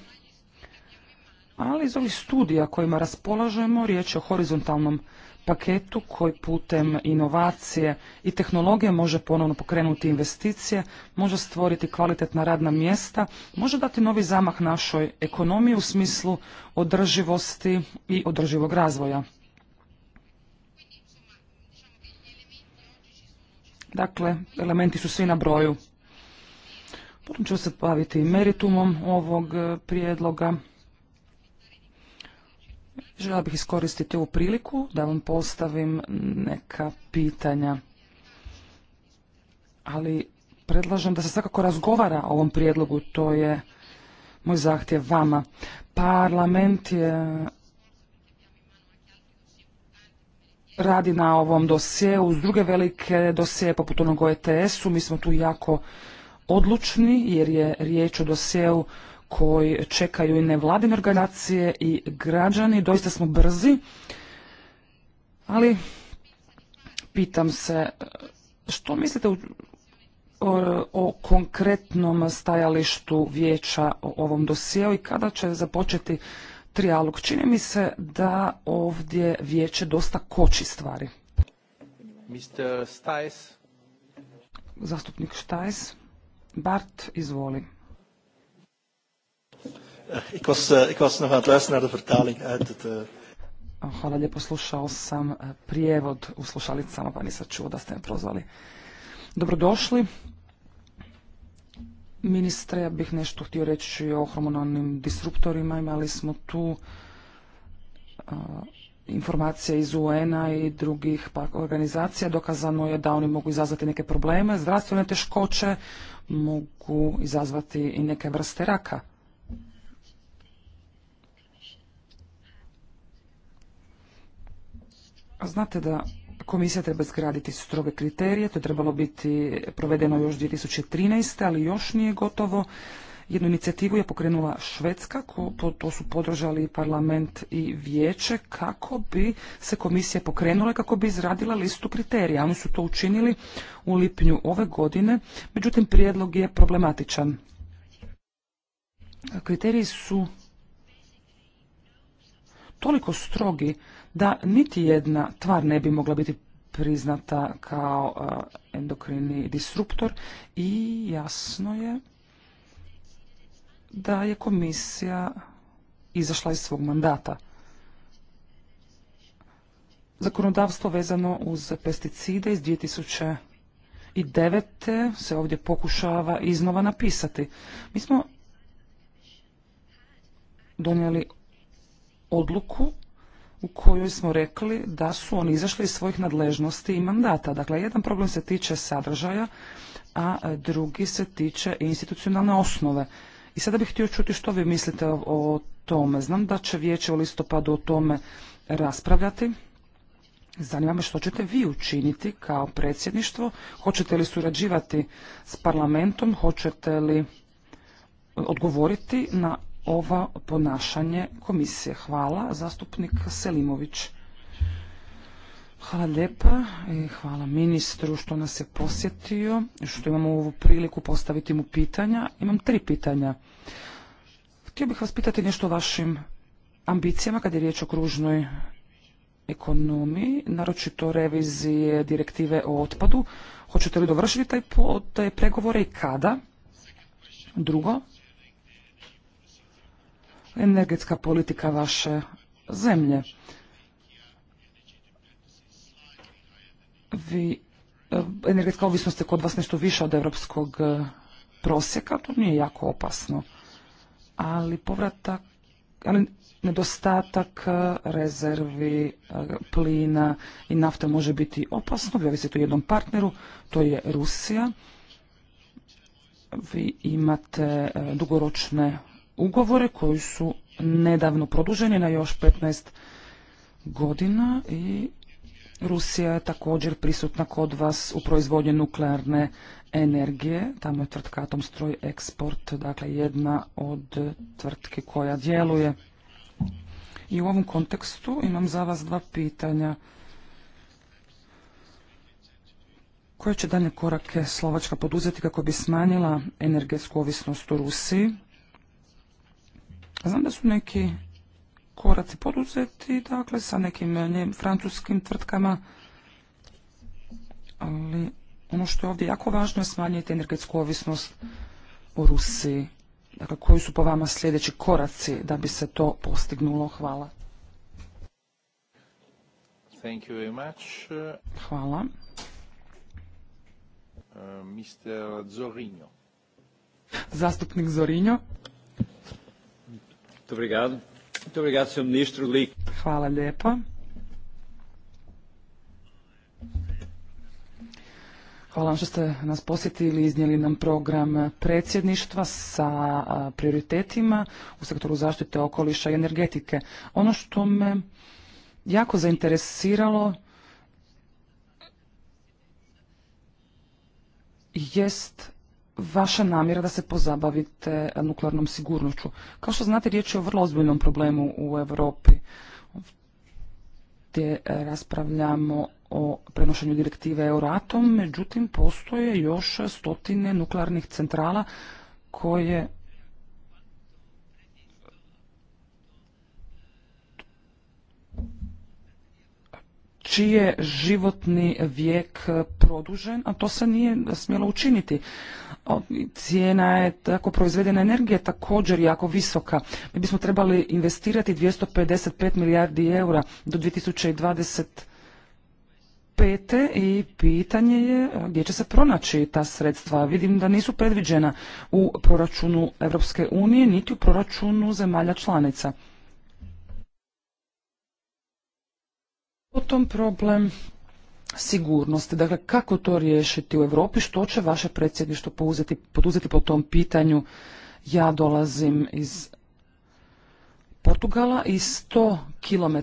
ali iz ovih studija kojima raspolažemo, riječ je o horizontalnom paketu koji putem inovacije i tehnologije može ponovno pokrenuti investicije, može stvoriti kvalitetna radna mjesta, može dati novi zamah našoj ekonomiji u smislu održivosti i održivog razvoja. Dakle, elementi su svi na broju. Potom ću se baviti meritumom ovog prijedloga. Žela bih iskoristiti ovu priliku da vam postavim neka pitanja. Ali predlažem da se svakako razgovara o ovom prijedlogu, to je moj zahtjev vama. Parlament je radi na ovom dosjeu, uz druge velike dosje poput onog oets u mi smo tu jako odlučni jer je riječ o dosjeu koji čekaju i nevladine organizacije i građani. Doista smo brzi, ali pitam se što mislite o, konkretnom stajalištu vijeća o ovom dosijeu i kada će započeti trijalog. Čini mi se da ovdje vijeće dosta koči stvari. Mr. Stajs. Zastupnik Štajs. Bart, izvoli. Ik Hvala lijepo, slušao sam eh, prijevod u slušalicama, pa nisam čuo da ste me prozvali. Dobrodošli. Ministre, ja bih nešto htio reći o hormonalnim disruptorima. Imali smo tu eh, informacije iz UN-a i drugih pa, organizacija. Dokazano je da oni mogu izazvati neke probleme, zdravstvene teškoće, mogu izazvati i neke vrste raka. Znate da komisija treba zgraditi stroge kriterije, to je trebalo biti provedeno još 2013. ali još nije gotovo. Jednu inicijativu je pokrenula Švedska, to su podržali parlament i vijeće, kako bi se komisija pokrenula kako bi izradila listu kriterija. Oni su to učinili u lipnju ove godine, međutim prijedlog je problematičan. Kriteriji su toliko strogi da niti jedna tvar ne bi mogla biti priznata kao uh, endokrini disruptor i jasno je da je komisija izašla iz svog mandata. Zakonodavstvo vezano uz pesticide iz 2009. se ovdje pokušava iznova napisati. Mi smo donijeli odluku u kojoj smo rekli da su oni izašli iz svojih nadležnosti i mandata. Dakle, jedan problem se tiče sadržaja, a drugi se tiče institucionalne osnove. I sada bih htio čuti što vi mislite o, tome. Znam da će vijeće u listopadu o tome raspravljati. Zanima me što ćete vi učiniti kao predsjedništvo. Hoćete li surađivati s parlamentom? Hoćete li odgovoriti na ova ponašanje komisije. Hvala. Zastupnik Selimović. Hvala lijepa i hvala ministru što nas je posjetio i što imamo ovu priliku postaviti mu pitanja. Imam tri pitanja. Htio bih vas pitati nešto o vašim ambicijama kad je riječ o kružnoj ekonomiji, naročito revizije direktive o otpadu. Hoćete li dovršiti taj, taj pregovore i kada? Drugo, energetska politika vaše zemlje. Vi, eh, energetska ovisnost je kod vas nešto više od europskog eh, prosjeka, to nije jako opasno. Ali povratak, ali nedostatak eh, rezervi plina i nafte može biti opasno. Vi ovisite o jednom partneru, to je Rusija. Vi imate dugoročne ugovore koji su nedavno produženi na još 15 godina i Rusija je također prisutna kod vas u proizvodnje nuklearne energije. Tamo je tvrtka Atomstroj Eksport, dakle jedna od tvrtki koja djeluje. I u ovom kontekstu imam za vas dva pitanja. Koje će dalje korake Slovačka poduzeti kako bi smanjila energetsku ovisnost u Rusiji? Znam da su neki koraci poduzeti, dakle, sa nekim eh, francuskim tvrtkama, ali ono što je ovdje jako važno je smanjiti energetsku ovisnost u Rusiji. Dakle, koji su po vama sljedeći koraci da bi se to postignulo? Hvala. Thank you very much. Hvala. Uh, Zastupnik Zorinjo. Hvala lijepa. Hvala vam što ste nas posjetili i iznijeli nam program predsjedništva sa prioritetima u sektoru zaštite okoliša i energetike. Ono što me jako zainteresiralo jest vaša namjera da se pozabavite nuklearnom sigurnošću. Kao što znate, riječ je o vrlo ozbiljnom problemu u Europi gdje e, raspravljamo o prenošenju direktive Euratom, međutim postoje još stotine nuklearnih centrala koje čiji je životni vijek produžen, a to se nije smjelo učiniti cijena je tako proizvedena energija također jako visoka. Mi bismo trebali investirati 255 milijardi eura do 2025. pet i pitanje je e, gdje će se pronaći ta sredstva. Vidim da nisu predviđena u proračunu Europske unije niti u proračunu zemalja članica. Potom problem sigurnosti. Dakle, kako to riješiti u Europi? Što će vaše predsjedništvo poduzeti, poduzeti po tom pitanju? Ja dolazim iz Portugala i 100 km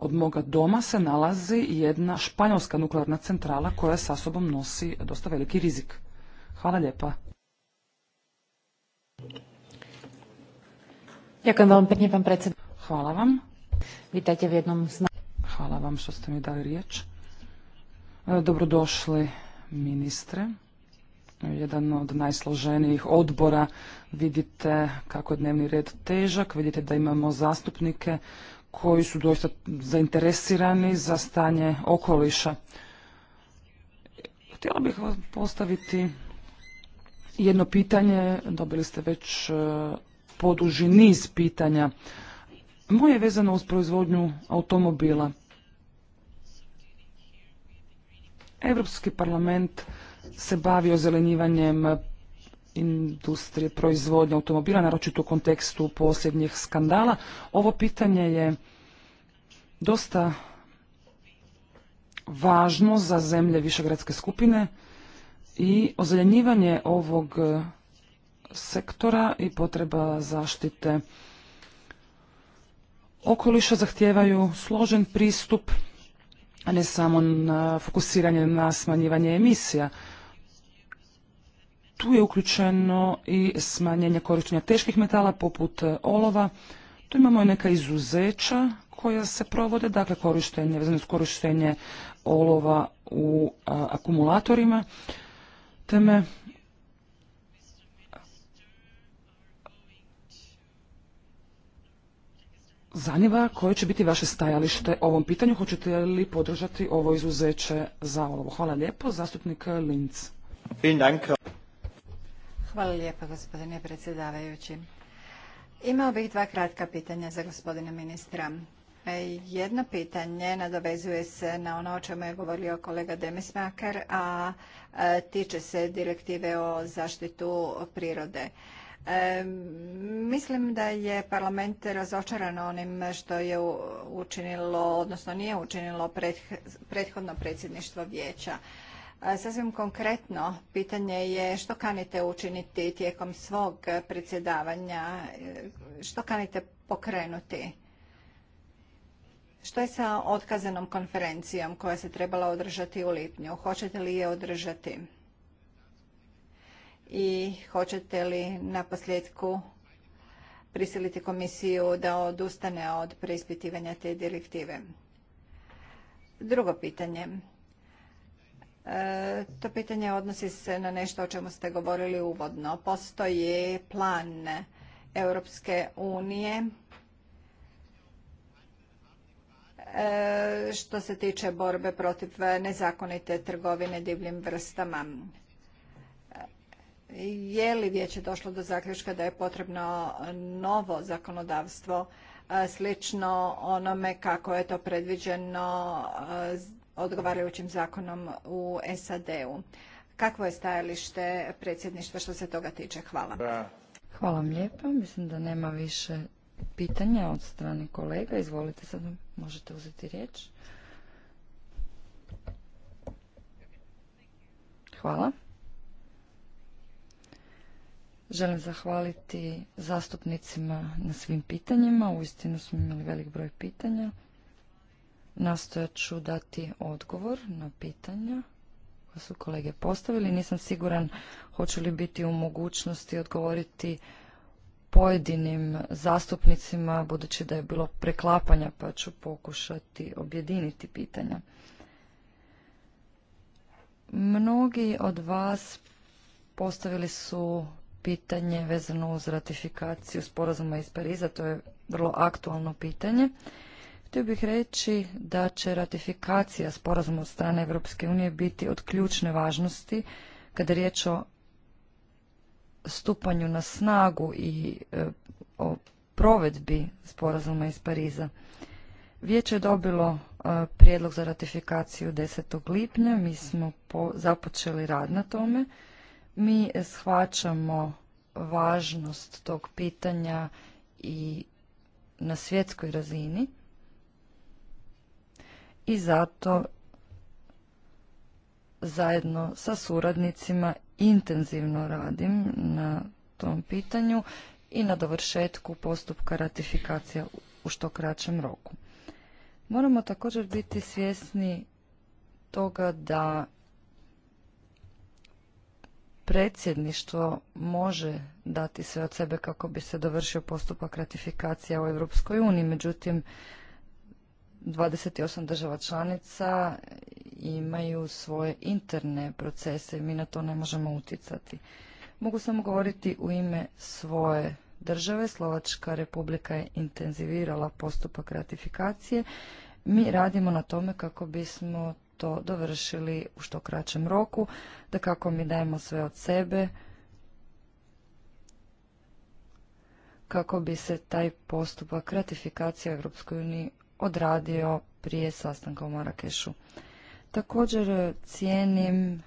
od moga doma se nalazi jedna španjolska nuklearna centrala koja sa sobom nosi dosta veliki rizik. Hvala lijepa. Hvala vam. Vitajte jednom Hvala vam što ste mi dali riječ. E, dobrodošli ministre. Jedan od najsloženijih odbora. Vidite kako je dnevni red težak, vidite da imamo zastupnike koji su doista zainteresirani za stanje okoliša. Htjela bih vam postaviti jedno pitanje, dobili ste već e, poduži niz pitanja. Moje je vezano uz proizvodnju automobila. Europski parlament se bavi ozelenjivanjem industrije proizvodnje automobila, naročito u kontekstu posljednjih skandala. Ovo pitanje je dosta važno za zemlje višegradske skupine i ozelenjivanje ovog e, sektora i potreba zaštite okoliša zahtijevaju složen pristup a ne samo na fokusiranje na smanjivanje emisija. Tu je uključeno i smanjenje korištenja teških metala poput olova. Tu imamo i neka izuzeća koja se provode, dakle korištenje, vezano uz korištenje olova u akumulatorima. Teme zanima koje će biti vaše stajalište o ovom pitanju. Hoćete li podržati ovo izuzeće za ovo? Hvala lijepo. Zastupnik Linz. Hvala lijepo, gospodine predsjedavajući. Imao bih dva kratka pitanja za gospodina ministra. E, jedno pitanje nadovezuje se na ono o čemu je govorio kolega Demesmaker, a e, tiče se direktive o zaštitu prirode mislim da je parlament razočaran onim što je učinilo, odnosno nije učinilo prethodno predsjedništvo vijeća. sasvim konkretno pitanje je što kanite učiniti tijekom svog predsjedavanja, e, što kanite pokrenuti? Što je sa otkazanom konferencijom koja se trebala održati u lipnju? Hoćete li je održati? i hoćete li na posljedku prisiliti komisiju da odustane od preispitivanja te direktive? Drugo pitanje. E, to pitanje odnosi se na nešto o čemu ste govorili uvodno. Postoji plan Europske unije e, što se tiče borbe protiv nezakonite trgovine divljim vrstama je li vijeće došlo do zaključka da je potrebno novo zakonodavstvo e, slično onome kako je to predviđeno e, odgovarajućim zakonom u SAD-u. Kakvo je stajalište predsjedništva što se toga tiče? Hvala. Hvala vam lijepa. Mislim da nema više pitanja od strane kolega. Izvolite sad, možete uzeti riječ. Hvala. Želim zahvaliti zastupnicima na svim pitanjima. Uistinu smo imali velik broj pitanja. Nastojat ću dati odgovor na pitanja koja su kolege postavili. Nisam siguran hoću li biti u mogućnosti odgovoriti pojedinim zastupnicima, budući da je bilo preklapanja, pa ću pokušati objediniti pitanja. Mnogi od vas postavili su pitanje vezano uz ratifikaciju sporazuma iz Pariza, to je vrlo aktualno pitanje. Htio bih reći da će ratifikacija sporazuma od strane Europske unije biti od ključne važnosti kada je riječ o stupanju na snagu i e, o provedbi sporazuma iz Pariza. Vijeće je dobilo e, prijedlog za ratifikaciju 10. lipnja, mi smo započeli rad na tome. Mi shvaćamo važnost tog pitanja i na svjetskoj razini i zato zajedno sa suradnicima intenzivno radim na tom pitanju i na dovršetku postupka ratifikacija u što kraćem roku. Moramo također biti svjesni toga da predsjedništvo može dati sve od sebe kako bi se dovršio postupak ratifikacije u Europskoj uniji. Međutim, 28 država članica imaju svoje interne procese i mi na to ne možemo utjecati. Mogu samo govoriti u ime svoje države. Slovačka republika je intenzivirala postupak ratifikacije. Mi radimo na tome kako bismo to dovršili u što kraćem roku, da kako mi dajemo sve od sebe, kako bi se taj postupak ratifikacije Europskoj uniji odradio prije sastanka u Marakešu. Također cijenim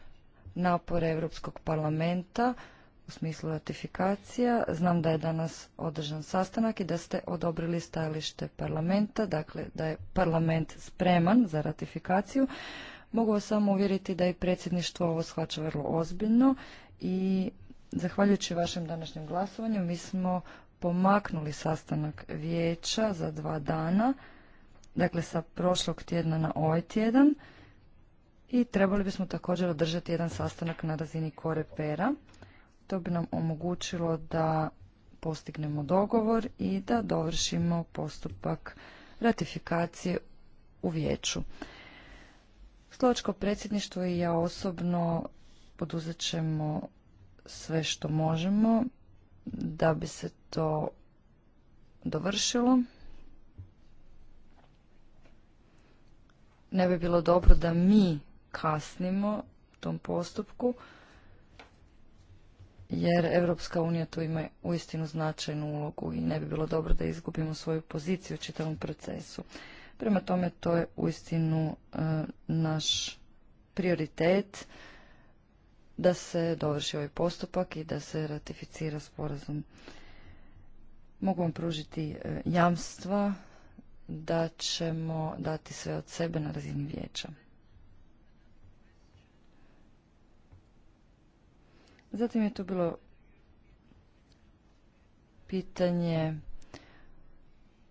napore Europskog parlamenta u smislu ratifikacija. Znam da je danas održan sastanak i da ste odobrili stajalište parlamenta, dakle da je parlament spreman za ratifikaciju. Mogu vas samo uvjeriti da i predsjedništvo ovo shvaća vrlo ozbiljno i zahvaljujući vašem današnjem glasovanju mi smo pomaknuli sastanak vijeća za dva dana, dakle sa prošlog tjedna na ovaj tjedan i trebali bismo također održati jedan sastanak na razini korepera to bi nam omogućilo da postignemo dogovor i da dovršimo postupak ratifikacije u vijeću. Slovačko predsjedništvo i ja osobno poduzet ćemo sve što možemo da bi se to dovršilo. Ne bi bilo dobro da mi kasnimo tom postupku jer Europska unija tu ima uistinu značajnu ulogu i ne bi bilo dobro da izgubimo svoju poziciju u čitavom procesu. Prema tome to je uistinu e, naš prioritet da se dovrši ovaj postupak i da se ratificira sporazum. Mogu vam pružiti e, jamstva da ćemo dati sve od sebe na razini vijeća. Zatim je tu bilo pitanje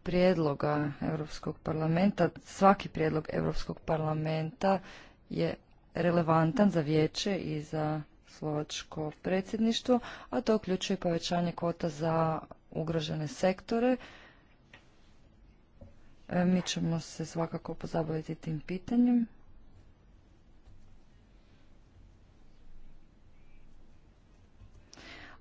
prijedloga Europskog parlamenta. Svaki prijedlog Europskog parlamenta je relevantan za vijeće i za slovačko predsjedništvo, a to uključuje povećanje kvota za ugrožene sektore. E, mi ćemo se svakako pozabaviti tim pitanjem.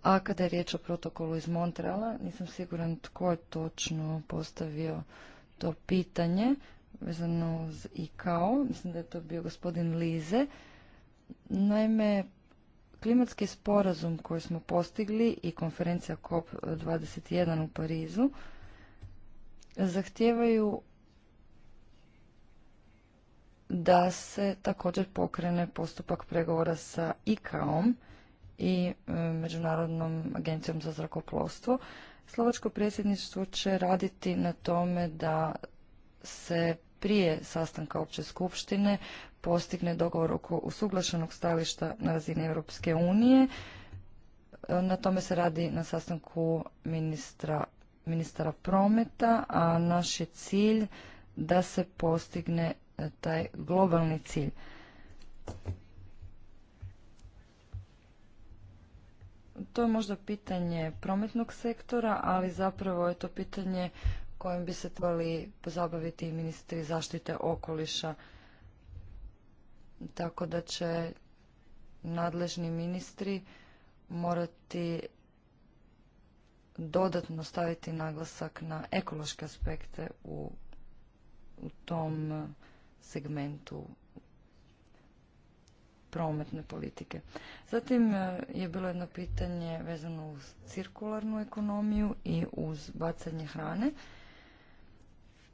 A kada je riječ o protokolu iz Montreala, nisam siguran tko je točno postavio to pitanje vezano uz ICAO. Mislim da je to bio gospodin Lize. Naime, klimatski sporazum koji smo postigli i konferencija COP21 u Parizu zahtijevaju da se također pokrene postupak pregovora sa ICAO-om i e, Međunarodnom agencijom za zrakoplovstvo. Slovačko predsjedništvo će raditi na tome da se prije sastanka opće skupštine postigne dogovor oko usuglašenog stajališta na razini Europske unije. E, na tome se radi na sastanku ministra, ministara prometa, a naš je cilj da se postigne e, taj globalni cilj. to je možda pitanje prometnog sektora, ali zapravo je to pitanje kojim bi se trebali pozabaviti i ministri zaštite okoliša. Tako da će nadležni ministri morati dodatno staviti naglasak na ekološke aspekte u, u tom segmentu prometne politike. Zatim e, je bilo jedno pitanje vezano uz cirkularnu ekonomiju i uz bacanje hrane.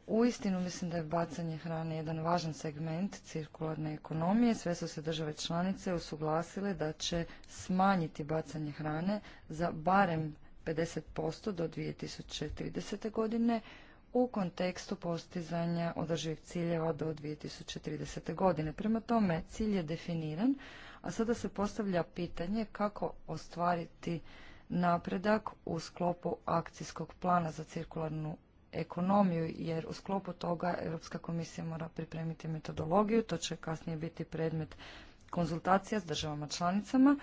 Uistinu mislim da je bacanje hrane jedan važan segment cirkularne ekonomije. Sve su se države članice usuglasile da će smanjiti bacanje hrane za barem 50% do 2030. godine u kontekstu postizanja održivih ciljeva do 2030. godine. Prema tome, cilj je definiran, a sada se postavlja pitanje kako ostvariti napredak u sklopu akcijskog plana za cirkularnu ekonomiju, jer u sklopu toga Europska komisija mora pripremiti metodologiju, to će kasnije biti predmet konzultacija s državama članicama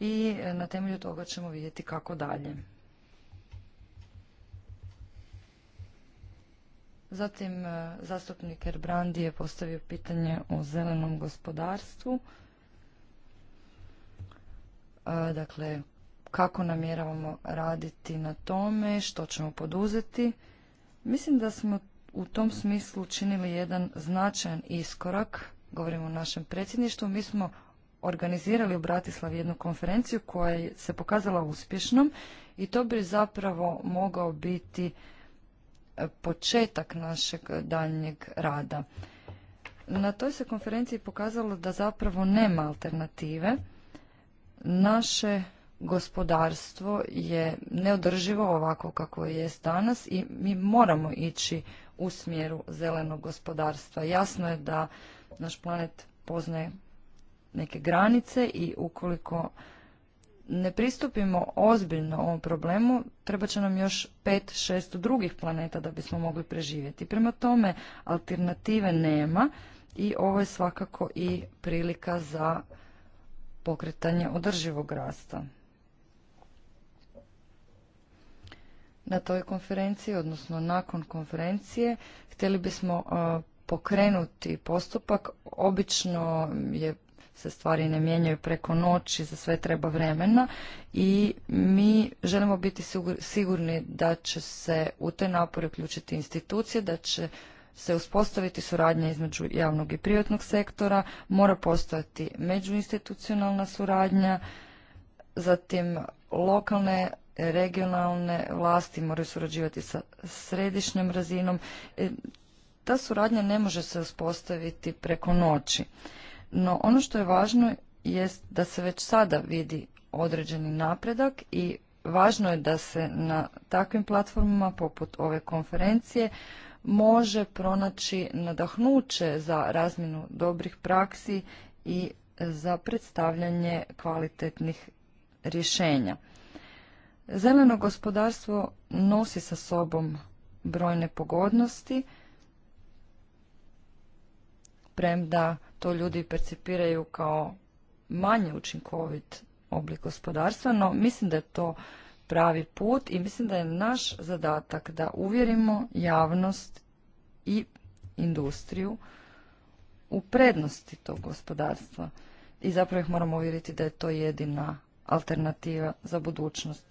i na temelju toga ćemo vidjeti kako dalje. Zatim e, zastupnik Erbrandi je postavio pitanje o zelenom gospodarstvu. E, dakle, kako namjeravamo raditi na tome, što ćemo poduzeti. Mislim da smo u tom smislu činili jedan značajan iskorak, govorimo o našem predsjedništvu. Mi smo organizirali u Bratislavi jednu konferenciju koja se pokazala uspješnom i to bi zapravo mogao biti početak našeg daljnjeg rada. Na toj se konferenciji pokazalo da zapravo nema alternative. Naše gospodarstvo je neodrživo ovako kako je danas i mi moramo ići u smjeru zelenog gospodarstva. Jasno je da naš planet poznaje neke granice i ukoliko ne pristupimo ozbiljno ovom problemu, treba će nam još pet, šest drugih planeta da bismo mogli preživjeti. Prema tome, alternative nema i ovo je svakako i prilika za pokretanje održivog rasta. Na toj konferenciji, odnosno nakon konferencije, htjeli bismo pokrenuti postupak. Obično je se stvari ne mijenjaju preko noći, za sve treba vremena i mi želimo biti sigurni da će se u te napore uključiti institucije, da će se uspostaviti suradnja između javnog i privatnog sektora, mora postojati međuinstitucionalna suradnja, zatim lokalne regionalne vlasti moraju surađivati sa središnjom razinom. E, ta suradnja ne može se uspostaviti preko noći. No ono što je važno jest da se već sada vidi određeni napredak i važno je da se na takvim platformama poput ove konferencije može pronaći nadahnuće za razmjenu dobrih praksi i za predstavljanje kvalitetnih rješenja. Zeleno gospodarstvo nosi sa sobom brojne pogodnosti, premda to ljudi percipiraju kao manje učinkovit oblik gospodarstva, no mislim da je to pravi put i mislim da je naš zadatak da uvjerimo javnost i industriju u prednosti tog gospodarstva. I zapravo ih moramo uvjeriti da je to jedina alternativa za budućnost.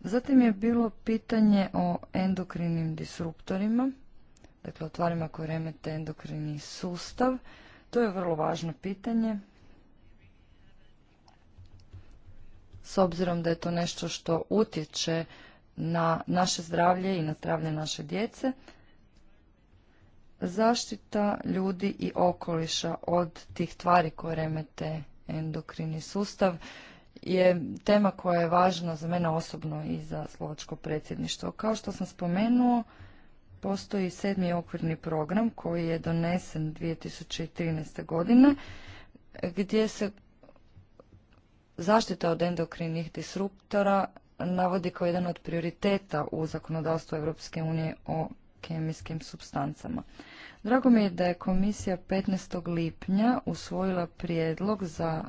Zatim je bilo pitanje o endokrinim disruptorima dakle o tvarima koje remete endokrini sustav. To je vrlo važno pitanje. S obzirom da je to nešto što utječe na naše zdravlje i na zdravlje naše djece, zaštita ljudi i okoliša od tih tvari koje remete endokrini sustav je tema koja je važna za mene osobno i za slovačko predsjedništvo. Kao što sam spomenuo, postoji sedmi okvirni program koji je donesen 2013. godine gdje se zaštita od endokrinih disruptora navodi kao jedan od prioriteta u zakonodavstvu Europske unije o kemijskim substancama. Drago mi je da je komisija 15. lipnja usvojila prijedlog za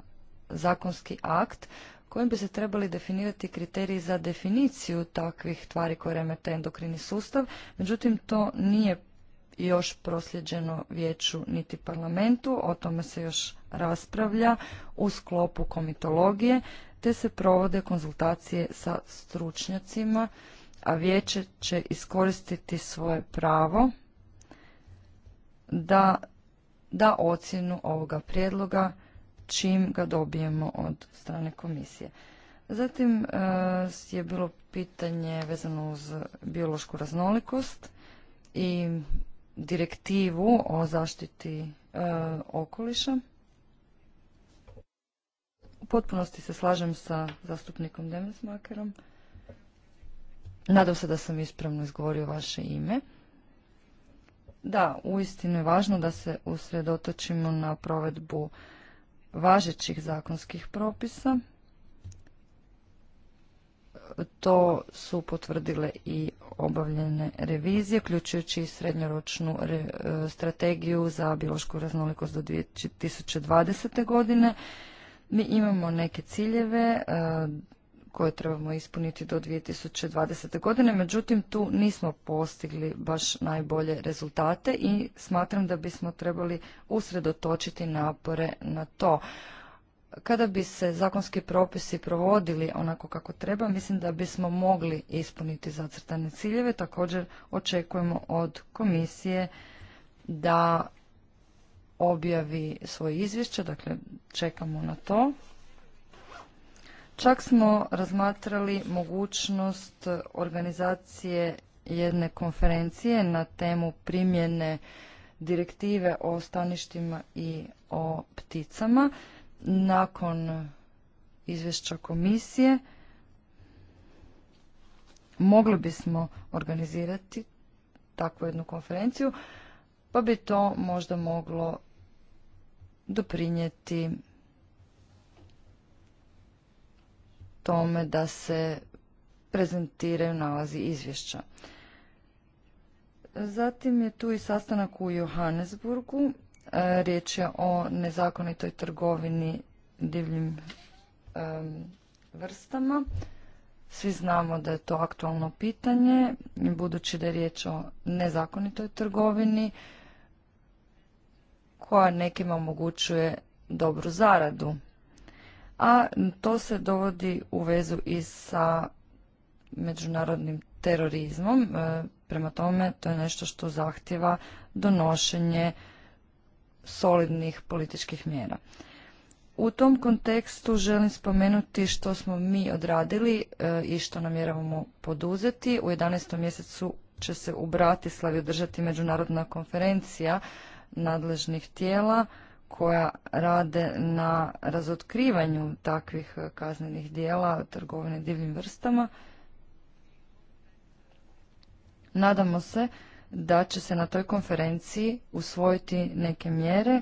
zakonski akt kojim bi se trebali definirati kriteriji za definiciju takvih tvari koje remete endokrini sustav, međutim to nije još prosljeđeno vijeću niti parlamentu, o tome se još raspravlja u sklopu komitologije, te se provode konzultacije sa stručnjacima, a vijeće će iskoristiti svoje pravo da da ocjenu ovoga prijedloga čim ga dobijemo od strane komisije. Zatim e, je bilo pitanje vezano uz biološku raznolikost i direktivu o zaštiti e, okoliša. U potpunosti se slažem sa zastupnikom Demesmakerom. Nadam se da sam ispravno izgovorio vaše ime. Da, uistinu je važno da se usredotočimo na provedbu važećih zakonskih propisa. To su potvrdile i obavljene revizije, uključujući i srednjoročnu e, strategiju za biološku raznolikost do 2020. godine. Mi imamo neke ciljeve, e, koje trebamo ispuniti do 2020. godine. Međutim, tu nismo postigli baš najbolje rezultate i smatram da bismo trebali usredotočiti napore na to. Kada bi se zakonski propisi provodili onako kako treba, mislim da bismo mogli ispuniti zacrtane ciljeve. Također očekujemo od komisije da objavi svoje izvješće, dakle čekamo na to. Čak smo razmatrali mogućnost organizacije jedne konferencije na temu primjene direktive o staništima i o pticama. Nakon izvješća komisije mogli bismo organizirati takvu jednu konferenciju, pa bi to možda moglo doprinijeti tome da se prezentiraju nalazi izvješća. Zatim je tu i sastanak u Johannesburgu. E, riječ je o nezakonitoj trgovini divljim vrstama. Svi znamo da je to aktualno pitanje, budući da je riječ o nezakonitoj trgovini koja nekima omogućuje dobru zaradu a to se dovodi u vezu i sa međunarodnim terorizmom. E, prema tome, to je nešto što zahtjeva donošenje solidnih političkih mjera. U tom kontekstu želim spomenuti što smo mi odradili e, i što namjeravamo poduzeti. U 11. mjesecu će se u Bratislavi održati međunarodna konferencija nadležnih tijela koja rade na razotkrivanju takvih eh, kaznenih dijela trgovine divljim vrstama. Nadamo se da će se na toj konferenciji usvojiti neke mjere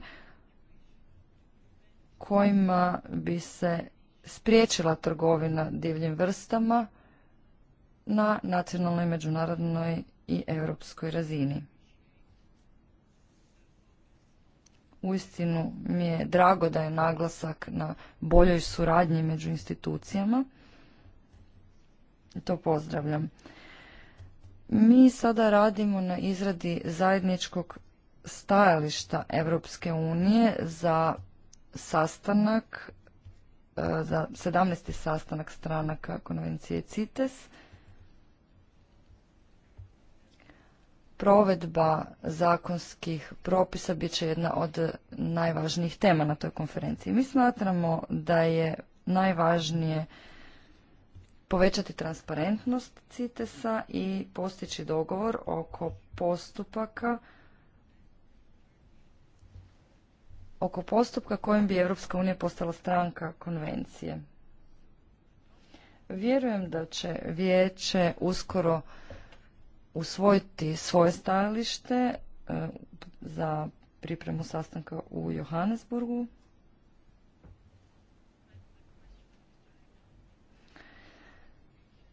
kojima bi se spriječila trgovina divljim vrstama na nacionalnoj, međunarodnoj i europskoj razini. Uistinu mi je drago da je naglasak na boljoj suradnji među institucijama. to pozdravljam. Mi sada radimo na izradi zajedničkog stajališta Europske unije za sastanak e, za 17. sastanak stranaka konvencije CITES provedba zakonskih propisa bit će jedna od najvažnijih tema na toj konferenciji. Mi smatramo da je najvažnije povećati transparentnost CITES-a i postići dogovor oko postupaka oko postupka kojim bi Europska unija postala stranka konvencije. Vjerujem da će vijeće uskoro usvojiti svoje stajalište e, za pripremu sastanka u Johannesburgu.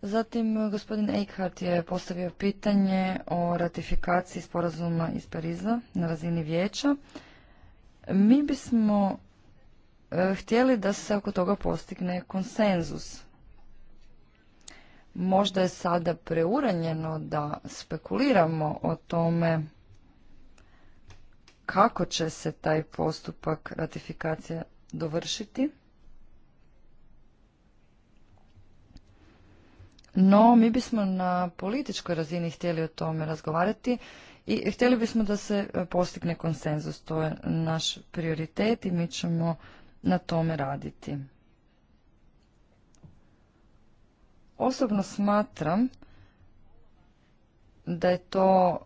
Zatim, e, gospodin Eichhardt je postavio pitanje o ratifikaciji sporazuma iz Pariza na razini vijeća. Mi bismo e, htjeli da se oko toga postigne konsenzus. Možda je sada preuranjeno da spekuliramo o tome kako će se taj postupak ratifikacije dovršiti. No, mi bismo na političkoj razini htjeli o tome razgovarati i htjeli bismo da se postigne konsenzus. To je naš prioritet i mi ćemo na tome raditi. Osobno smatram da je to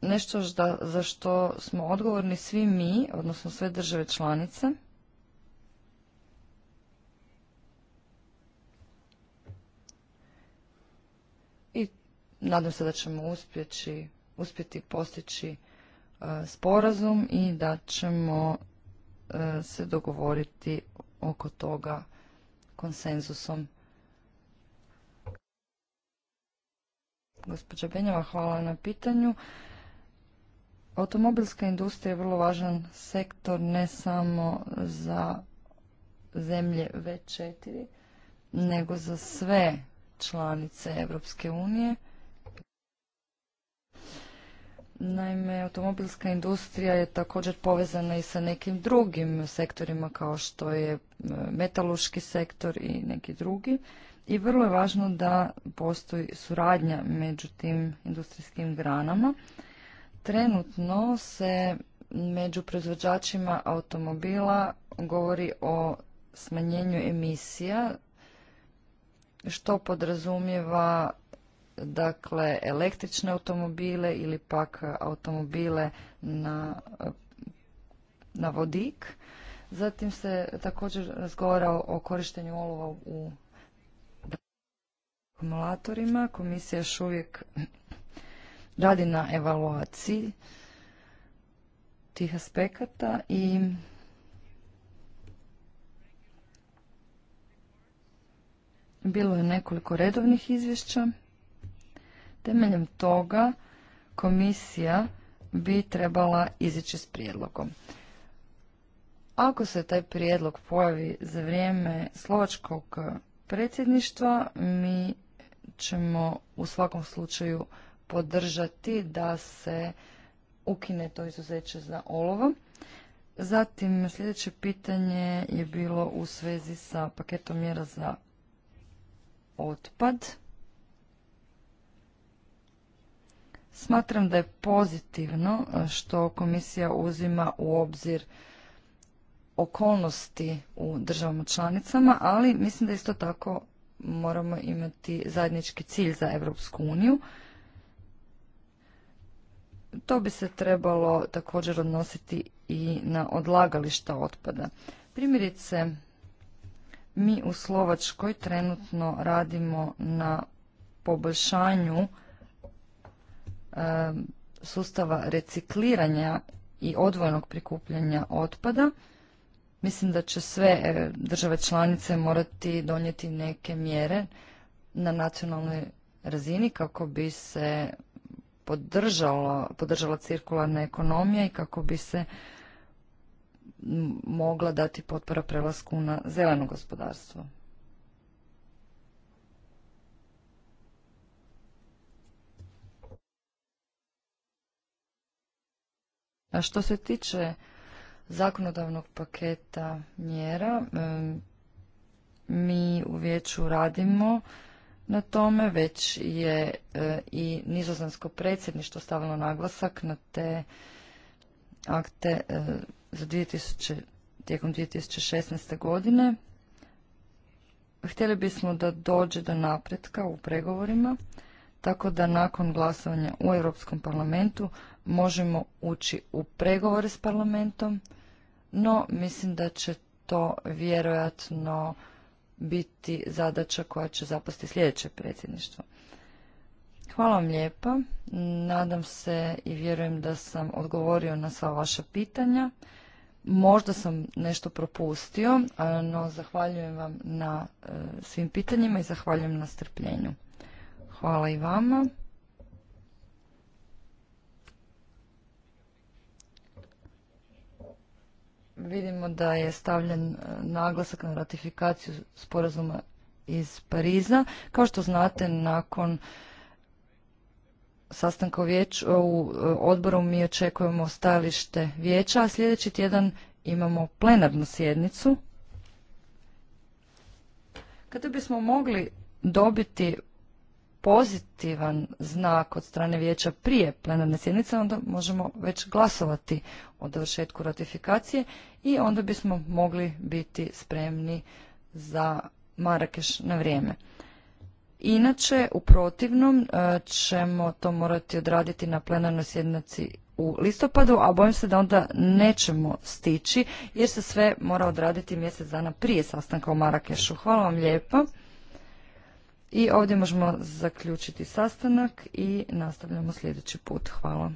nešto za što smo odgovorni svi mi, odnosno sve države članice. I nadam se da ćemo uspjeti postići e, sporazum i da ćemo e, se dogovoriti oko toga konsenzusom. Gospođa Benjava, hvala na pitanju. Automobilska industrija je vrlo važan sektor ne samo za zemlje V4, nego za sve članice Europske unije. Naime, automobilska industrija je također povezana i sa nekim drugim sektorima kao što je e, metaluški sektor i neki drugi i vrlo je važno da postoji suradnja među tim industrijskim granama. Trenutno se među proizvođačima automobila govori o smanjenju emisija što podrazumijeva dakle električne automobile ili pak automobile na, na vodik. Zatim se također razgovara o korištenju olova u akumulatorima. Komisija još uvijek radi na evaluaciji tih aspekata i bilo je nekoliko redovnih izvješća. Temeljem toga komisija bi trebala izići s prijedlogom. Ako se taj prijedlog pojavi za vrijeme slovačkog predsjedništva, mi ćemo u svakom slučaju podržati da se ukine to izuzeće za olovo. Zatim sljedeće pitanje je bilo u svezi sa paketom mjera za otpad. Smatram da je pozitivno što komisija uzima u obzir okolnosti u državama članicama, ali mislim da isto tako moramo imati zajednički cilj za Europsku uniju. To bi se trebalo također odnositi i na odlagališta otpada. Primjerice, mi u Slovačkoj trenutno radimo na poboljšanju sustava recikliranja i odvojnog prikupljanja otpada Mislim da će sve e, države članice morati donijeti neke mjere na nacionalnoj razini kako bi se podržala, podržala cirkularna ekonomija i kako bi se mogla dati potpora prelasku na zeleno gospodarstvo. A što se tiče zakonodavnog paketa mjera. Mi u vijeću radimo na tome, već je e, i nizozemsko predsjedništvo stavilo naglasak na te akte e, za 2000, tijekom 2016. godine. Htjeli bismo da dođe do napretka u pregovorima, tako da nakon glasovanja u Europskom parlamentu možemo ući u pregovore s parlamentom no mislim da će to vjerojatno biti zadaća koja će zapasti sljedeće predsjedništvo. Hvala vam lijepa. Nadam se i vjerujem da sam odgovorio na sva vaša pitanja. Možda sam nešto propustio, no zahvaljujem vam na e, svim pitanjima i zahvaljujem na strpljenju. Hvala i vama. vidimo da je stavljen e, naglasak na ratifikaciju sporazuma iz Pariza. Kao što znate, nakon sastanka e, u e, odboru mi očekujemo stajalište vijeća, a sljedeći tjedan imamo plenarnu sjednicu. Kada bismo mogli dobiti pozitivan znak od strane vijeća prije plenarne sjednice, onda možemo već glasovati o dovršetku ratifikacije i onda bismo mogli biti spremni za Marakeš na vrijeme. Inače, u protivnom e, ćemo to morati odraditi na plenarnoj sjednici u listopadu, a bojim se da onda nećemo stići jer se sve mora odraditi mjesec dana prije sastanka u Marakešu. Hvala vam lijepo. I ovdje možemo zaključiti sastanak i nastavljamo sljedeći put. Hvala.